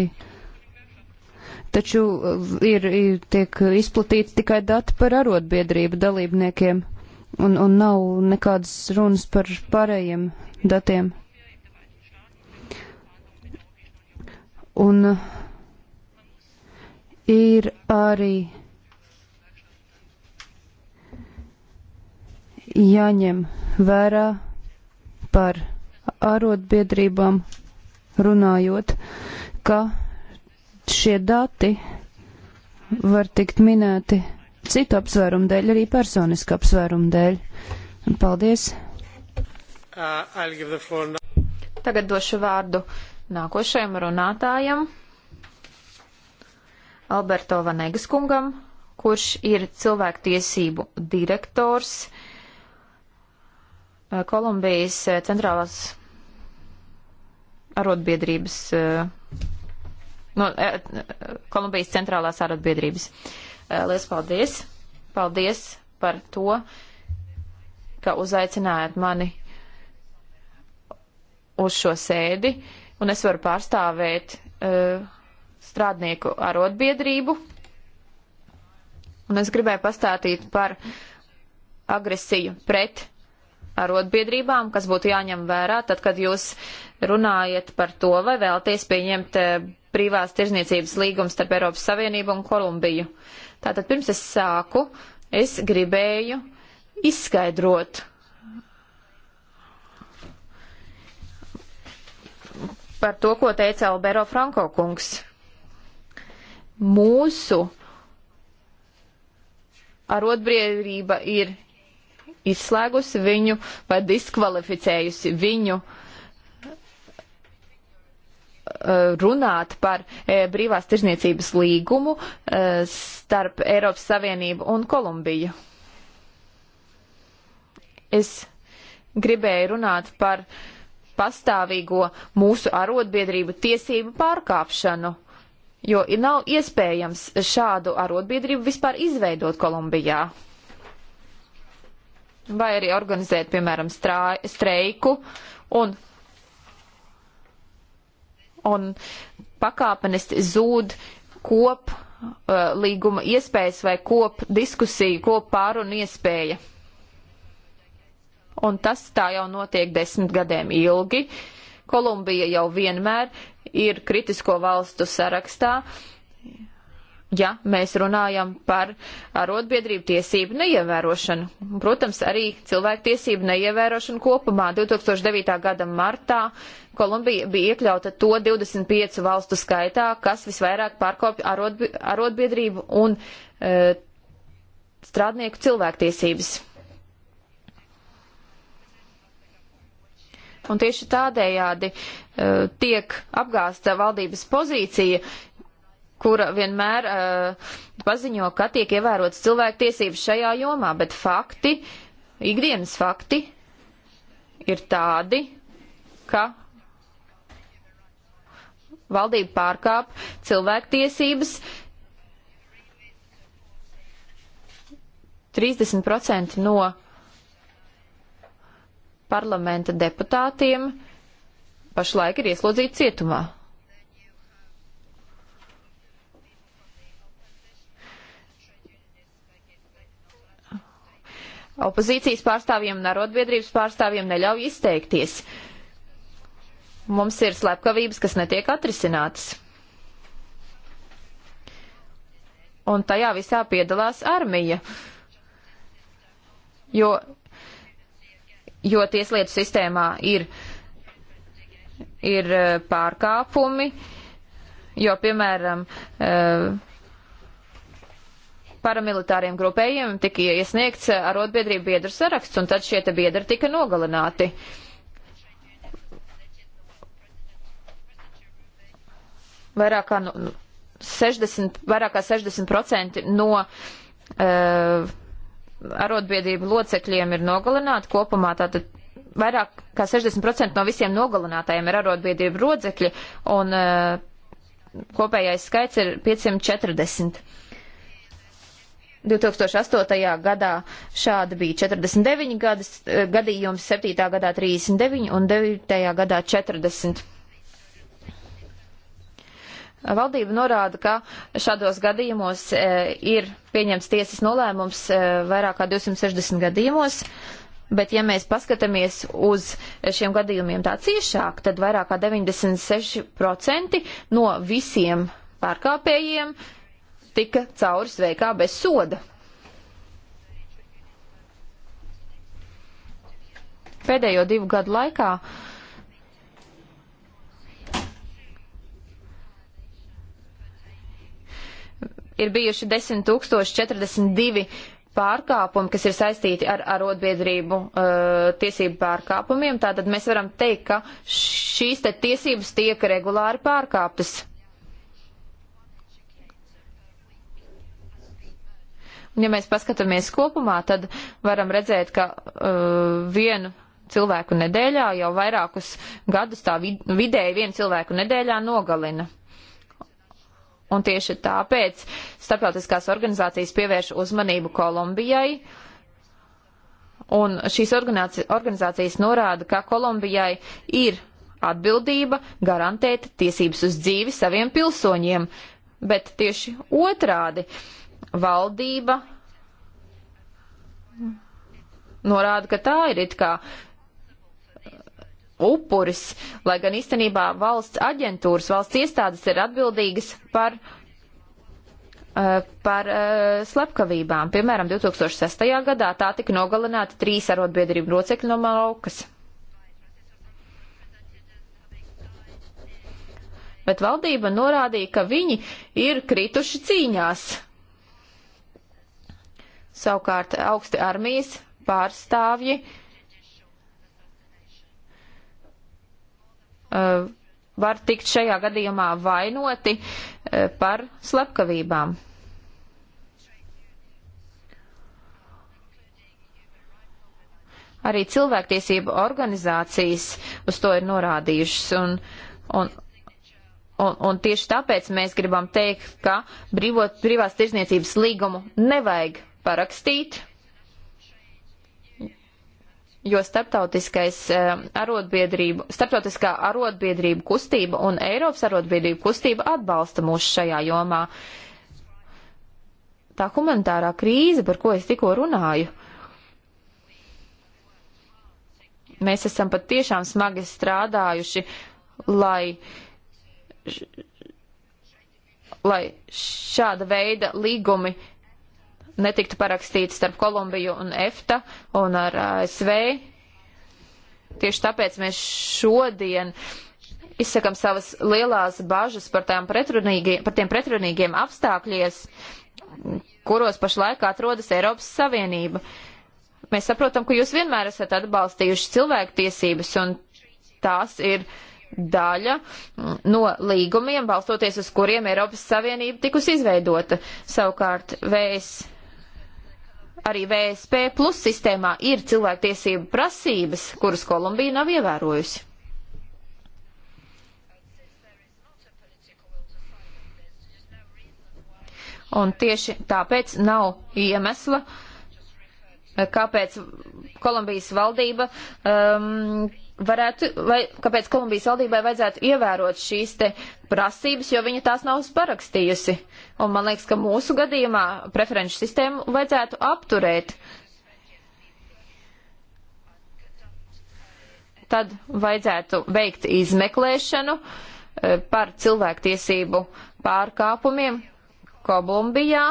Taču eh, ir, ir tiek izplatīti tikai dati par arotbiedrību dalībniekiem, un, un nav nekādas runas par pārējiem datiem. Un eh, ir arī jāņem vērā par arotbiedrībām runājot, ka šie dati var tikt minēti citu apsvērumu dēļ, arī personisku apsvērumu dēļ.
Paldies!
Uh,
Tagad došu vārdu nākošajam runātājam, Alberto Vanegas kungam, kurš ir cilvēktiesību direktors uh, Eh, eh, eh, Kolumbijas centrālās arotbiedrības, no Kolumbijas centrālās arotbiedrības. Lies paldies! Paldies par to, ka uzaicinājāt mani uz šo sēdi, un es varu pārstāvēt uh, strādnieku arotbiedrību. Un es gribēju pastāstīt par agresiju pret arotbiedrībām, kas būtu jāņem vērā, tad, kad jūs runājat par to, vai vēlties pieņemt eh, privās tirzniecības līgumu starp Eiropas Savienību un Kolumbiju. Tātad pirms es sāku, es gribēju izskaidrot. Par to, ko teica Albero Franko kungs. Mūsu arotbrīvība ir izslēgusi viņu vai diskvalificējusi viņu eh, runāt par eh, brīvās tirzniecības līgumu eh, starp Eiropas Savienību un Kolumbiju. Es gribēju runāt par pastāvīgo mūsu arotbiedrību tiesību pārkāpšanu, jo nav iespējams šādu arotbiedrību vispār izveidot Kolumbijā vai arī organizēt, piemēram, strā, streiku un, un pakāpeniski zūd kop uh, līguma iespējas vai kop diskusiju, kop pārunu iespēja. Un tas tā jau notiek desmit gadiem ilgi. Kolumbija jau vienmēr ir kritisko valstu sarakstā. Uh, ja mēs runājam par arotbiedrību tiesību neievērošanu. Protams, arī cilvēktiesību neievērošanu kopumā 2009. gada martā Kolumbija bija iekļauta to 25 valstu skaitā, kas visvairāk pārkopja arotbi, arotbiedrību un e, strādnieku cilvēktiesības. Un tieši tādējādi e, tiek apgāsta valdības pozīcija, kura vienmēr uh, paziņo, ka tiek ievērotas cilvēktiesības šajā jomā, bet fakti, ikdienas fakti ir tādi, ka valdība pārkāp cilvēktiesības. 30% no parlamenta deputātiem pašlaik ir ieslodzīti cietumā. opozīcijas pārstāvjiem un arotbiedrības pārstāvjiem neļauj izteikties. Mums ir slepkavības, kas netiek atrisinātas. Un tajā visā piedalās armija. Jo, jo tieslietu sistēmā ir, ir eh, pārkāpumi, jo, piemēram, uh, paramilitāriem grupējiem tika iesniegts eh, arotbiedrību biedru saraksts, un tad šie te biedri tika nogalināti. Vairāk kā, nu, 60, nu, vairāk kā 60% no uh, arotbiedrību locekļiem ir nogalināti kopumā, tātad vairāk kā 60% no visiem nogalinātajiem ir arotbiedrību rodzekļi, un uh, kopējais skaits ir 540. 2008. gadā šādi bija 49 gadas, eh, gadījums, 7. gadā 39 un 9. gadā 40. Valdība norāda, ka šādos gadījumos e, ir pieņemts tiesas nolēmums e, vairāk kā 260 gadījumos, bet ja mēs paskatāmies uz šiem gadījumiem tā ciešāk, tad vairāk kā 96% no visiem pārkāpējiem e, tika cauri sveikā bez soda. Pēdējo divu gadu laikā ir bijuši 10,042 pārkāpumi, kas ir saistīti ar arotbiedrību uh, tiesību pārkāpumiem. Tātad mēs varam teikt, ka šīs te tiesības tiek regulāri pārkāptas. Ja mēs paskatāmies kopumā, tad varam redzēt, ka uh, vienu cilvēku nedēļā jau vairākus gadus tā vid vidēji vienu cilvēku nedēļā nogalina. Un tieši tāpēc starptautiskās organizācijas pievērš uzmanību Kolumbijai. Un šīs organizācijas norāda, ka Kolumbijai ir atbildība garantēt tiesības uz dzīvi saviem pilsoņiem, bet tieši otrādi. Uh, valdība norāda, ka tā ir it kā upuris, lai gan īstenībā valsts aģentūras, valsts iestādes ir atbildīgas par, eh, par eh, slepkavībām. Piemēram, 2006. gadā tā tika nogalināta trīs arotbiedrību locekļi no Marokas. Bet valdība norādīja, ka viņi ir krituši cīņās Savukārt augsti armijas pārstāvji uh, var tikt šajā gadījumā vainoti uh, par slepkavībām. Arī cilvēktiesību organizācijas uz to ir norādījušas, un, un, Un, un tieši tāpēc mēs gribam teikt, ka brīvot, privās tirzniecības līgumu nevajag parakstīt, jo starptautiskais eh, arotbiedrību, starptautiskā arotbiedrību kustība un Eiropas arotbiedrību kustība atbalsta mūs šajā jomā. Tā humanitārā krīze, par ko es tikko runāju, mēs esam pat tiešām smagi strādājuši, lai, š, lai šāda veida līgumi netiktu parakstīts starp Kolumbiju un EFTA un ar ASV. Tieši tāpēc mēs šodien izsakam savas lielās bažas par, pretrunīgi, par tiem pretrunīgiem apstākļies, kuros pašlaik atrodas Eiropas Savienība. Mēs saprotam, ka jūs vienmēr esat atbalstījuši cilvēktiesības, un tās ir daļa no līgumiem, balstoties uz kuriem Eiropas Savienība tikus izveidota. Savukārt, vēs arī VSP plus sistēmā ir cilvēktiesība prasības, kuras Kolumbija nav ievērojusi. Un tieši tāpēc nav iemesla, kāpēc Kolumbijas valdība um, varētu, vai, kāpēc Kolumbijas valdībai vajadzētu ievērot šīs te prasības, jo viņa tās nav parakstījusi. Un man liekas, ka mūsu gadījumā preferenču sistēmu vajadzētu apturēt. Tad vajadzētu veikt izmeklēšanu eh, par cilvēktiesību pārkāpumiem Kolumbijā.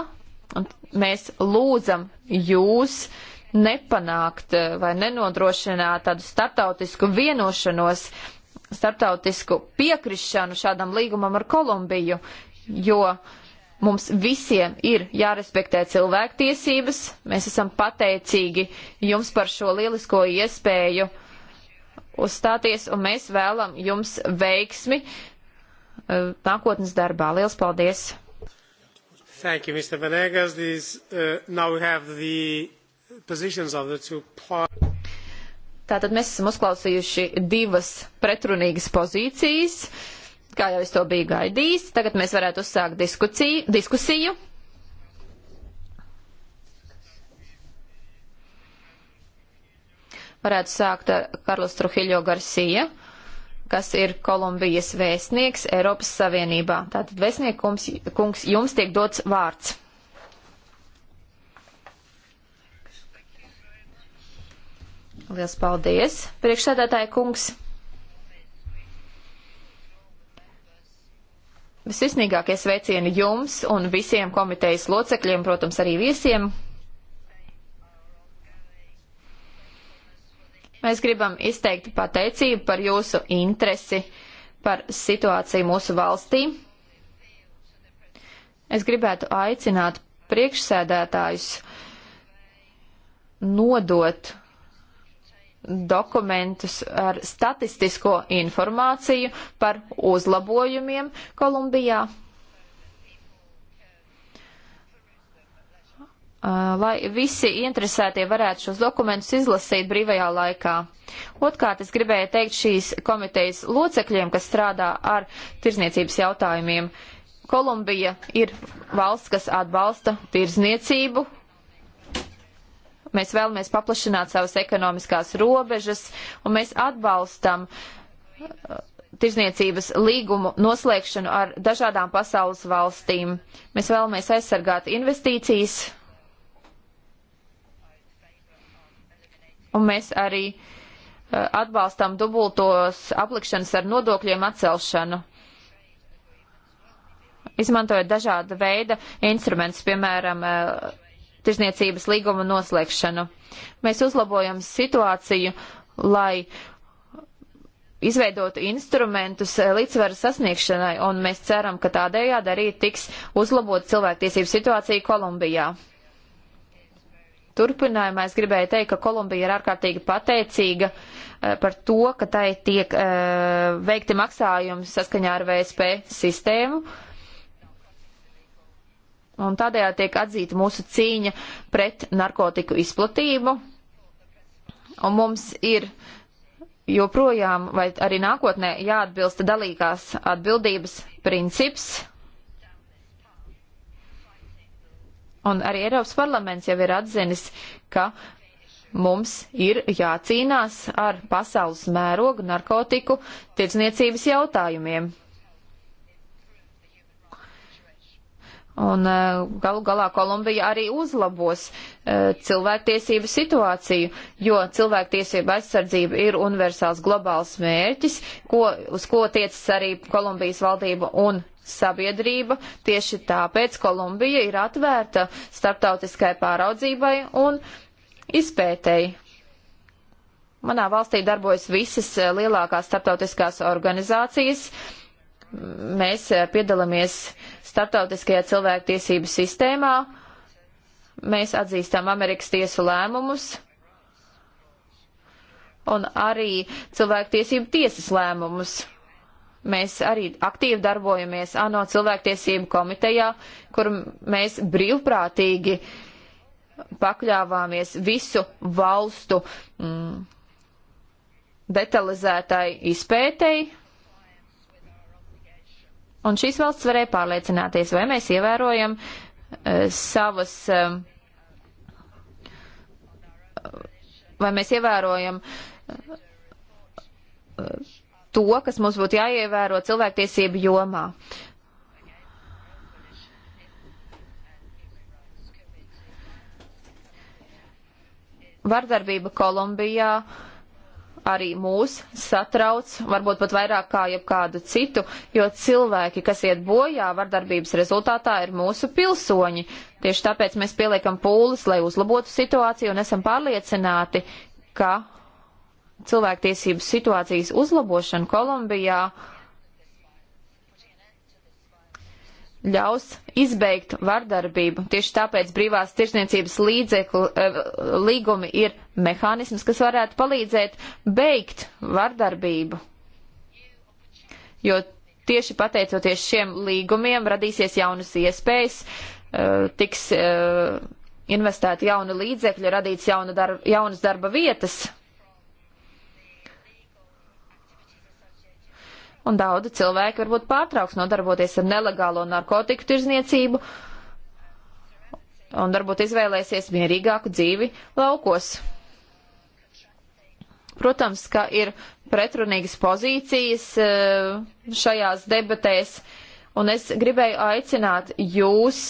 Mēs lūdzam jūs uh, nepanākt eh, vai nenodrošināt tādu startautisku vienošanos, startautisku piekrišanu šādam līgumam ar Kolumbiju, jo mums visiem ir jārespektē cilvēktiesības. Mēs esam pateicīgi jums par šo lielisko iespēju uzstāties, un mēs vēlam jums veiksmi eh, nākotnes darbā. Liels paldies!
Thank you, Mr. Venegas. This, uh, now we have the
Tātad mēs esam uzklausījuši divas pretrunīgas pozīcijas, kā jau es to biju gaidījis. Tagad mēs varētu uzsākt diskusiju. diskusiju. Varētu sākt ar Karlos Truhiļo Garcija, kas ir Kolumbijas vēstnieks Eiropas Savienībā. Tātad vēstniekums, kungs, jums tiek dots vārds. Liels paldies, priekšsēdētāja kungs. Visvisnīgākie sveicieni jums un visiem komitejas locekļiem, protams, arī viesiem. Mēs gribam izteikt pateicību par jūsu interesi par situāciju mūsu valstī. Es gribētu aicināt priekšsēdētājus nodot dokumentus ar statistisko informāciju par uzlabojumiem Kolumbijā, uh, lai visi interesētie varētu šos dokumentus izlasīt brīvajā laikā. Otkārt, es gribēju teikt šīs komitejas locekļiem, kas strādā ar tirzniecības jautājumiem. Kolumbija ir valsts, kas atbalsta tirzniecību mēs vēlamies paplašināt savas ekonomiskās robežas, un mēs atbalstam uh, tirzniecības līgumu noslēgšanu ar dažādām pasaules valstīm. Mēs vēlamies aizsargāt investīcijas, un mēs arī uh, atbalstam dubultos aplikšanas ar nodokļiem atcelšanu. Izmantojot dažāda veida instrumentus, piemēram, uh, tirzniecības līguma noslēgšanu. Mēs uzlabojam situāciju, lai izveidotu instrumentus līdzsvaru sasniegšanai, un mēs ceram, ka tādējādi arī tiks uzlabot cilvēktiesību situācija Kolumbijā. Turpinājumā es gribēju teikt, ka Kolumbija ir ārkārtīgi pateicīga eh, par to, ka tai tiek eh, veikti maksājumi saskaņā ar VSP sistēmu. Uh, Un tādējādi tiek atzīta mūsu cīņa pret narkotiku izplatību. Un mums ir joprojām, vai arī nākotnē, jāatbilst dalīgās atbildības princips. Un arī Eiropas parlaments jau ir atzinis, ka mums ir jācīnās ar pasaules mērogu narkotiku tirdzniecības jautājumiem. Un e, galu galā Kolumbija arī uzlabos e, cilvēktiesību situāciju, jo cilvēktiesība aizsardzība ir universāls globāls mērķis, ko, uz ko tiecas arī Kolumbijas valdība un sabiedrība. Tieši tāpēc Kolumbija ir atvērta starptautiskai pāraudzībai un izpētēji. Manā valstī darbojas visas e, lielākās starptautiskās organizācijas, uh, mēs eh, piedalāmies starptautiskajā cilvēktiesību sistēmā, mēs atzīstam Amerikas tiesu lēmumus un arī cilvēktiesību tiesas lēmumus. Mēs arī aktīvi darbojamies ANO cilvēktiesību komitejā, kur mēs brīvprātīgi pakļāvāmies visu valstu mm, detalizētai izpētei Un šīs valsts varēja pārliecināties, vai mēs ievērojam uh, savas. Uh, vai mēs ievērojam uh, to, kas mums būtu jāievēro cilvēktiesību jomā. Vardarbība Kolumbijā uh, arī mūs satrauc, varbūt pat vairāk kā jebkādu citu, jo cilvēki, kas iet bojā vardarbības rezultātā, ir mūsu pilsoņi. Tieši tāpēc mēs pieliekam pūles, lai uzlabotu situāciju un esam pārliecināti, ka cilvēktiesību situācijas uzlabošana Kolumbijā uh, ļaus izbeigt vardarbību. Tieši tāpēc brīvās tirsniecības līdzekli eh, līgumi ir mehānisms, kas varētu palīdzēt beigt vardarbību. Jo tieši pateicoties šiem līgumiem radīsies jaunas iespējas, eh, tiks eh, investēti jauni līdzekļi, radīts jauna darba, jaunas darba vietas un daudzi cilvēki varbūt pārtrauks nodarboties ar nelegālo narkotiku tirzniecību un varbūt izvēlēsies mierīgāku dzīvi laukos. Protams, ka ir pretrunīgas pozīcijas eh, šajās debatēs, un es gribēju aicināt jūs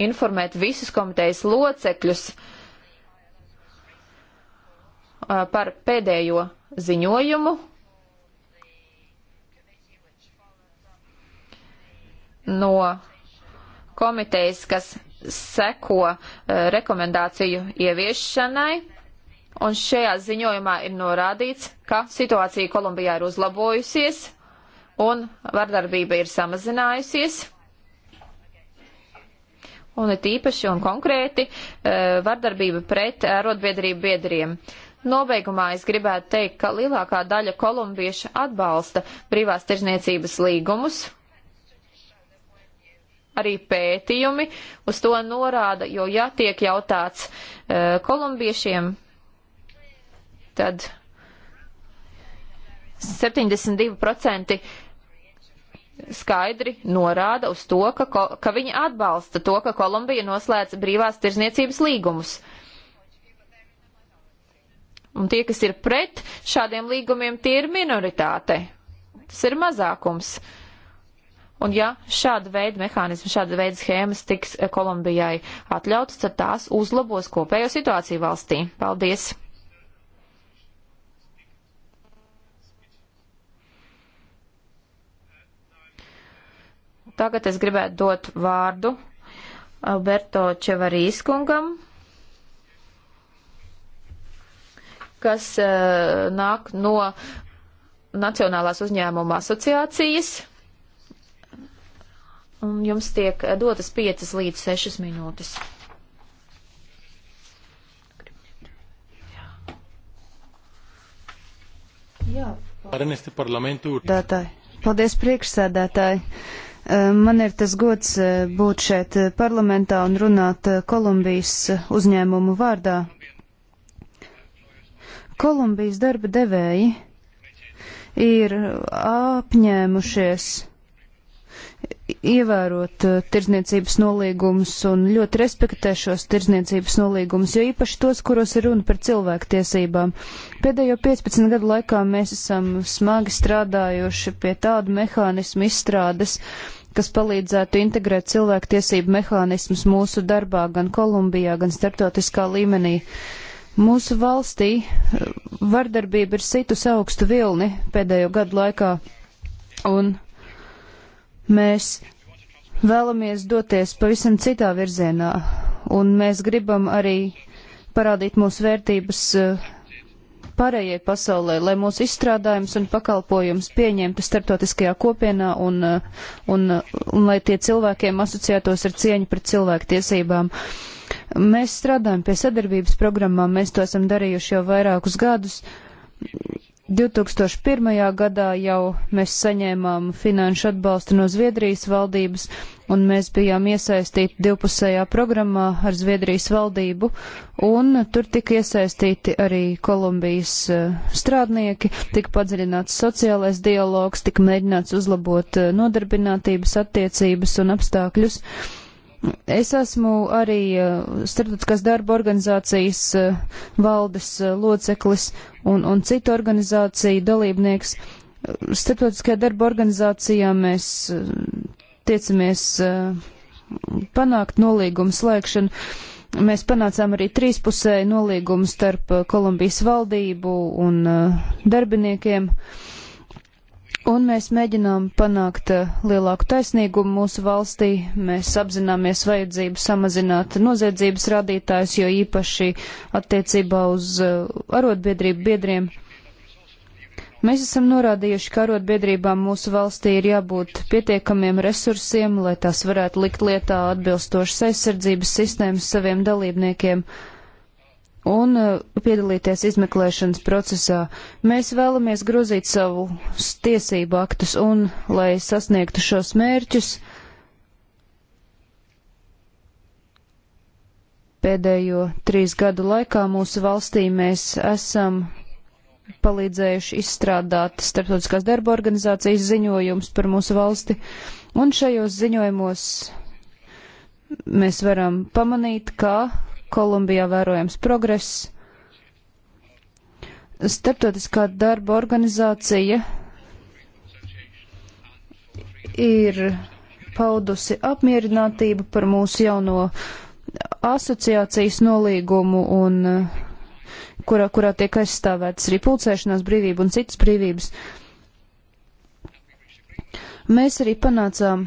informēt visus komitejas locekļus eh, par pēdējo ziņojumu, no komitejas, kas seko uh, rekomendāciju ieviešanai. Un šajā ziņojumā ir norādīts, ka situācija Kolumbijā ir uzlabojusies un vardarbība ir samazinājusies. Un ir tīpaši un konkrēti uh, vardarbība pret eh, arotbiedrību biedriem. Nobeigumā es gribētu teikt, ka lielākā daļa kolumbiešu atbalsta privās tirzniecības līgumus arī pētījumi uz to norāda, jo ja tiek jautāts uh, kolumbiešiem, tad 72% skaidri norāda uz to, ka, ka viņi atbalsta to, ka Kolumbija noslēdz brīvās tirzniecības līgumus. Un tie, kas ir pret šādiem līgumiem, tie ir minoritāte. Tas ir mazākums. Uh, Un ja šāda veida mehānismi, šāda veida schēmas tiks eh, Kolumbijai atļautas, tad tās uzlabos kopējo situāciju valstī. Paldies! Tagad es gribētu dot vārdu Alberto Čevarīs kungam, kas uh, nāk no Nacionālās uzņēmuma asociācijas un jums tiek dotas 5 līdz 6 minūtes.
Jā. Paldies, Paldies priekšsēdētāji. Eh, man ir tas gods eh, būt šeit eh, parlamentā un runāt Kolumbijas uzņēmumu vārdā. Kolumbijas darba devēji ir apņēmušies ievērot uh, tirdzniecības nolīgumus un ļoti respektē šos tirdzniecības nolīgumus, jo īpaši tos, kuros ir runa par cilvēktiesībām. Pēdējo 15 gadu laikā mēs esam smagi strādājuši pie tādu mehānismu izstrādes, kas palīdzētu integrēt cilvēktiesību mehānismus mūsu darbā gan Kolumbijā, gan starptautiskā līmenī. Mūsu valstī eh, vardarbība ir situs augstu vilni pēdējo gadu laikā. Un Mēs vēlamies doties pavisam citā virzienā, un mēs gribam arī parādīt mūsu vērtības eh, pārējai pasaulē, lai mūsu izstrādājums un pakalpojums pieņemtu starptautiskajā kopienā un, eh, un, eh, un lai tie cilvēkiem asociētos ar cieņu pret cilvēktiesībām. Mēs strādājam pie sadarbības programmām, mēs to esam darījuši jau vairākus gadus 2001. gadā jau mēs saņēmām finanšu atbalstu no Zviedrijas valdības, un mēs bijām iesaistīti divpusējā programmā ar Zviedrijas valdību, un tur tika iesaistīti arī Kolumbijas eh, strādnieki, tika padziļināts sociālais dialogs, tika mēģināts uzlabot eh, nodarbinātības attiecības un apstākļus. Uh, Es esmu arī eh, starptautiskās darba organizācijas eh, valdes eh, loceklis un, un citu organizāciju dalībnieks. Starptautiskajā darba organizācijā mēs tiecamies panākt nolīgumu slēgšanu. Mēs panācām arī trīspusēju nolīgumu starp Kolumbijas valdību un darbiniekiem. Uh, Un mēs mēģinām panākt eh, lielāku taisnīgumu mūsu valstī. Mēs apzināmies vajadzību samazināt noziedzības rādītājus, jo īpaši attiecībā uz eh, arotbiedrību biedriem. Mēs esam norādījuši, ka arotbiedrībām mūsu valstī ir jābūt pietiekamiem resursiem, lai tās varētu likt lietā atbilstošas aizsardzības sistēmas saviem dalībniekiem. Uh, un uh, piedalīties izmeklēšanas procesā. Mēs vēlamies grozīt savu tiesību aktus un, lai sasniegtu šos mērķus, pēdējo trīs gadu laikā mūsu valstī mēs esam palīdzējuši izstrādāt starptautiskās darba organizācijas ziņojums par mūsu valsti, un šajos ziņojumos mēs varam pamanīt, ka Kolumbijā vērojams progress. Starptautiskā darba organizācija ir paudusi apmierinātību par mūsu jauno asociācijas nolīgumu un eh, kurā, kurā tiek aizstāvētas arī pulcēšanās brīvība un citas brīvības. Mēs arī panācām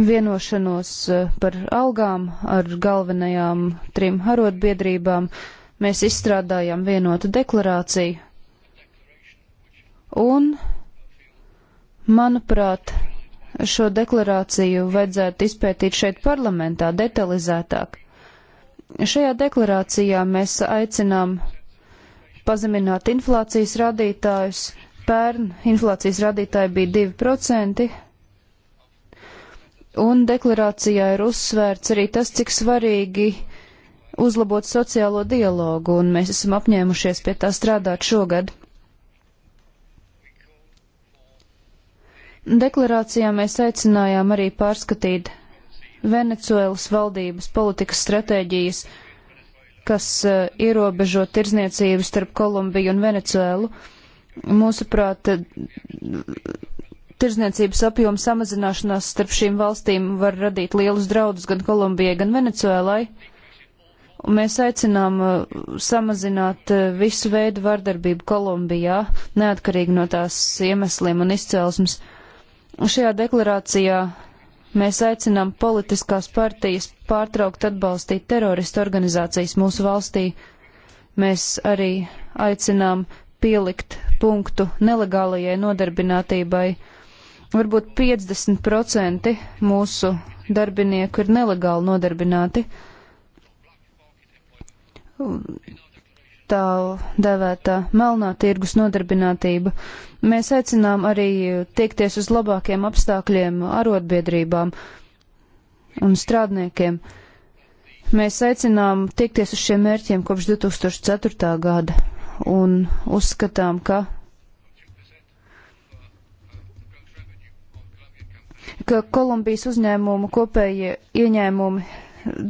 vienošanos eh, par algām ar galvenajām trim arotbiedrībām. Mēs izstrādājām vienotu deklarāciju. Un, manuprāt, šo deklarāciju vajadzētu izpētīt šeit parlamentā detalizētāk. Šajā deklarācijā mēs aicinām pazemināt inflācijas rādītājus. Pērn inflācijas rādītāji bija 2%, Un deklarācijā ir uzsvērts arī tas, cik svarīgi uzlabot sociālo dialogu, un mēs esam apņēmušies pie tā strādāt šogad. Deklarācijā mēs aicinājām arī pārskatīt Venecuēlas valdības politikas stratēģijas, kas uh, ierobežo tirzniecību starp Kolumbiju un Venecuēlu. Mūsuprāt, tirzniecības apjoma samazināšanās starp šīm valstīm var radīt lielus draudus gan Kolumbijai, gan Venecuēlai. Un mēs aicinām uh, samazināt uh, visu veidu vardarbību Kolumbijā, neatkarīgi no tās iemesliem un izcelsmes. Šajā deklarācijā mēs aicinām politiskās partijas pārtraukt atbalstīt teroristu organizācijas mūsu valstī. Mēs arī aicinām pielikt punktu nelegālajai nodarbinātībai Varbūt 50% mūsu darbinieku ir nelegāli nodarbināti. Tā devētā melnā tirgus nodarbinātība. Mēs aicinām arī tiekties uz labākiem apstākļiem arotbiedrībām un strādniekiem. Mēs aicinām tiekties uz šiem mērķiem kopš 2004. gada un uzskatām, ka ka Kolumbijas uzņēmumu kopējie ieņēmumi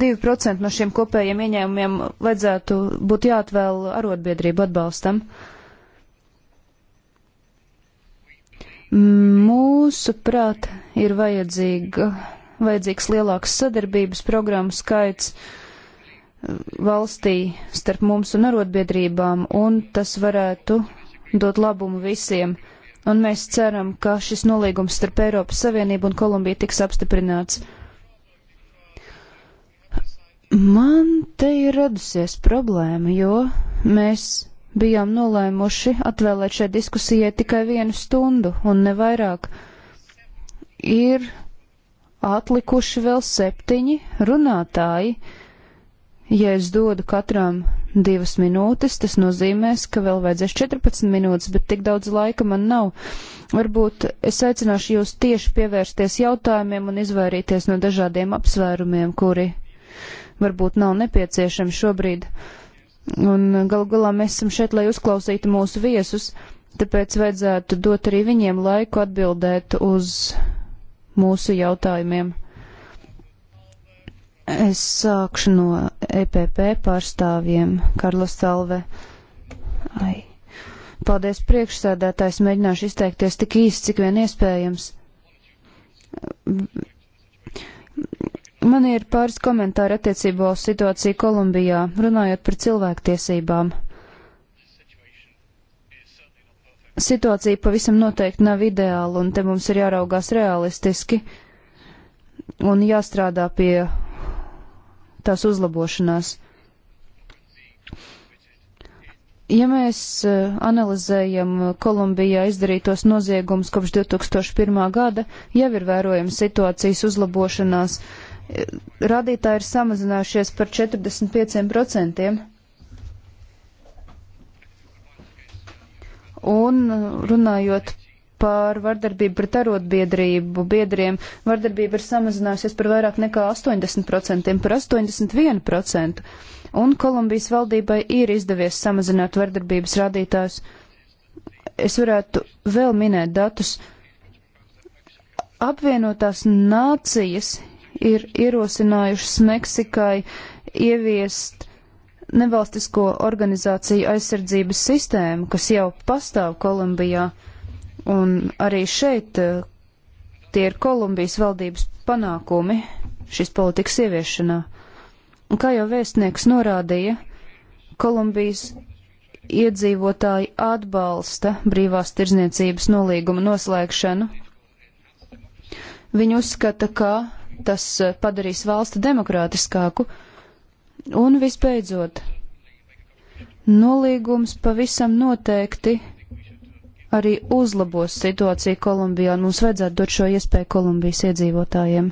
2% no šiem kopējiem ieņēmumiem vajadzētu būt jāatvēl arotbiedrību atbalstam. Mūsu prāt ir vajadzīga, vajadzīgs lielāks sadarbības programmu skaits uh, valstī starp mums un arotbiedrībām, un tas varētu dot labumu visiem. Uh, un mēs ceram, ka šis nolīgums starp Eiropas Savienību un Kolumbiju tiks apstiprināts. Man te ir radusies problēma, jo mēs bijām nolēmuši atvēlēt šai diskusijai tikai vienu stundu un nevairāk. Ir atlikuši vēl septiņi runātāji. Ja es dodu katram divas minūtes, tas nozīmēs, ka vēl vajadzēs 14 minūtes, bet tik daudz laika man nav. Varbūt es aicināšu jūs tieši pievērsties jautājumiem un izvairīties no dažādiem apsvērumiem, kuri varbūt nav nepieciešami šobrīd. Un gal galā mēs esam šeit, lai uzklausītu mūsu viesus, tāpēc vajadzētu dot arī viņiem laiku atbildēt uz mūsu jautājumiem. Es sākšu no EPP pārstāvjiem Karlos Salve. Ai. Paldies priekšsēdētājs, mēģināšu izteikties tik īsti, cik vien iespējams. Man ir pāris komentāri attiecībā uz situāciju Kolumbijā, runājot par cilvēktiesībām. Situācija pavisam noteikti nav ideāla, un te mums ir jāraugās realistiski un jāstrādā pie tās uzlabošanās. Ja mēs eh, analizējam Kolumbijā izdarītos noziegumus kopš 2001. gada, jau ir vērojama situācijas uzlabošanās. Eh, rādītāji ir samazinājušies par 45%. Un eh, runājot par vardarbību pret arotbiedrību biedriem. Vardarbība ir samazinājusies par vairāk nekā 80%, par 81%, un Kolumbijas valdībai ir izdevies samazināt vardarbības rādītājus. Es varētu vēl minēt datus. Apvienotās nācijas ir ierosinājušas Meksikai ieviest nevalstisko organizāciju aizsardzības sistēmu, kas jau pastāv Kolumbijā. Uh, Un arī šeit eh, tie ir Kolumbijas valdības panākumi šīs politikas ieviešanā. Un kā jau vēstnieks norādīja, Kolumbijas iedzīvotāji atbalsta brīvās tirzniecības nolīguma noslēgšanu. Viņi uzskata, ka tas eh, padarīs valsti demokrātiskāku. Un visbeidzot, nolīgums pavisam noteikti arī uzlabos situāciju Kolumbijā, un mums vajadzētu dot šo iespēju Kolumbijas iedzīvotājiem.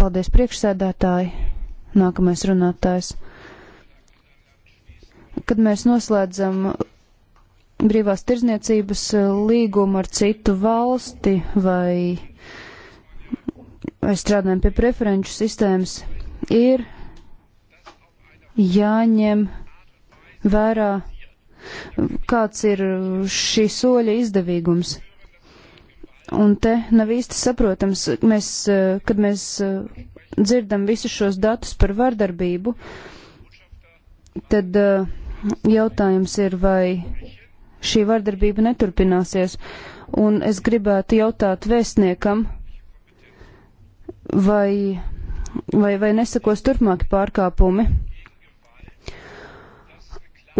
Paldies priekšsēdētāji, nākamais runātājs. Kad mēs noslēdzam brīvās tirzniecības līgumu ar citu valsti vai, vai strādājam pie preferenču sistēmas, ir jāņem vērā kāds ir šī soļa izdevīgums. Un te nav īsti saprotams, mēs, eh, kad mēs eh, dzirdam visus šos datus par vardarbību, tad eh, jautājums ir, vai šī vardarbība neturpināsies. Un es gribētu jautāt vēstniekam, vai, vai, vai nesakos turpmāki pārkāpumi.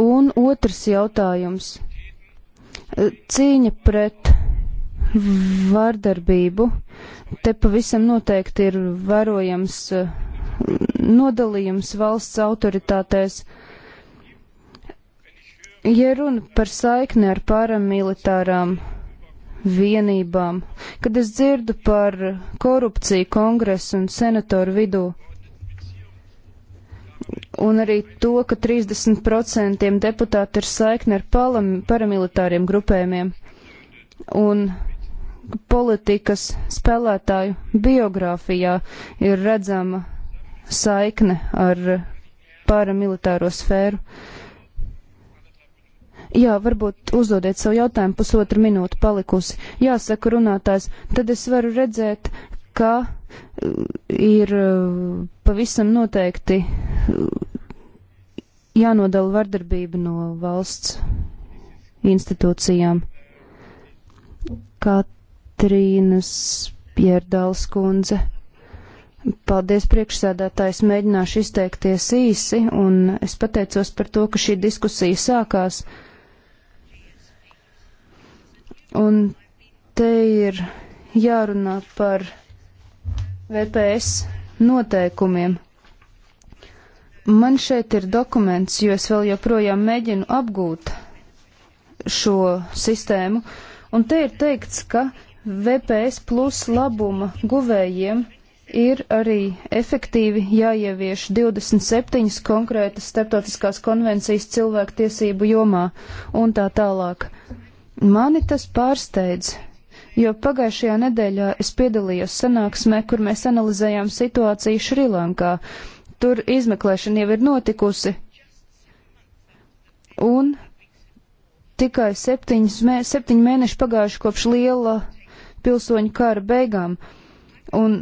Un otrs jautājums e, - cīņa pret vardarbību. Te pavisam noteikti ir vērojams e, nodalījums valsts autoritātēs. Ja runa par saikni ar paramilitārām vienībām, kad es dzirdu par korupciju kongresu un senatoru vidū, un arī to, ka 30% deputāti ir saikni ar paramilitāriem grupējumiem un politikas spēlētāju biogrāfijā ir redzama saikne ar paramilitāro sfēru. Jā, varbūt uzdodiet savu jautājumu pusotru minūtu palikusi. Jāsaka runātājs, tad es varu redzēt, ka uh, ir uh, pavisam noteikti uh, jānodala vardarbība no valsts institūcijām. Katrīnas Pierdāls kundze. Paldies priekšsēdētājs, mēģināšu izteikties īsi, un es pateicos par to, ka šī diskusija sākās. Un te ir jārunā par VPS noteikumiem. Man šeit ir dokuments, jo es vēl joprojām mēģinu apgūt šo sistēmu, un te ir teikts, ka VPS plus labuma guvējiem ir arī efektīvi jāievieš 27 konkrētas starptautiskās konvencijas cilvēktiesību jomā un tā tālāk. Mani tas pārsteidz, jo pagājušajā nedēļā es piedalījos sanāksmē, kur mēs analizējām situāciju Šrilankā. Tur izmeklēšana jau ir notikusi, un tikai septiņus, mē, septiņi mēneši pagājuši kopš liela pilsoņu kara beigām. Un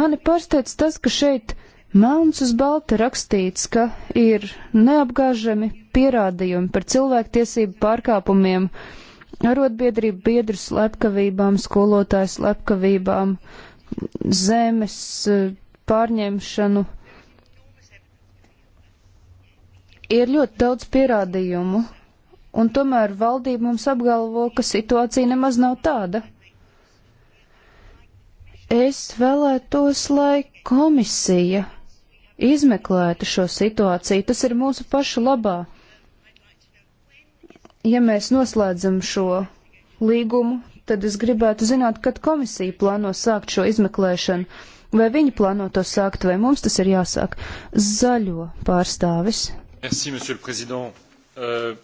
mani pārsteidz tas, ka šeit melns uz balta rakstīts, ka ir neapgāžami pierādījumi par cilvēktiesību pārkāpumiem. Uh, arotbiedrību biedru slepkavībām, skolotāju slepkavībām, zemes eh, pārņemšanu. Ir ļoti daudz pierādījumu, un tomēr valdība mums apgalvo, ka situācija nemaz nav tāda. Es vēlētos, lai komisija izmeklētu šo situāciju. Tas ir mūsu pašu labā ja mēs noslēdzam šo līgumu, tad es gribētu zināt, kad komisija plāno sākt šo izmeklēšanu, vai viņi plāno to sākt, vai mums tas ir jāsāk. Zaļo pārstāvis.
Merci, monsieur le président. Uh,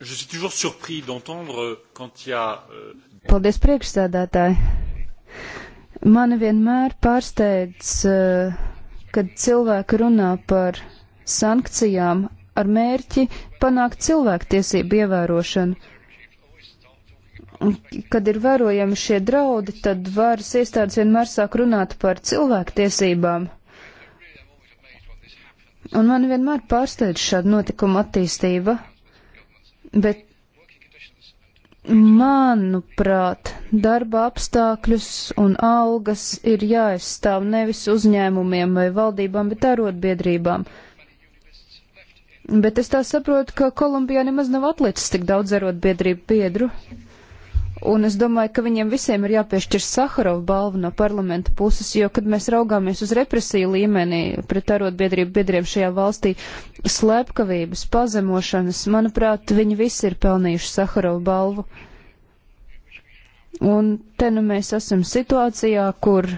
je suis toujours surpris d'entendre euh, quand il y a. Uh...
Paldies, priekšsēdētāji. Mani vienmēr pārsteidz, uh, kad cilvēki runā par sankcijām ar mērķi panākt cilvēktiesību ievērošanu. Kad ir vērojami šie draudi, tad varas iestādes vienmēr sāk runāt par cilvēktiesībām. Un man vienmēr pārsteidz šāda notikuma attīstība, bet manuprāt, darba apstākļus un algas ir jāaizstāv nevis uzņēmumiem vai valdībām, bet arotbiedrībām. biedrībām Bet es tā saprotu, ka Kolumbijā nemaz nav atlicis tik daudz arotbiedrību biedru. Un es domāju, ka viņiem visiem ir jāpiešķir Saharova balva no parlamenta puses, jo, kad mēs raugāmies uz represiju līmenī pret arotbiedrību biedriem šajā valstī, slepkavības, pazemošanas, manuprāt, viņi visi ir pelnījuši Saharova balvu. Un te nu mēs esam situācijā, kur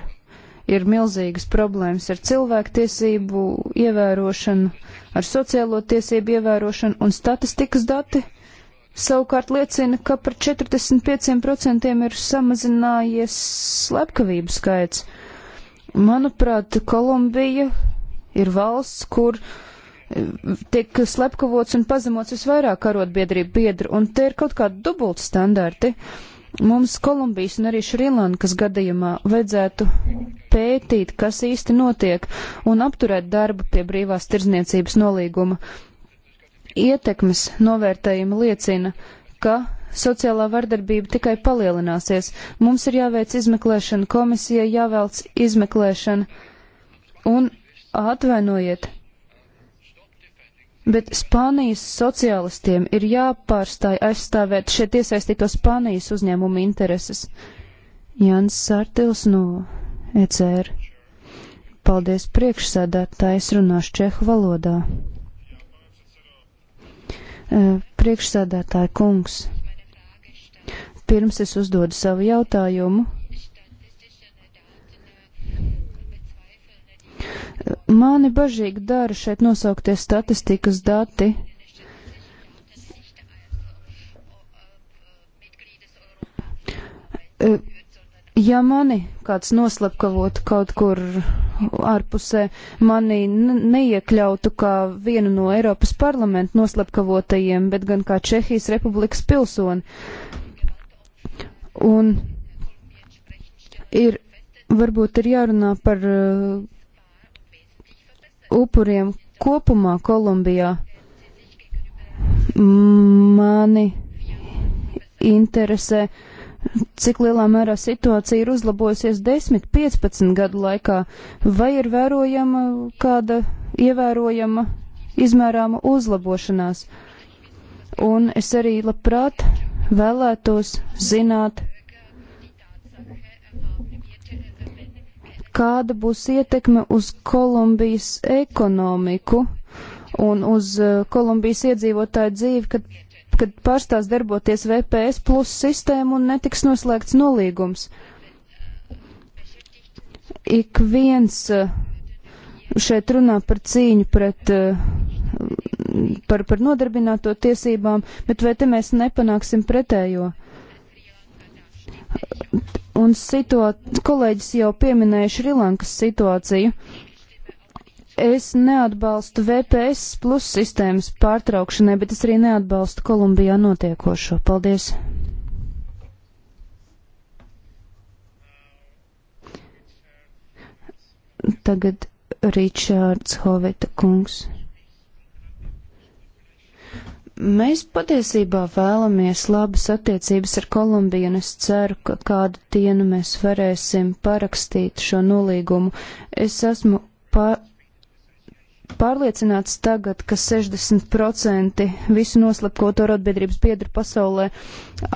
ir milzīgas problēmas ar cilvēktiesību ievērošanu, ar sociālo tiesību ievērošanu, un statistikas dati savukārt liecina, ka par 45% ir samazinājies slepkavību skaits. Manuprāt, Kolumbija ir valsts, kur
e,
tiek slepkavots un pazemots visvairāk arotbiedrību biedru, un te ir kaut kādi dubulti standarti. Uh, mums Kolumbijas un arī Šrilankas gadījumā vajadzētu pētīt, kas īsti notiek, un apturēt darbu pie brīvās tirzniecības nolīguma. Ietekmes novērtējumi liecina, ka sociālā vardarbība tikai palielināsies. Mums ir jāveic izmeklēšana, komisijai jāvelc izmeklēšana, un atvainojiet, bet Spānijas sociālistiem ir jāpārstāj aizstāvēt šeit iesaistīto Spānijas uzņēmumu intereses. Jans Sārtils no ECR. Paldies priekšsēdētājs runāšu čehu valodā. E, Priekšsēdētāja kungs, pirms es uzdodu savu jautājumu, Mani bažīgi dara šeit nosauktie statistikas dati. E, ja mani kāds noslepkavotu kaut kur ārpusē, mani neiekļautu kā vienu no Eiropas parlamenta noslepkavotajiem, bet gan kā Čehijas republikas pilsoni. Un ir, varbūt ir jārunā par uh, upuriem kopumā Kolumbijā mani interesē, cik lielā mērā situācija ir uzlabojusies 10, 15 gadu laikā, vai ir vērojama kāda ievērojama izmērāma uzlabošanās. Un es arī labprāt vēlētos zināt, kāda būs ietekme uz Kolumbijas ekonomiku un uz eh, Kolumbijas iedzīvotāju dzīvi, kad, kad pārstās darboties VPS plus sistēmu un netiks noslēgts nolīgums. Ik viens eh, šeit runā par cīņu pret, eh, par, par nodarbināto tiesībām, bet vai te mēs nepanāksim pretējo? Un situāt, kolēģis jau pieminēja Šrilankas situāciju. Es neatbalstu VPS plus sistēmas pārtraukšanai, bet es arī neatbalstu Kolumbijā notiekošo. Paldies! Tagad Ričārds Hoveta kungs. Mēs patiesībā vēlamies labas attiecības ar Kolumbiju, un es ceru, ka kādu dienu mēs varēsim parakstīt šo nolīgumu. Es esmu pār, pārliecināts tagad, ka 60% visu noslapkoto rotbiedrības biedru pasaulē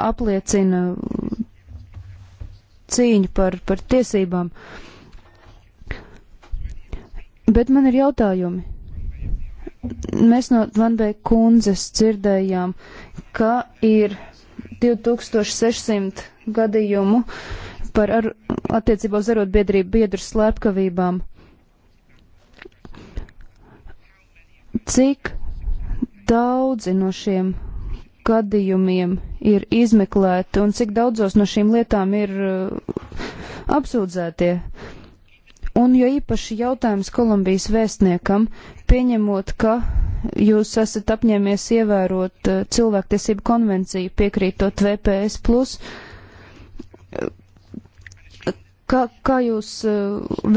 apliecina cīņu par, par tiesībām. Bet man ir jautājumi. Mēs no Vanbeika kundzes dzirdējām, ka ir 2600 gadījumu par ar, attiecībā uz arotbiedrību biedru slepkavībām. Cik daudzi no šiem gadījumiem ir izmeklēti un cik daudzos no šīm lietām ir uh, apsūdzētie. Un jo īpaši jautājums Kolumbijas vēstniekam, pieņemot, ka jūs esat apņēmies ievērot eh, cilvēktiesību konvenciju piekrītot VPS, plus, kā, kā jūs eh,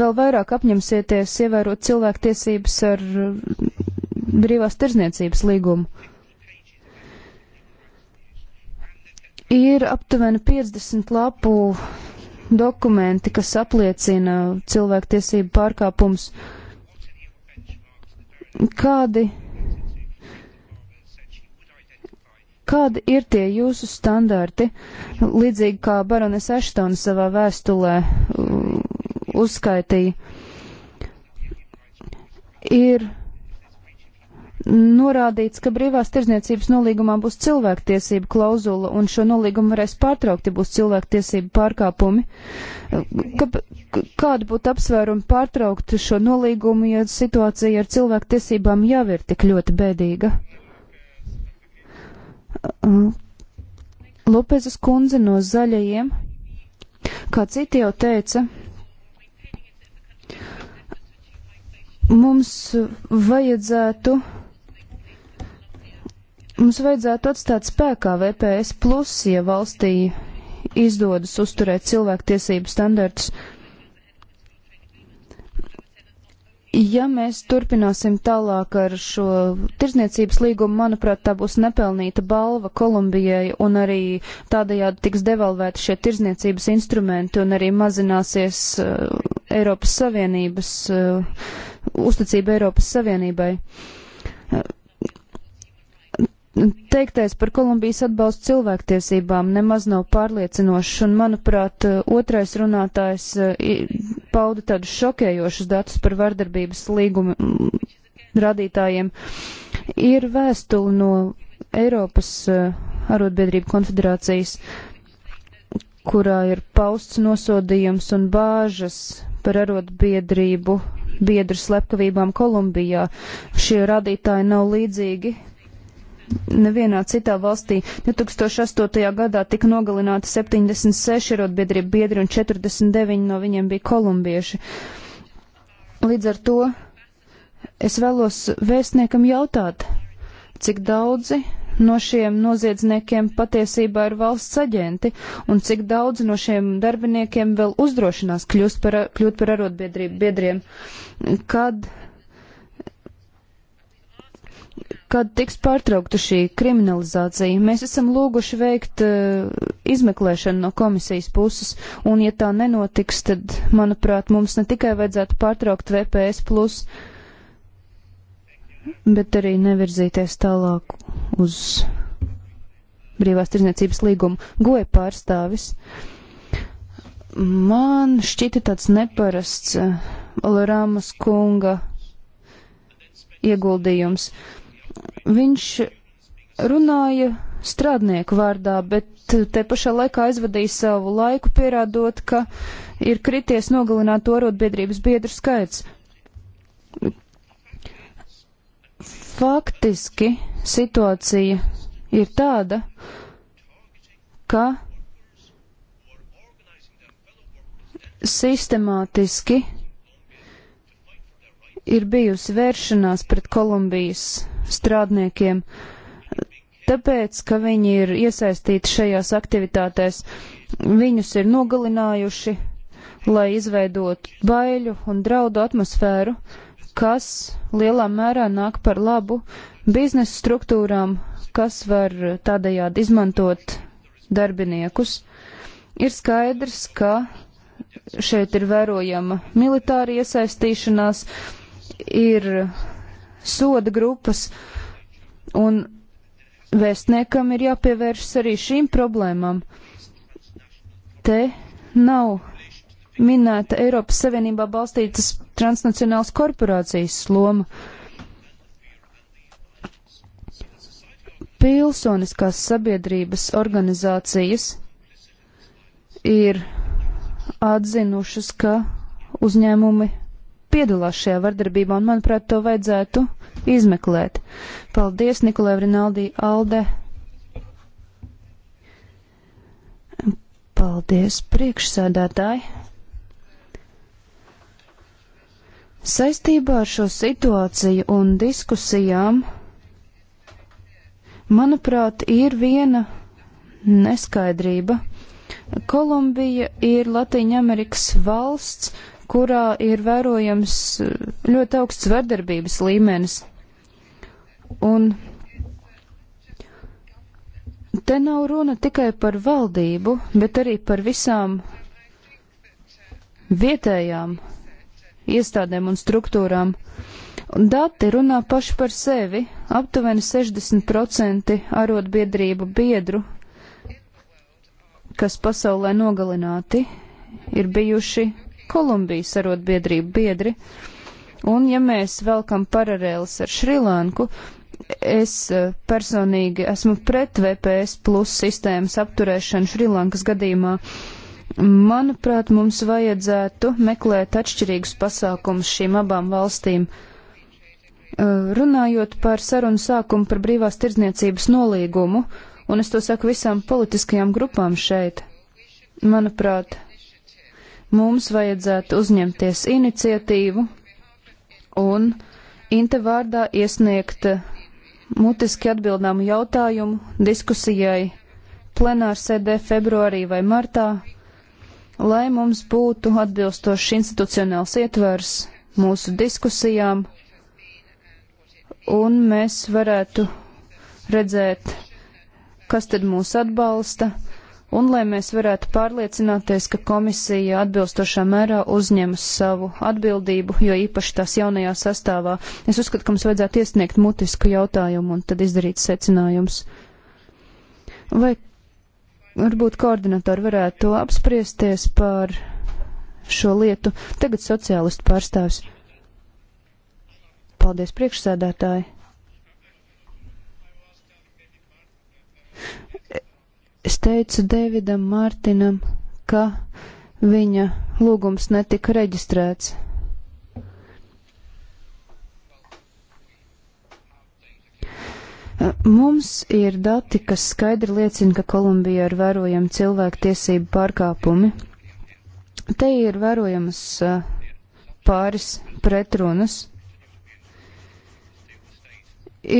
vēl vairāk apņemsieties ievērot cilvēktiesības ar eh, brīvās tirzniecības līgumu? ir aptuveni 50 lapu dokumenti, kas apliecina cilvēktiesību pārkāpumus kādi, kādi ir tie jūsu standarti, līdzīgi kā Baronis Eštona savā vēstulē uh, uzskaitīja, ir norādīts, ka brīvās tirzniecības nolīgumā būs cilvēktiesība klauzula, un šo nolīgumu varēs pārtraukt, ja būs cilvēktiesība pārkāpumi. Ka, kāda būtu apsvēruma pārtraukt šo nolīgumu, ja situācija ar cilvēktiesībām jau ir tik ļoti bēdīga? Lopezes kundze no zaļajiem, kā citi jau teica, mums vajadzētu uh, Mums vajadzētu atstāt spēkā VPS, plus, ja valstī izdodas uzturēt cilvēktiesību standartus. Ja mēs turpināsim tālāk ar šo tirzniecības līgumu, manuprāt, tā būs nepelnīta balva Kolumbijai un arī tādējādi tiks devalvēti šie tirzniecības instrumenti un arī mazināsies uh, Eiropas Savienības, uh, uzticība Eiropas Savienībai. Uh, Teiktais par Kolumbijas atbalstu cilvēktiesībām nemaz nav pārliecinošs, un, manuprāt, otrais runātājs eh, pauda tādus šokējošus datus par vardarbības līgumu mm, radītājiem. Ir vēstuli no Eiropas eh, arotbiedrību konfederācijas, kurā ir pausts nosodījums un bāžas par arotbiedrību biedru slepkavībām Kolumbijā. Šie radītāji nav līdzīgi nevienā citā valstī. 2008. gadā tika nogalināti 76 arotbiedrību biedri un 49 no viņiem bija kolumbieši. Līdz ar to es vēlos vēstniekam jautāt, cik daudzi no šiem noziedzniekiem patiesībā ir valsts aģenti un cik daudz no šiem darbiniekiem vēl uzdrošinās kļūt par, kļūt par arotbiedrību biedriem, kad kad tiks pārtraukta šī kriminalizācija. Mēs esam lūguši veikt uh, izmeklēšanu no komisijas puses, un ja tā nenotiks, tad, manuprāt, mums ne tikai vajadzētu pārtraukt VPS, plus, bet arī nevirzīties tālāk uz brīvās tirzniecības līgumu. Goja pārstāvis. Man šķita tāds neparasts uh, eh, Olorāmas kunga ieguldījums. Uh, viņš runāja strādnieku vārdā, bet te pašā laikā aizvadīja savu laiku pierādot, ka ir krities nogalināto arotbiedrības biedru skaits. Faktiski situācija ir tāda, ka sistemātiski ir bijusi vēršanās pret Kolumbijas strādniekiem, tāpēc, ka viņi ir iesaistīti šajās aktivitātēs. Viņus ir nogalinājuši, lai izveidotu baiļu un draudu atmosfēru, kas lielā mērā nāk par labu biznesa struktūrām, kas var tādējādi izmantot darbiniekus. Ir skaidrs, ka šeit ir vērojama militāra iesaistīšanās, ir soda grupas, un vēstniekam ir jāpievēršas arī šīm problēmām. Te nav minēta Eiropas Savienībā balstītas transnacionālas korporācijas loma. Pilsoniskās sabiedrības organizācijas ir atzinušas, ka uzņēmumi piedalās šajā vardarbībā, un, manuprāt, to vajadzētu izmeklēt. Paldies, Nikolai Rinaldī Alde. Paldies, priekšsēdētāji. Saistībā ar šo situāciju un diskusijām, manuprāt, ir viena neskaidrība. Kolumbija ir Latīņa Amerikas valsts, kurā ir vērojams ļoti augsts vardarbības līmenis. Un te nav runa tikai par valdību, bet arī par visām vietējām iestādēm un struktūrām. Dati runā paši par sevi. Aptuveni 60% arotbiedrību biedru, kas pasaulē nogalināti, ir bijuši Kolumbijas arotbiedrību biedri. Un ja mēs velkam paralēlis ar Šrilanku, Es eh, personīgi esmu pret VPS plus sistēmas apturēšanu Šrilankas gadījumā. Manuprāt, mums vajadzētu meklēt atšķirīgus pasākumus šīm abām valstīm. Eh, runājot par sarunu sākumu par brīvās tirdzniecības nolīgumu, un es to saku visām politiskajām grupām šeit, manuprāt, mums vajadzētu uzņemties iniciatīvu un Inte vārdā iesniegt mutiski atbildāmu jautājumu diskusijai plenārsēdē februārī vai martā, lai mums būtu atbilstošs institucionāls ietvers mūsu diskusijām, un mēs varētu redzēt, kas tad mūs atbalsta, un lai mēs varētu pārliecināties, ka komisija atbilstošā mērā uzņemas savu atbildību, jo īpaši tās jaunajā sastāvā. Es uzskatu, ka mums vajadzētu iesniegt mutisku jautājumu un tad izdarīt secinājumus. Vai varbūt koordinatori varētu apspriesties par šo lietu? Tagad sociālistu pārstāvis. Paldies priekšsēdētāji! Es teicu Davidam Mārtinam, ka viņa lūgums netika reģistrēts. Mums ir dati, kas skaidri liecina, ka Kolumbijā ir vērojami cilvēktiesību pārkāpumi. Te ir vērojamas pāris pretrunas.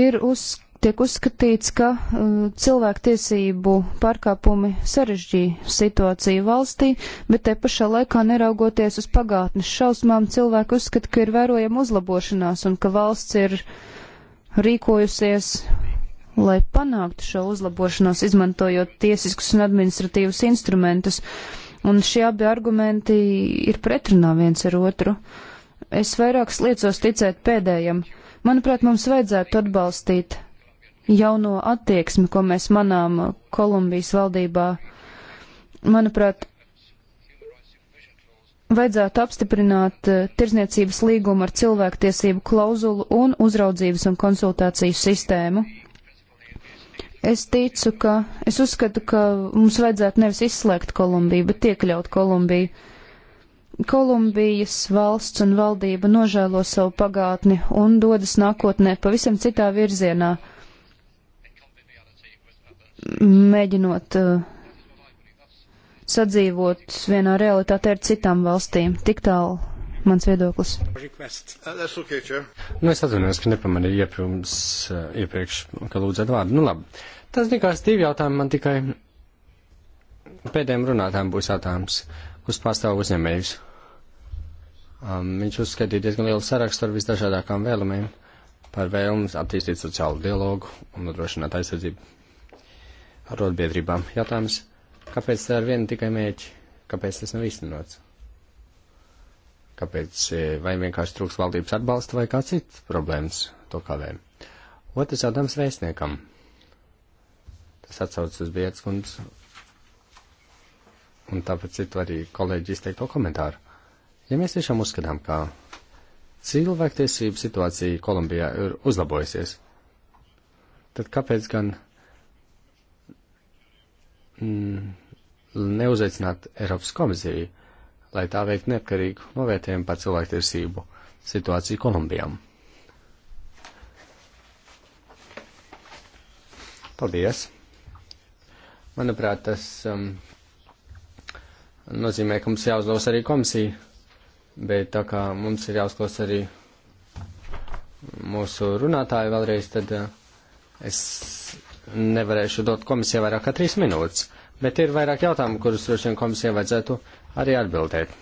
Ir uz tiek uzskatīts, ka eh, cilvēktiesību pārkāpumi sarežģīja situāciju valstī, bet te pašā laikā neraugoties uz pagātnes šausmām, cilvēki uzskata, ka ir vērojama uzlabošanās un ka valsts ir rīkojusies, lai panāktu šo uzlabošanos, izmantojot tiesiskus un administratīvus instrumentus. Un šie abi argumenti ir pretrunā viens ar otru. Es vairāk sliecos ticēt pēdējam. Manuprāt, mums vajadzētu atbalstīt jauno attieksmi, ko mēs manām Kolumbijas valdībā. Manuprāt, vajadzētu apstiprināt eh, tirzniecības līgumu ar cilvēktiesību klauzulu un uzraudzības un konsultāciju sistēmu. Es ticu, ka, es uzskatu, ka mums vajadzētu nevis izslēgt Kolumbiju, bet iekļaut Kolumbiju. Kolumbijas valsts un valdība nožēlo savu pagātni un dodas nākotnē pavisam citā virzienā mēģinot eh, sadzīvot vienā realitātē ar citām valstīm. Tik tālu mans viedoklis.
Nu,
es atvainojos, ka nepamanīju iepriekš, eh, iepriekš ka lūdzat vārdu. Nu, labi. Tas likās divi jautājumi man tikai. Pēdējiem runātājiem būs jautājums uz pārstāvu uzņēmējus. Um, viņš uzskatīja diezgan lielu sarakstu ar visdažādākām vēlumiem par vēlmes attīstīt sociālu dialogu un nodrošināt aizsardzību arotbiedrībām. Jautājums, kāpēc tā ir viena tikai mēķi? Kāpēc tas nav īstenots? Kāpēc e, vai vienkārši trūks valdības atbalsta vai kā cits problēmas to kavē? Otrs jautājums vēstniekam. Tas atsaucas uz Bietas kundzes. Un tāpēc citu arī kolēģi izteikto komentāru. Ja mēs tiešām uzskatām, ka cilvēktiesību situācija Kolumbijā ir uzlabojusies, tad kāpēc gan mm, neuzaicināt Eiropas komisiju, lai tā veiktu neatkarīgu novērtējumu par cilvēktiesību situāciju Kolumbijām. Paldies! Manuprāt, tas um, nozīmē, ka mums jāuzklaus arī komisija, bet tā kā mums ir jāuzklaus arī mūsu runātāju vēlreiz, tad uh, es nevarēšu dot komisijai vairāk kā trīs minūtes, bet ir vairāk jautājumu, kurus droši vien komisijai vajadzētu arī atbildēt.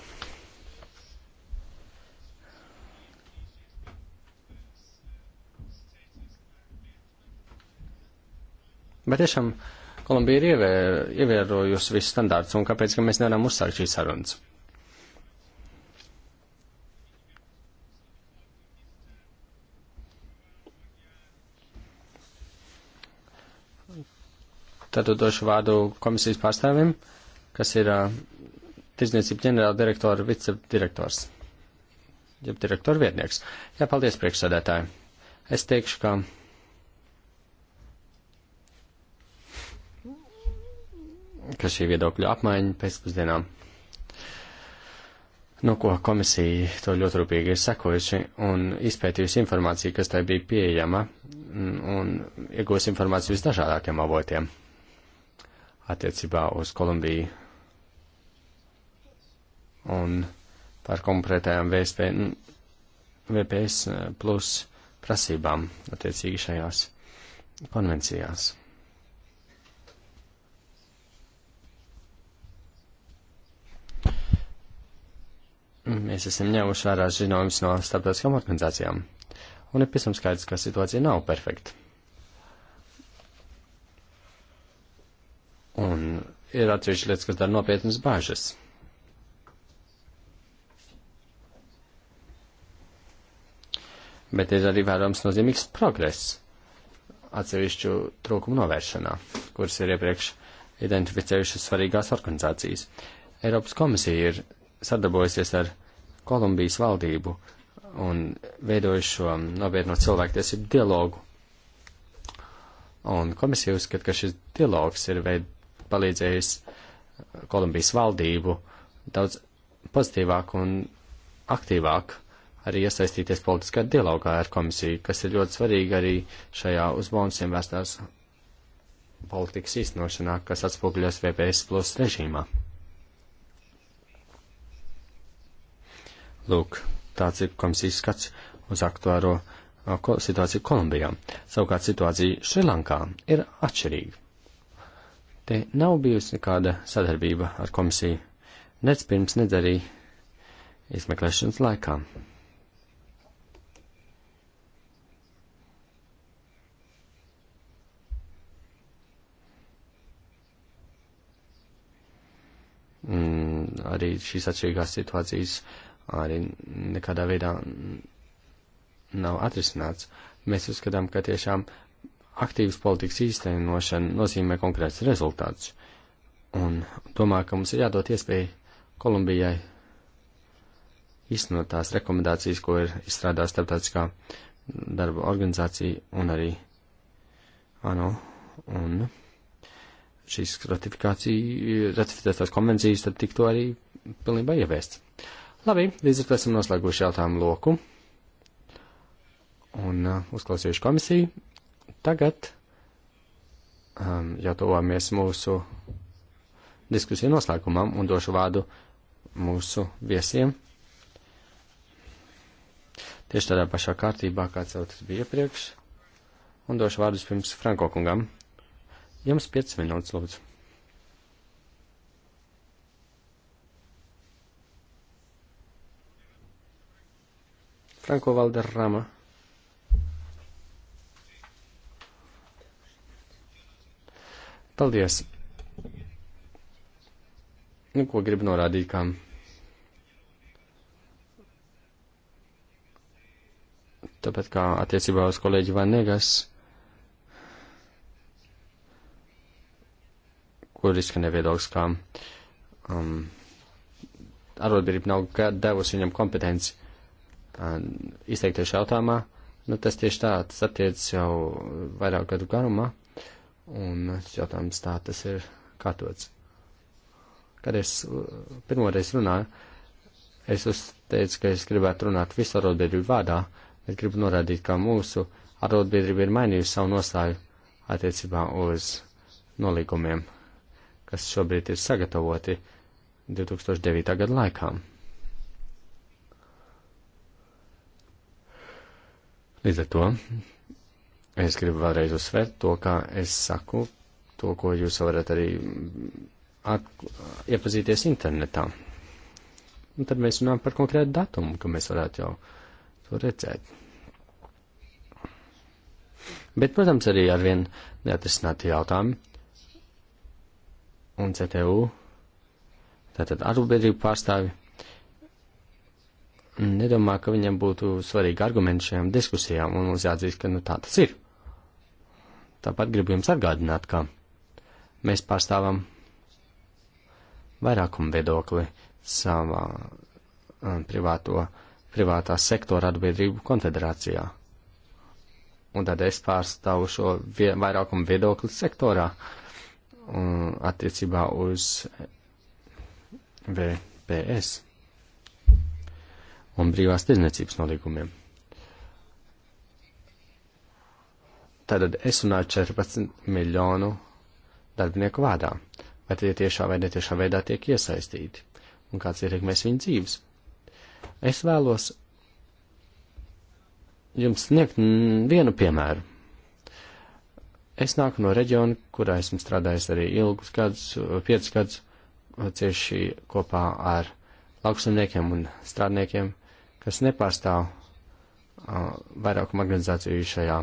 Bet tiešām Kolumbija ir ievērojusi visus standārts, un kāpēc, ka mēs nevaram uzsākt šīs sarunas? Tad došu vārdu komisijas pārstāvim, kas ir uh, Tirzniecība ģenerāla direktora vicedirektors, jeb direktora vietnieks. Jā, paldies priekšsēdētāji. Es teikšu, ka. ka šī viedokļa apmaiņa pēcpusdienām. Nu, ko komisija to ļoti rūpīgi ir sekojuši un izpētījusi informāciju, kas tai bija pieejama, un, un iegūs informāciju visdažādākiem avotiem attiecībā uz Kolumbiju un par konkrētajām VSP, VPS eh, plus prasībām attiecīgi šajās konvencijās. Mēs esam ņēmuši vērā ziņojumus no starptautiskām organizācijām, un ir pēc tam skaidrs, ka situācija nav perfekta. Un ir atsevišķi lietas, kas dara nopietnas bažas. Bet ir arī vērojams nozīmīgs progress atsevišķu trūkumu novēršanā, kuras ir iepriekš identificējušas svarīgās organizācijas. Eiropas komisija ir sadarbojusies ar Kolumbijas valdību un veidojuši šo nopietno cilvēktiesību dialogu. Un komisija uzskata, ka šis dialogs ir veid, palīdzējis uh, Kolumbijas valdību daudz pozitīvāk un aktīvāk arī iesaistīties politiskā dialogā ar komisiju, kas ir ļoti svarīgi arī šajā uz bonusiem vērstās politikas īstenošanā, kas atspūgļos VPS plus režīmā. Lūk, tāds ir komisijas skats uz aktuāro uh, situāciju Kolumbijā. Savukārt situācija Šrilankā ir atšķirīga. Te nav bijusi nekāda sadarbība ar komisiju, nec pirms, nec arī izmeklēšanas laikā. Mm, arī šīs atšķirīgās situācijas arī nekādā veidā nav atrisināts. Mēs uzskatām, ka tiešām aktīvas politikas īstenošana nozīmē konkrēts rezultāts. Un domāju, ka mums ir jādod iespēju Kolumbijai īstenot tās rekomendācijas, ko ir izstrādāta starptautiskā darba organizācija un arī ANO. Un šīs ratificētās konvencijas tad tiktu arī pilnībā ieviests. Labi, līdz ar to esam noslēguši jautājumu loku un uh, uzklausījuši komisiju. Tagad um, jau tuvojamies mūsu diskusiju noslēgumam un došu vārdu mūsu viesiem. Tieši tādā pašā kārtībā, kāds jau tas bija iepriekš, un došu vārdus pirms Franko kungam. Jums 5 minūtes, lūdzu. Franko Valderrama. Paldies! Nu, ko gribu norādīt, kā tāpēc kā attiecībā uz kolēģi Vanegas, kur izskanē viedoklis, kā um, arotbiedrība nav devusi viņam kompetenci um, izteikties jautājumā, nu tas tieši tā, tas attiec jau vairāk gadu garumā. Un tas jautājums tā tas ir kārtots. Kad es uh, pirmoreiz runāju, es uzteicu, ka es gribētu runāt visu arotbiedrību vārdā, bet gribu norādīt, ka mūsu arotbiedrība ir mainījusi savu nostāju attiecībā uz nolīgumiem, kas šobrīd ir sagatavoti 2009. gada laikā. Līdz ar to Es gribu vēlreiz uzsvērt to, kā es saku, to, ko jūs varat arī at, iepazīties internetā. Un tad mēs runājam par konkrētu datumu, ka mēs varētu jau to redzēt. Bet, protams, arī arvien neatrisināti jautājumi. Un CTU, tātad arotbiedrību pārstāvi, nedomā, ka viņam būtu svarīgi argumenti šajām diskusijām, un mums jāatzīst, ka nu, tā tas ir. Tāpat gribu jums atgādināt, ka mēs pārstāvam vairākumu viedokli savā privāto, privātā sektora atbiedrību konfederācijā. Un tad es pārstāvu šo vie, vairākumu viedokli sektorā un attiecībā uz VPS un brīvās tirdzniecības nolīgumiem. Tad es runāju 14 miljonu darbinieku vārdā. Vai tie tiešā vai netiešā veidā tiek iesaistīti? Un kāds ietekmēs viņu dzīves? Es vēlos jums sniegt vienu piemēru. Es nāku no reģiona, kurā esmu strādājis arī ilgus gadus, piecus gadus, cieši kopā ar lauksaimniekiem un strādniekiem, kas nepārstāv uh, vairākuma organizāciju šajā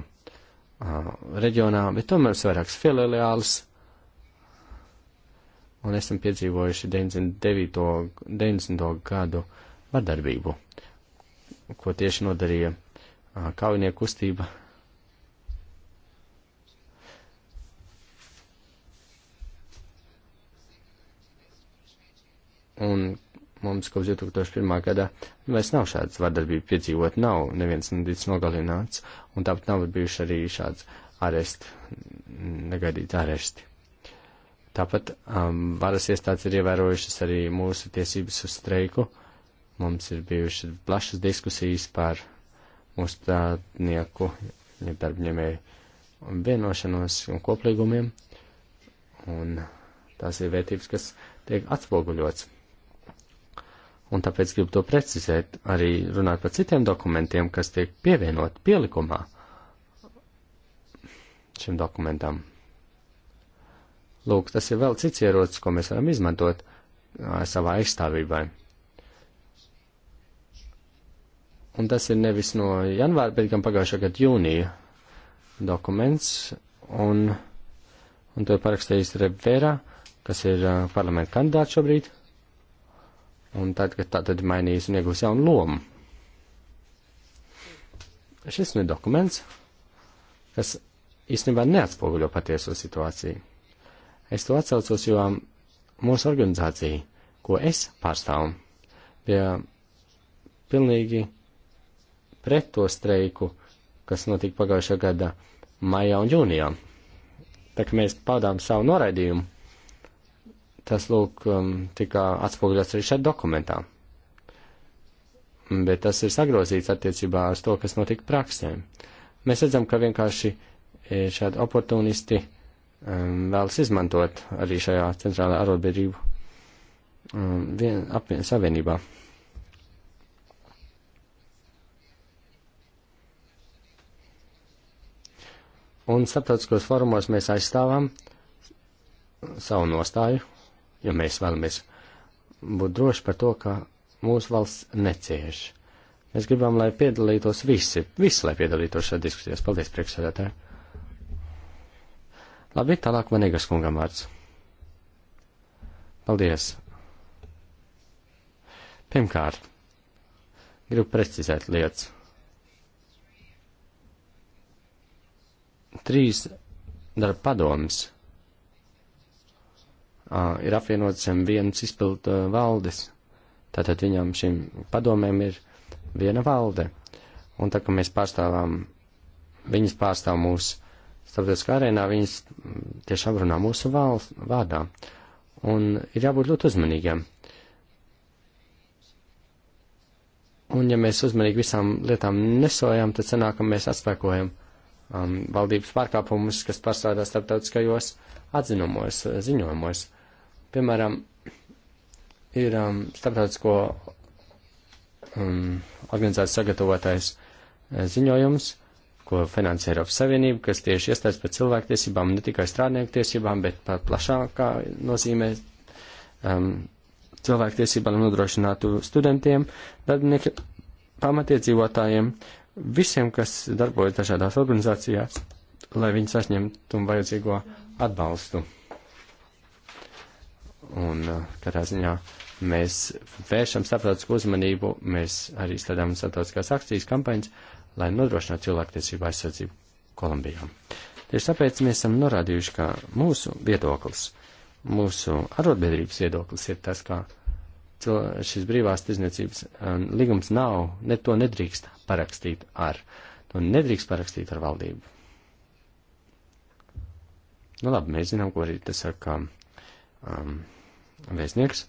reģionā, bet tomēr ir vairākas filiālis. Un esam piedzīvojuši 99. 90. gadu vardarbību, ko tieši nodarīja kaujinieku kustība. Un mums kopš 2001. gada vairs nav šādas vardarbības piedzīvot, nav neviens nedīts nogalināts, un tāpat nav bijuši arī šāds arest, negaidīti aresti. Tāpat um, varas iestādes ir ievērojušas arī mūsu tiesības uz streiku. Mums ir bijušas plašas diskusijas par mūsu strādnieku, ja darbņēmēju vienošanos un koplīgumiem, un tās ir vērtības, kas tiek atspoguļots un tāpēc gribu to precizēt, arī runāt par citiem dokumentiem, kas tiek pievienot pielikumā šim dokumentam. Lūk, tas ir vēl cits ierocis, ko mēs varam izmantot savā aizstāvībai. Un tas ir nevis no janvāra, bet gan pagājušā gada jūnija dokuments, un, un to ir parakstījis Revera, kas ir parlamenta kandidāts šobrīd un tad, kad tā tad mainījis un iegūs jaunu lomu. Šis nu ir dokuments, kas īstenībā neatspoguļo patieso situāciju. Es to atsaucos, jo mūsu organizācija, ko es pārstāvu, bija pilnīgi pret to streiku, kas notika pagājušā gada maijā un jūnijā. Tā kā mēs paudām savu noraidījumu Tas, lūk, um, tika atspoguļots arī šajā dokumentā. Bet tas ir sagrozīts attiecībā uz to, kas notika praksēm. Mēs redzam, ka vienkārši e, šādi oportunisti um, vēlas izmantot arī šajā centrālajā arotbiedrību um, vien, apvien savienībā. Un starptautiskos formos mēs aizstāvām savu nostāju, ja mēs vēlamies būt droši par to, ka mūsu valsts necieš. Mēs gribam, lai piedalītos visi, visi, lai piedalītos šajā diskusijās. Paldies, priekšsēdētāji. Labi, tālāk man Igas kungam vārds. Paldies. Pirmkārt, gribu precizēt lietas. Trīs darba padomas ir apvienotas zem vienas izpildu valdes. Tātad viņam šim padomēm ir viena valde. Un tā kā mēs pārstāvām, viņas pārstāv mūsu starptautiskā arēnā, viņas tieši aprunā mūsu valsts vārdā. Un ir jābūt ļoti uzmanīgiem. Un ja mēs uzmanīgi visām lietām nesojam, tad sanāk, ka mēs atspēkojam um, valdības pārkāpumus, kas pārstrādā starptautiskajos atzinumos, ziņojumos. Uh, Piemēram, ir um, starptautisko um, organizāciju sagatavotais uh, ziņojums, ko finansē Eiropas Savienība, kas tieši iestājas par cilvēktiesībām, ne tikai strādnieku tiesībām, bet par plašākā nozīmē um, cilvēktiesībām nodrošinātu studentiem, darbiniekiem, pamatiedzīvotājiem, visiem, kas darbojas dažādās organizācijās, lai viņi saņemtu vajadzīgo atbalstu un uh, katrā ziņā mēs vēršam starptautisku uzmanību, mēs arī strādājam starptautiskās akcijas kampaņas, lai nodrošinātu cilvēktiesību aizsardzību Kolumbijā. Tieši tāpēc mēs esam norādījuši, ka mūsu viedoklis, mūsu arotbiedrības viedoklis ir tas, ka šis brīvās tirzniecības um, līgums nav, ne to nedrīkst parakstīt ar, to nedrīkst parakstīt ar valdību. Nu labi, mēs zinām, ko arī tas saka um, vēstnieks.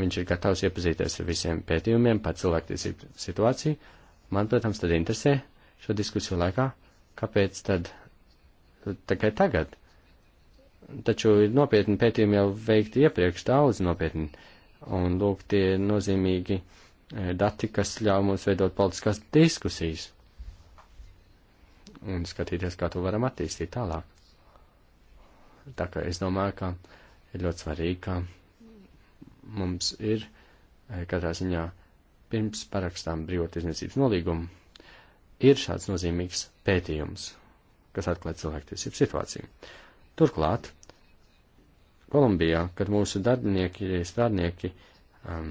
Viņš ir gatavs iepazīties ar visiem pētījumiem par cilvēktiesību situāciju. Man, protams, tad interesē šo diskusiju laikā, kāpēc tad tikai tagad. Taču ir nopietni pētījumi jau veikti iepriekš, daudz nopietni. Un lūk, tie nozīmīgi eh, dati, kas ļauj mums veidot politiskās diskusijas. Un skatīties, kā to varam attīstīt tālāk. Tā kā es domāju, ka ir ļoti svarīgi, ka mums ir eh, katrā ziņā pirms parakstām brīvotirdzniecības nolīgumu ir šāds nozīmīgs pētījums, kas atklāja cilvēktiesību situāciju. Turklāt, Kolumbijā, kad mūsu darbinieki, strādnieki um,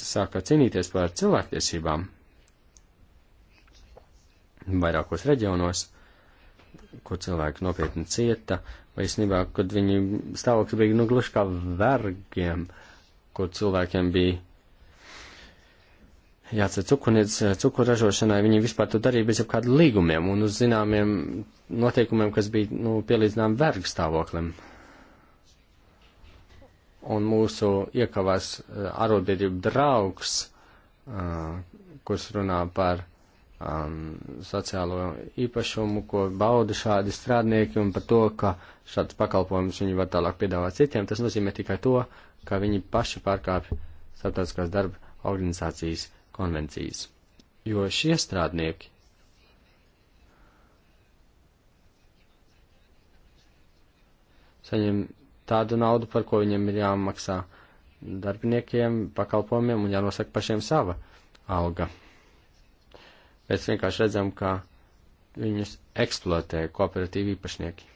sāka cīnīties par cilvēktiesībām vairākos reģionos, uh, kur cilvēki nopietni cieta, vai īstenībā, kad viņi stāvokļi bija nu gluži kā vergiem, kur cilvēkiem bija jācer cukurniec, cukuražošanai, viņi vispār to darīja bez jebkāda līgumiem un uz zināmiem noteikumiem, kas bija, nu, pielīdzinām vergu stāvoklim. Un mūsu iekavās eh, arotbiedrību draugs, eh, kurš runā par um, sociālo īpašumu, ko bauda šādi strādnieki un par to, ka šāds pakalpojums viņi var tālāk piedāvāt citiem, tas nozīmē tikai to, ka viņi paši pārkāpj starptautiskās darba organizācijas konvencijas. Jo šie strādnieki saņem tādu naudu, par ko viņiem ir jāmaksā darbiniekiem, pakalpojumiem un jānosaka pašiem sava alga. Mēs vienkārši redzam, ka viņus eksploatē kooperatīvi īpašnieki.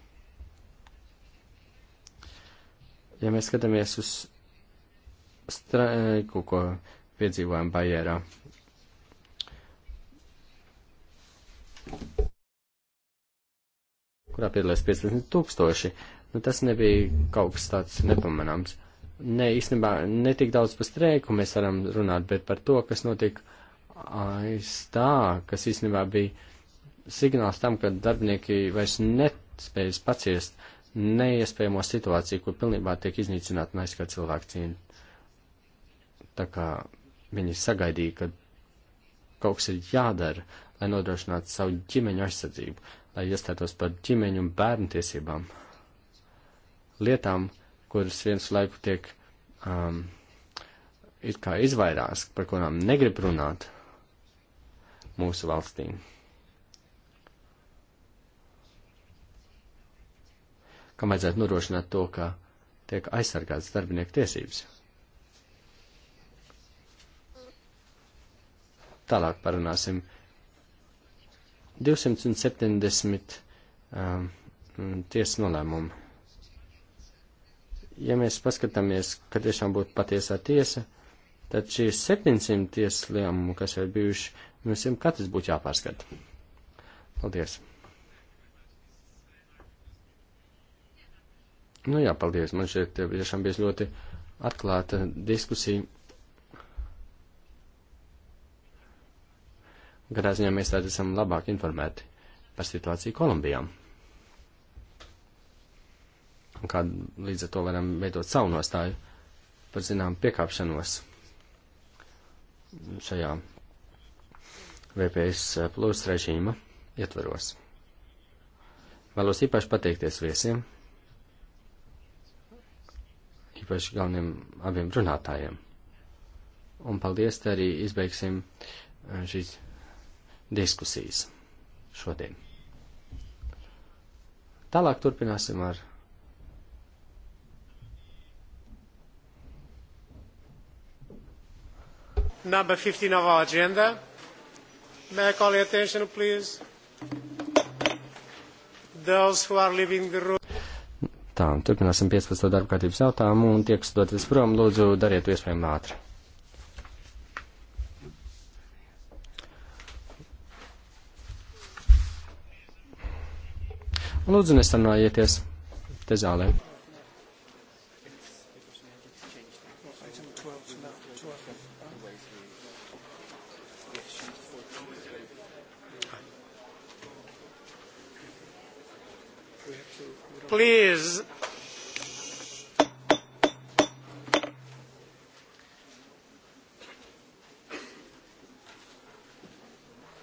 Ja mēs skatāmies uz straiku, ko piedzīvojam Bajērā, kurā piedalās 15 tūkstoši, nu tas nebija kaut kas tāds nepamanāms. Ne, īstenībā, netik daudz par streiku mēs varam runāt, bet par to, kas notika aiz tā, kas īstenībā bija signāls tam, ka darbinieki vairs nespējas paciest neiespējamo situāciju, kur pilnībā tiek iznīcināta un aizskart cilvēku cīņa. Tā kā viņi sagaidīja, ka kaut kas ir jādara, lai nodrošinātu savu ģimeņu aizsardzību, lai iestātos par ģimeņu un bērnu tiesībām. Lietām, kuras viens laiku tiek um, it kā izvairās, par kurām negrib runāt, mūsu valstīm. Kam vajadzētu nodrošināt to, ka tiek aizsargāts darbinieku tiesības. Tālāk parunāsim. 270 um, tiesas nolēmumu. Ja mēs paskatāmies, ka tiešām būtu patiesā tiesa, tad šīs 700 tiesas lēmumu, kas ir bijuši Mums visiem katrs būtu jāpārskata. Paldies! Nu jā, paldies. Man šeit tiešām bija ļoti atklāta diskusija. Gadā ziņā mēs tādā esam labāk informēti par situāciju Kolumbijā. Un kā līdz ar to varam veidot savu nostāju par zinām piekāpšanos šajā VPS plus režīma ietvaros. Vēlos īpaši pateikties viesiem, īpaši galveniem abiem runātājiem. Un paldies, te arī izbeigsim eh, šīs diskusijas šodien. Tālāk turpināsim ar.
Number 15 of our agenda. May I call your attention, please? Those who are leaving the room.
Tā, turpināsim 15. darba kārtības jautājumu un tie, kas doties prom, lūdzu, dariet to iespējami ātri. Lūdzu, nesanājieties te zālē.
please.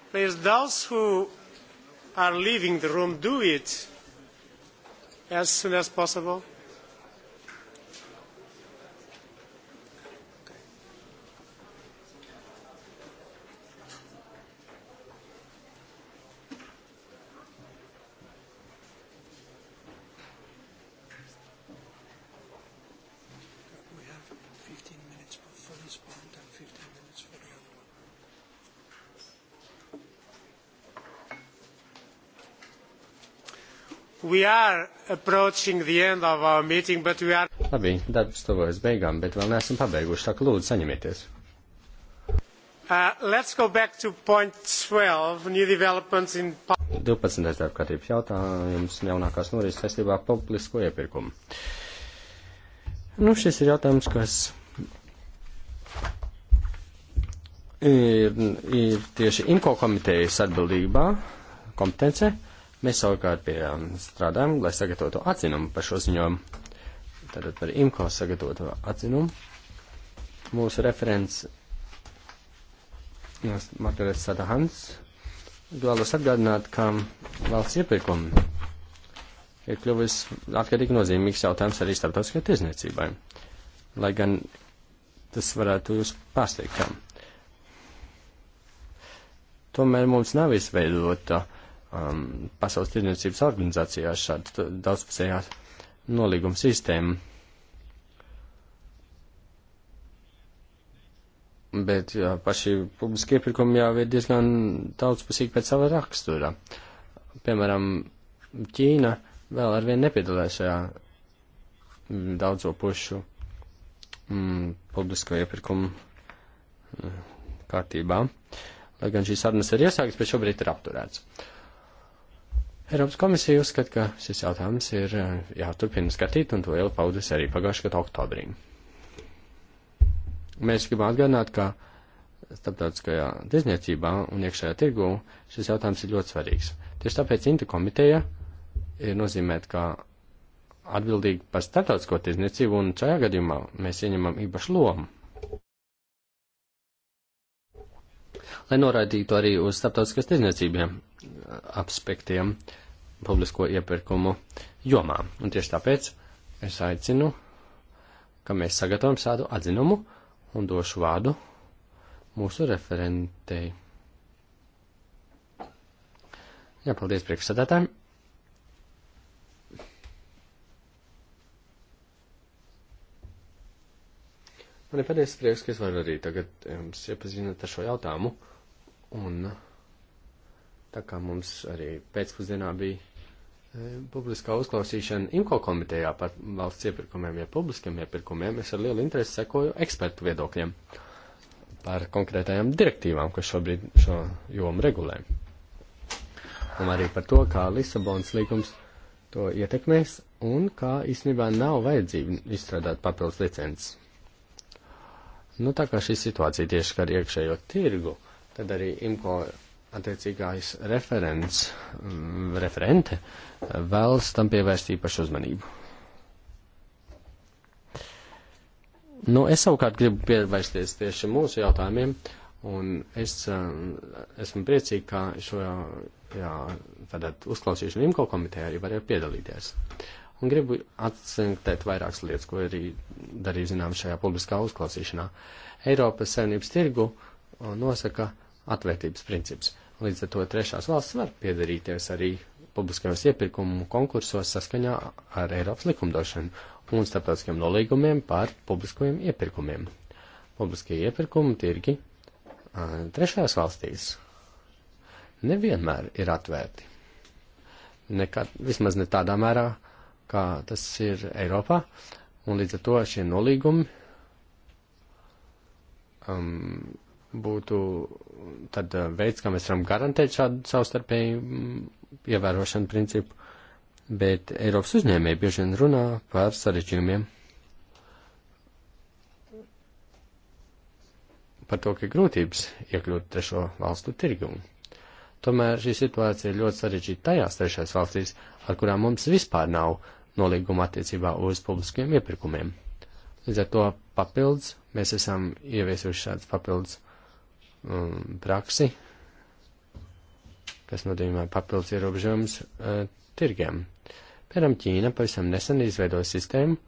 Please, those who are leaving the room, do it as soon as possible. Meeting, are...
Labi, darbs tuvojas beigām, bet vēl neesam pabeiguši, tā ka lūdzu saņemieties.
Uh, 12. New developments in...
12. darbkārtības jautājums jaunākās norises saistībā publisko iepirkumu. Nu, šis ir jautājums, kas ir, ir tieši IMCO komitejas atbildībā kompetence. Uh, Mēs savukārt pie um, strādājam, lai sagatavotu atzinumu par šo ziņojumu. Tātad par IMCO sagatavotu atzinumu. Mūsu referents Margaret Sadahans. Vēlos atgādināt, ka valsts iepirkumi ir kļuvis atkarīgi nozīmīgs jautājums arī starptautiskajai tirzniecībai. Lai gan tas varētu jūs pārsteigt, ka tomēr mums nav izveidota uh, um, Pasaules tirdzniecības organizācijā šāda daudzpusējā nolīguma sistēma. Bet jā, paši publiskie iepirkumi jāveic diezgan daudzpusīgi pēc sava rakstura. Piemēram, Ķīna vēl arvien nepiedalās šajā mm, daudzo pušu mm, publisko iepirkumu mm, kārtībā. Lai gan šīs sarunas ir iesāktas, bet šobrīd ir apturēts. Uh, Eiropas komisija uzskata, ka šis jautājums ir eh, jāturpina skatīt, un to jau paudis arī pagājušajā gadā oktobrī. Mēs gribam atgādināt, ka starptautiskajā tirzniecībā un iekšējā tirgū šis jautājums ir ļoti svarīgs. Tieši tāpēc Inta komiteja ir nozīmēta, ka atbildīgi par starptautisko tirzniecību, un šajā gadījumā mēs ieņemam īpašu lomu. lai norādītu arī uz starptautiskas tirdzniecībiem aspektiem publisko iepirkumu jomā. Un tieši tāpēc es aicinu, ka mēs sagatavojam šādu atzinumu un došu vārdu mūsu referentei. Jā, paldies priekšsēdētājiem. Man ir patiesi prieks, ka es varu arī tagad jums iepazīstināt ar šo jautājumu. Un tā kā mums arī pēcpusdienā bija e, publiskā uzklausīšana IMCO komitejā par valsts iepirkumiem, ja publiskiem iepirkumiem, es ar lielu interesi sekoju ekspertu viedokļiem par konkrētajām direktīvām, kas šobrīd šo jomu regulē. Un arī par to, kā Lisabonas līgums to ietekmēs un kā īstenībā nav vajadzība izstrādāt papildus licences. Nu, tā kā šī situācija tieši skar iekšējo tirgu, tad arī IMCO attiecīgais referents, mm, referente vēlas tam pievērst īpašu uzmanību. Nu, es savukārt gribu pievērsties tieši mūsu jautājumiem, un es mm, esmu priecīgi, ka šo jā, uzklausīšanu IMCO komitejā arī varēju piedalīties. Uh, Un gribu akcentēt vairākas lietas, ko arī darīju zinām šajā publiskā uzklausīšanā. Eiropas saimnības tirgu nosaka atvērtības princips. Līdz ar to trešās valsts var piedarīties arī publiskajos iepirkumu konkursos saskaņā ar Eiropas likumdošanu un starptautiskiem nolīgumiem par publiskajiem iepirkumiem. Publiskie iepirkumi tirgi trešajās valstīs nevienmēr ir atvērti. Nekad, vismaz ne tādā mērā, uh, kā tas ir Eiropā, un līdz ar to šie nolīgumi um, būtu tad uh, veids, kā mēs varam garantēt šādu savstarpēju mm, ievērošanu principu, bet Eiropas uzņēmēji bieži vien runā par sarežģījumiem. Par to, ka ir grūtības iekļūt trešo valstu tirgumu. Tomēr šī situācija ir ļoti sarežģīta tajās trešās valstīs, ar kurām mums vispār nav nolīguma attiecībā uz publiskiem iepirkumiem. Līdz ar to papildus mēs esam ieviesuši šādu papildus um, praksi, kas nozīmē papildus ierobežojumus uh, tirgiem. Piemēram, Ķīna pavisam nesen izveidoja sistēmu,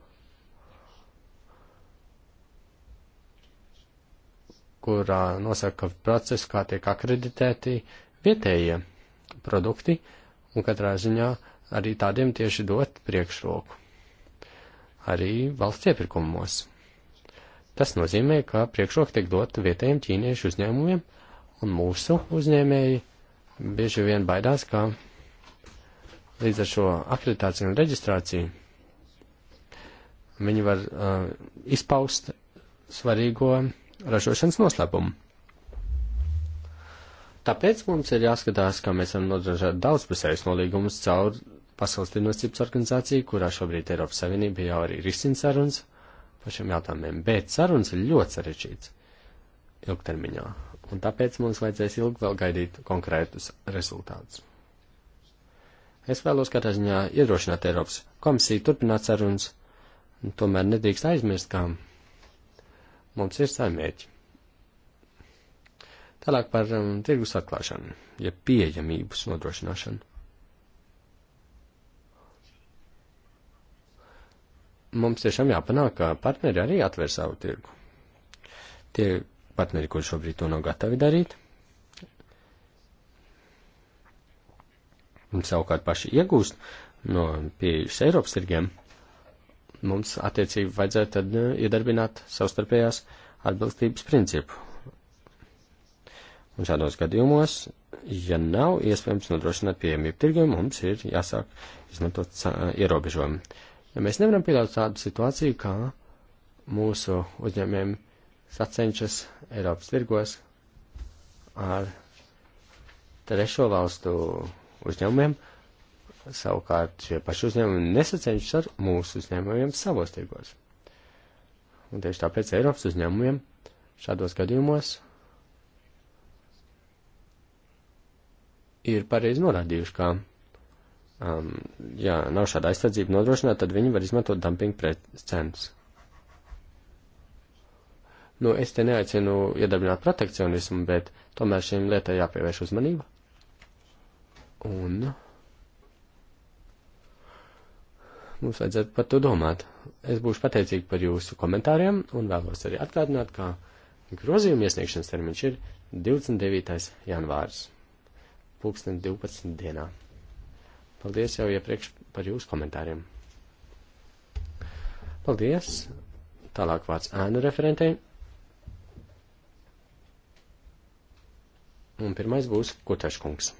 kurā nosaka procesu, kā tiek akreditēti uh, vietējie produkti, un katrā ziņā arī tādiem tieši dot priekšroku. Arī valsts iepirkumos. Tas nozīmē, ka priekšroka tiek dota vietējiem ķīniešu uzņēmumiem, un mūsu uzņēmēji bieži vien baidās, ka līdz ar šo akreditāciju un reģistrāciju viņi var uh, izpaust svarīgo ražošanas noslēpumu. Tāpēc mums ir jāskatās, kā mēs varam nodrošināt daudzpusējus nolīgumus caur Pasaules tirnocības organizāciju, kurā šobrīd Eiropas Savienība jau arī risina sarunas par šiem jautājumiem, bet sarunas ir ļoti sarežģīts ilgtermiņā, un tāpēc mums vajadzēs ilgi vēl gaidīt konkrētus rezultātus. Es vēlos katrā ziņā iedrošināt Eiropas komisiju turpināt sarunas, un tomēr nedrīkst aizmirst, ka mums ir saimēķi. Tālāk par um, tirgus atklāšanu, ja pieejamības nodrošināšanu. Mums tiešām jāpanāk, ka partneri arī atver savu tirgu. Tie partneri, kur šobrīd to nav gatavi darīt, un savukārt paši iegūst no pieejas Eiropas tirgiem, mums attiecīgi vajadzētu tad uh, iedarbināt savstarpējās atbilstības principu Un šādos gadījumos, ja nav iespējams nodrošināt pieejamību tirgiem, mums ir jāsāk izmantot ierobežojumu. Ja mēs nevaram pieļaut tādu situāciju, kā mūsu uzņēmējiem sacenšas Eiropas tirgos ar trešo valstu uzņēmumiem, savukārt šie paši uzņēmumi nesacenšas ar mūsu uzņēmumiem savos tirgos. Un tieši tāpēc Eiropas uzņēmumiem šādos gadījumos ir pareizi norādījuši, ka, um, ja nav šāda aizsardzība nodrošināta, tad viņi var izmantot dumping pret cenas. Nu, es te neaicinu iedarbināt protekcionismu, bet tomēr šīm lietai jāpievērš uzmanība. Un mums vajadzētu par to domāt. Es būšu pateicīgi par jūsu komentāriem un vēlos arī atgādināt, ka grozījuma iesniegšanas termiņš ir 29. janvārs pulksten 12 dienā. Paldies jau iepriekš par jūsu komentāriem. Paldies! Tālāk vārds ēnu referentei. Un pirmais būs Kutaškungs.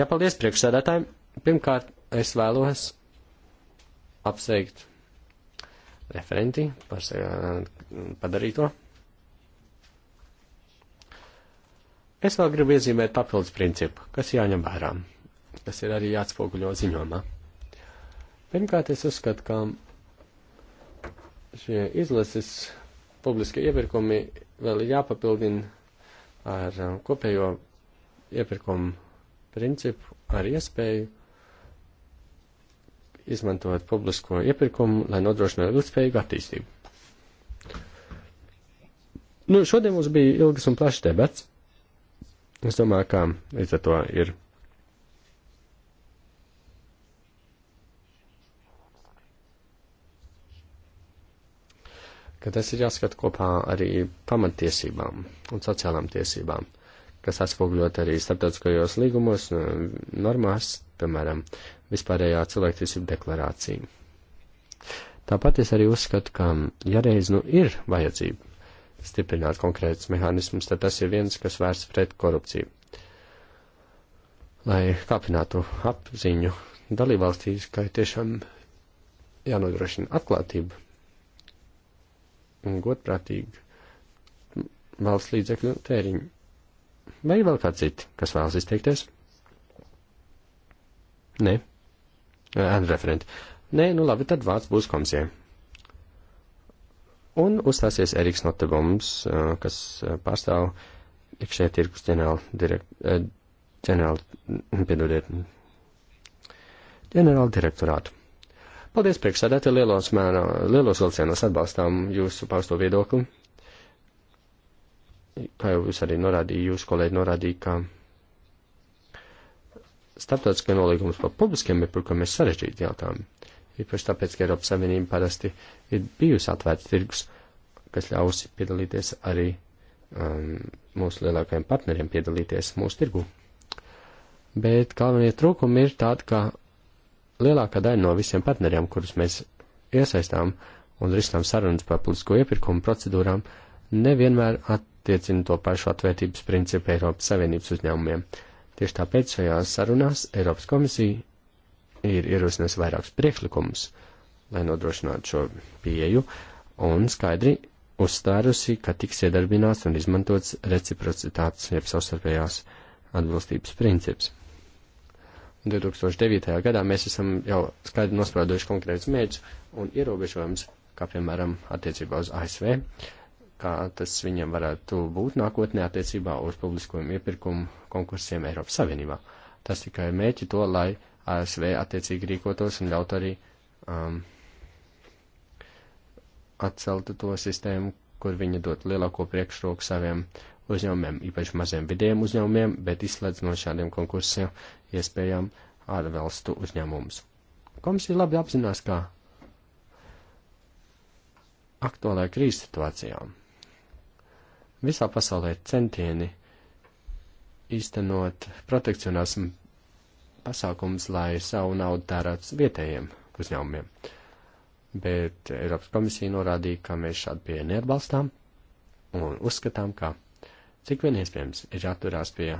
Jā, paldies priekšsēdētājiem. Pirmkārt, es vēlos apsveikt referenti par padarīto. Es vēl gribu iezīmēt papildus principu, kas jāņem vērā, kas ir arī jāatspoguļo ziņojumā. Pirmkārt, es uzskatu, ka šie izlases publiskie iepirkumi vēl ir jāpapildina ar um, kopējo iepirkumu principu, ar iespēju izmantot publisko iepirkumu, lai nodrošinātu ilgspējīgu attīstību. Nu, šodien mums bija ilgas un plašs debats Es domāju, ka līdz ar to ir. ka tas ir jāskat kopā arī pamatiesībām un sociālām tiesībām, kas atspogļot arī starptautiskajos līgumos, eh, normās, piemēram, vispārējā cilvēktiesību deklarācija. Tāpat es arī uzskatu, ka, ja reiz nu ir vajadzība stiprināt konkrētus mehānismus, tad tas ir viens, kas vērsts pret korupciju. Lai kāpinātu apziņu dalībvalstīs, ka tiešām jānodrošina atklātība un godprātīga valsts līdzekļu tēriņa. Vai vēl kāds cits, kas vēlas izteikties? Nē, referenti. Nē, nu labi, tad vārds būs komisijai. Un uzstāsies Eriks Notebums, kas pārstāv iekšē tirkus ģenerāla direktora, ģenerāla, piedodiet, ģenerāla direktorātu. Paldies priekšsēdētāji lielos mērā, lielos vilcienos atbalstām jūsu pausto viedokli. Kā jau jūs arī norādīja, jūsu kolēģi norādīja, ka starptautiskie nolīgums par publiskiem iepirkumiem ir sarežģīti jautājumi īpaši tāpēc, ka Eiropas Savienība parasti ir bijusi atvērts tirgus, kas ļausi piedalīties arī um, mūsu lielākajiem partneriem piedalīties mūsu tirgu. Bet galvenie trūkumi ir tādi, ka lielākā daļa no visiem partneriem, kurus mēs iesaistām un risinām sarunas par publisko iepirkumu procedūrām, nevienmēr attiecina to pašu atvērtības principu Eiropas Savienības uzņēmumiem. Tieši tāpēc šajās sarunās Eiropas komisija ir ierosinājusi vairākus priekšlikumus, lai nodrošinātu šo pieju, un skaidri uzstārusi, ka tiks iedarbināts un izmantots reciprocitātes jeb savstarpējās atbilstības princips. 2009. gadā mēs esam jau skaidri nospraudojuši konkrētus mērķus un ierobežojumus, kā piemēram attiecībā uz ASV, kā tas viņam varētu būt nākotnē attiecībā uz publiskojumu iepirkumu konkursiem Eiropas Savienībā. Tas tikai mērķi to, lai ASV attiecīgi rīkotos un ļaut arī um, atceltu to sistēmu, kur viņi dod lielāko priekšroku saviem uzņēmumiem, īpaši maziem vidiem uzņēmumiem, bet izslēdz no šādiem konkursiem iespējām ārvalstu uzņēmumus. Komisija labi apzinās, kā aktuālajā krīzes situācijā visā pasaulē ir centieni īstenot protekcionismu pasākums, lai savu naudu tērētu vietējiem uzņēmumiem. Bet Eiropas komisija norādīja, ka mēs šādu pieeju neatbalstām un uzskatām, ka cik vien iespējams ir jāturās pie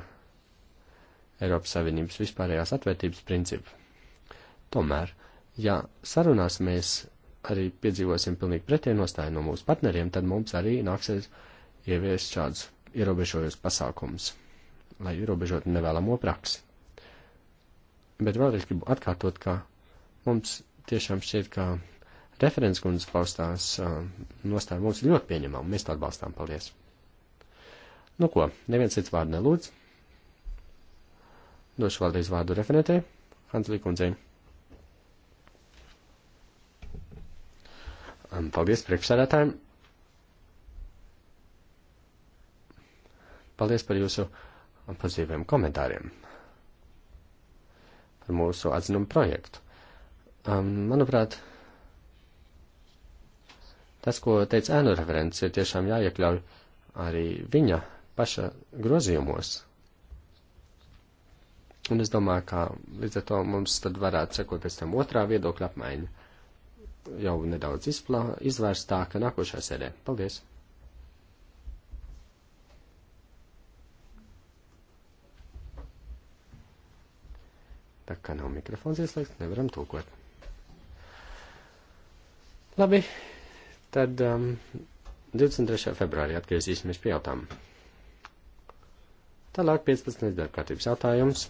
Eiropas Savienības vispārējās atvērtības principu. Tomēr, ja sarunās mēs arī piedzīvosim pilnīgi pretēju nostāju no mūsu partneriem, tad mums arī nāksies ieviest šādus ierobežojus pasākumus, lai ierobežotu nevēlamo praksi. Bet vēlreiz gribu atkārtot, ka mums tiešām šķiet, ka referents kundzes paustās nostāja mums ir ļoti pieņemama. Mēs tā atbalstām. Paldies! Nu ko, neviens cits vārdu nelūdz. Došu vēlreiz vārdu referentē, Hanslī kundzei. Paldies priekšsēdētājiem. Paldies par jūsu pazīviem komentāriem par mūsu atzinumu projektu. Um, manuprāt, tas, ko teica ēnu referents, ir tiešām jāiekļauj arī viņa paša grozījumos. Un es domāju, ka līdz ar to mums tad varētu sekot pēc tam otrā viedokļa apmaiņa jau nedaudz izplā, izvērstāka nākošā sēdē. Paldies! Tā kā nav mikrofons ieslēgts, nevaram tūkot. Labi, tad um, 23. februārī atgriezīsimies pie jautājuma. Tālāk 15. darbkārtības jautājums.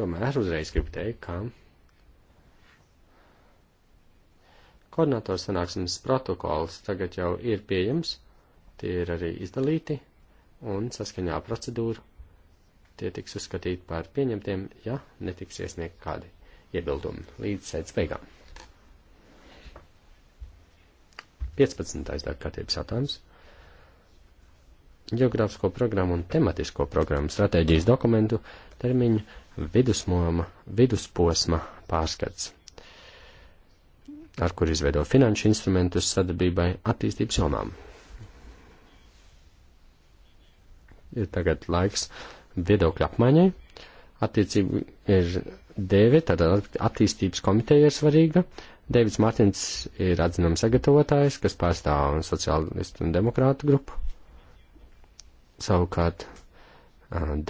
Tomēr uzreiz gribu teikt, ka koordinatoru sanāksmes protokols tagad jau ir pieejams, tie ir arī izdalīti un saskaņā procedūru tie tiks uzskatīti par pieņemtiem, ja netiks iesniegt kādi iebildumi līdz sēdz beigām. 15. darbkārtības jautājums. Geogrāfisko programmu un tematisko programmu stratēģijas dokumentu termiņu vidusmoma, vidusposma pārskats, ar kur izveido finanšu instrumentus sadarbībai attīstības jomām. Ir tagad laiks viedokļu apmaiņai. Attiecība ir Dēvi, tad attīstības komiteja ir svarīga. Dēvids Mārtiņš ir atzinams sagatavotājs, kas pārstāv sociālistu un demokrātu grupu. Savukārt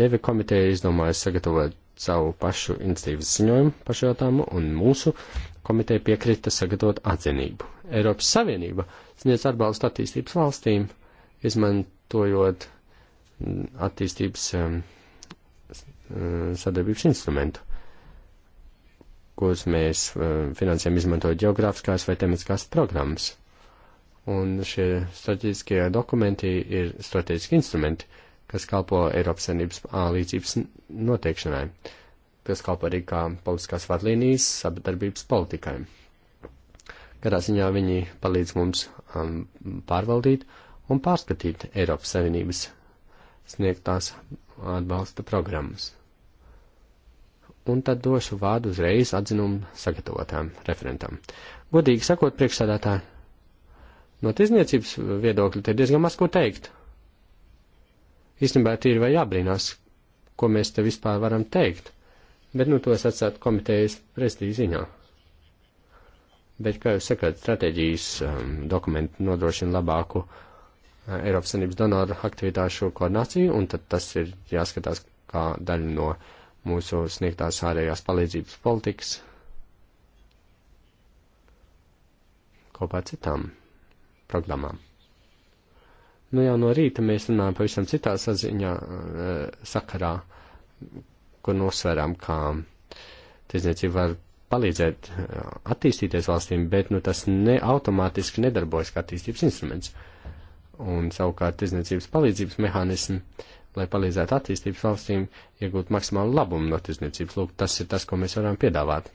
Dēvi komiteja izdomāja sagatavot savu pašu iniciatīvas ziņojumu par šo jautājumu, un mūsu komiteja piekrita sagatavot atzinību. Eiropas Savienība sniedz atbalstu attīstības valstīm, izmantojot attīstības sadarbības instrumentu, kurus mēs finansējam izmantojot geogrāfiskās vai tematiskās programmas. Un šie strateģiskie dokumenti ir strateģiski instrumenti, kas kalpo Eiropas Savienības līdzības noteikšanai. Tas kalpo arī kā politiskās vadlīnijas sadarbības politikai. Katrā ziņā viņi palīdz mums um, pārvaldīt un pārskatīt Eiropas Savienības sniegtās atbalsta programmas. Un tad došu vārdu uzreiz atzinumu sagatavotām referentam. Godīgi sakot, priekšsādātāji, no tirzniecības viedokļa te diezgan maz ko teikt. Īstenībā tīri vai jābrīnās, ko mēs te vispār varam teikt, bet nu tos atstāt komitejas prestīziņā. Bet, kā jūs sakat, stratēģijas um, dokumenti nodrošina labāku uh, Eiropas Savienības donoru aktivitāšu koordināciju, un tad tas ir jāskatās kā daļa no mūsu sniegtās ārējās palīdzības politikas kopā ar citām programmām. Nu jau no rīta mēs runājam pavisam citā saziņā, eh, sakarā, kur nosverām, kā tirdzniecība var palīdzēt eh, attīstīties valstīm, bet nu, tas ne automātiski nedarbojas kā attīstības instruments. Uh, un savukārt tirdzniecības palīdzības mehānismi, lai palīdzētu attīstības valstīm iegūt maksimālu labumu no tirdzniecības. Lūk, tas ir tas, ko mēs varam piedāvāt.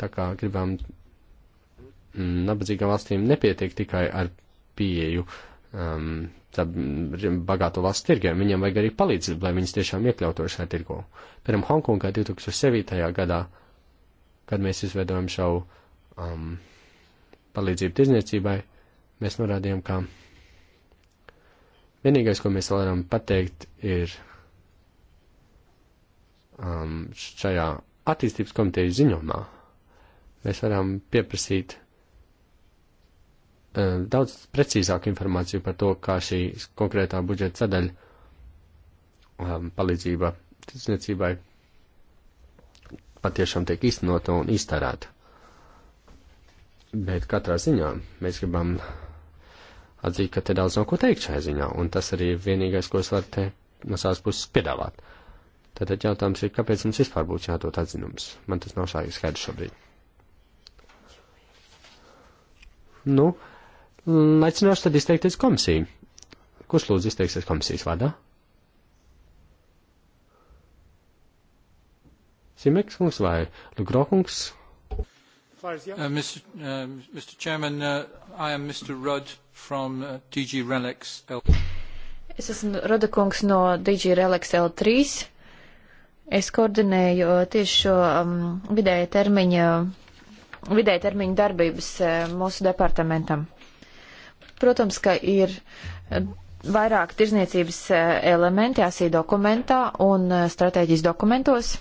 Tā kā gribam mm, nabadzīgām valstīm nepietiek tikai ar pieeju um, mm, bagāto valstu tirgiem, viņiem vajag arī palīdzību, lai viņas tiešām iekļautos šajā tirgo. Piemēram, Hongkongā 2007. gadā, kad mēs izveidojam šo um, palīdzību tirdzniecībai, mēs norādījām, ka Vienīgais, ko mēs varam pateikt, ir um, šajā attīstības komitejas ziņomā. Mēs varam pieprasīt um, daudz precīzāku informāciju par to, kā šī konkrētā budžeta sadaļa um, palīdzība ticniecībai patiešām tiek īstenota un iztērēta. Bet katrā ziņā mēs gribam atzīt, ka te daudz nav ko teikt šai ziņā, un tas arī ir vienīgais, ko es varu te no savas puses piedāvāt. Tātad jautājums ir, kāpēc mums vispār būtu jādod atzinums? Man tas nav šādi skaidrs šobrīd. Nu, mm, aicināšu tad izteikties komisiju. Kurš lūdzu izteiksies komisijas vārdā? Simeks kungs vai Lugrokungs?
Farzia.
Uh, Mr. Uh, Mr. Chairman,
uh, I am Mr. Rudd from uh, DG Relics L.
Es esmu Rudd kungs no DG Relics L3. Es koordinēju uh, tieši šo um, vidēja termiņa, vidēja termiņa darbības uh, mūsu departamentam. Protams, ka ir uh, vairāk tirzniecības uh, elementi ASI dokumentā un uh, stratēģijas dokumentos.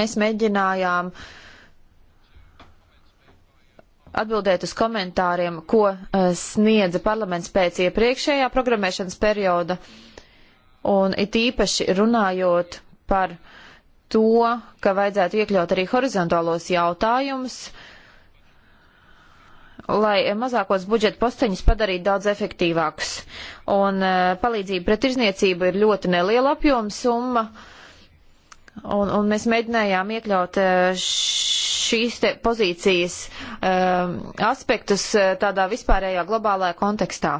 Mēs mēģinājām uh, atbildēt uz komentāriem, ko eh, sniedza parlaments pēc iepriekšējā programmēšanas perioda, un it īpaši runājot par to, ka vajadzētu iekļaut arī horizontālos jautājumus, lai mazākos budžeta posteņus padarītu daudz efektīvākus. Un eh, palīdzība pret tirzniecību ir ļoti neliela apjoma summa, un, un mēs mēģinājām iekļaut š eh, šīs te pozīcijas um, aspektus uh, tādā vispārējā globālajā kontekstā.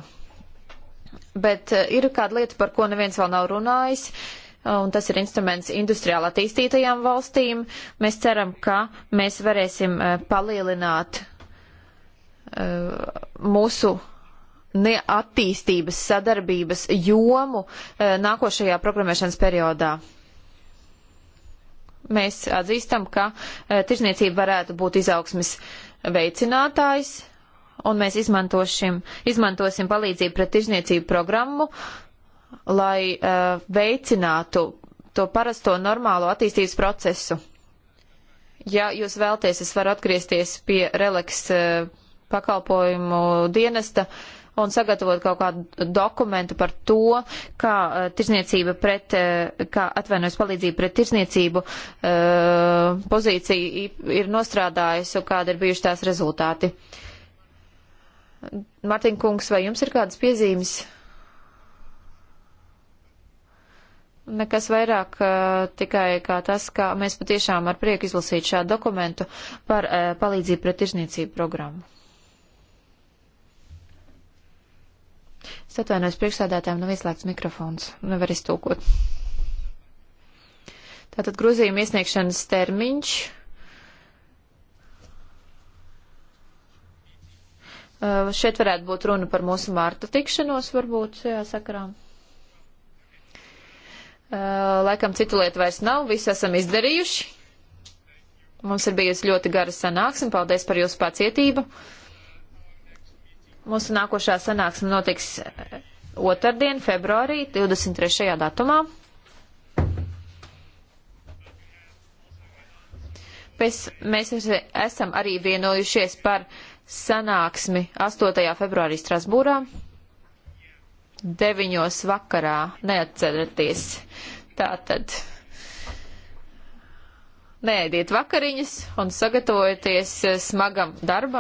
Bet uh, ir kāda lieta, par ko neviens vēl nav runājis, uh, un tas ir instruments industriāli attīstītajām valstīm. Mēs ceram, ka mēs varēsim palielināt mūsu neattīstības sadarbības jomu nākošajā programmēšanas periodā mēs atzīstam, ka eh, tirzniecība varētu būt izaugsmes veicinātājs, un mēs izmantosim, izmantosim palīdzību pret tirzniecību programmu, lai uh, veicinātu to parasto normālo attīstības procesu. Ja jūs vēlties, es varu atgriezties pie Releks uh, eh, pakalpojumu dienesta. Uh, un sagatavot kaut kādu dokumentu par to, kā uh, tirzniecība pret, uh, kā atvainojas palīdzība pret tirzniecību uh, pozīciju ir nostrādājusi un kāda ir bijuši tās rezultāti. Martin Kungs, vai jums ir kādas piezīmes? Nekas vairāk uh, tikai kā tas, ka mēs patiešām ar prieku izlasītu šādu dokumentu par uh, palīdzību pret tirzniecību programmu. Es atvainojos priekšsādātājiem, nav ieslēgts mikrofons, nevar iztūkot. Tātad grozījuma iesniegšanas termiņš uh, šeit varētu būt runa par mūsu mārta tikšanos, varbūt šajā sakarā. Uh, laikam citu lietu vairs nav, visu esam izdarījuši. Mums ir bijusi ļoti gara sanāksme, paldies par jūsu pacietību. Mūsu nākošā sanāksme notiks eh, otrdien, februārī, 23. datumā. Pēc mēs esam arī vienojušies par sanāksmi 8. februārī Strasbūrā. 9. vakarā neatceraties. Tātad neēdiet vakariņas un sagatavojieties eh, smagam darbam.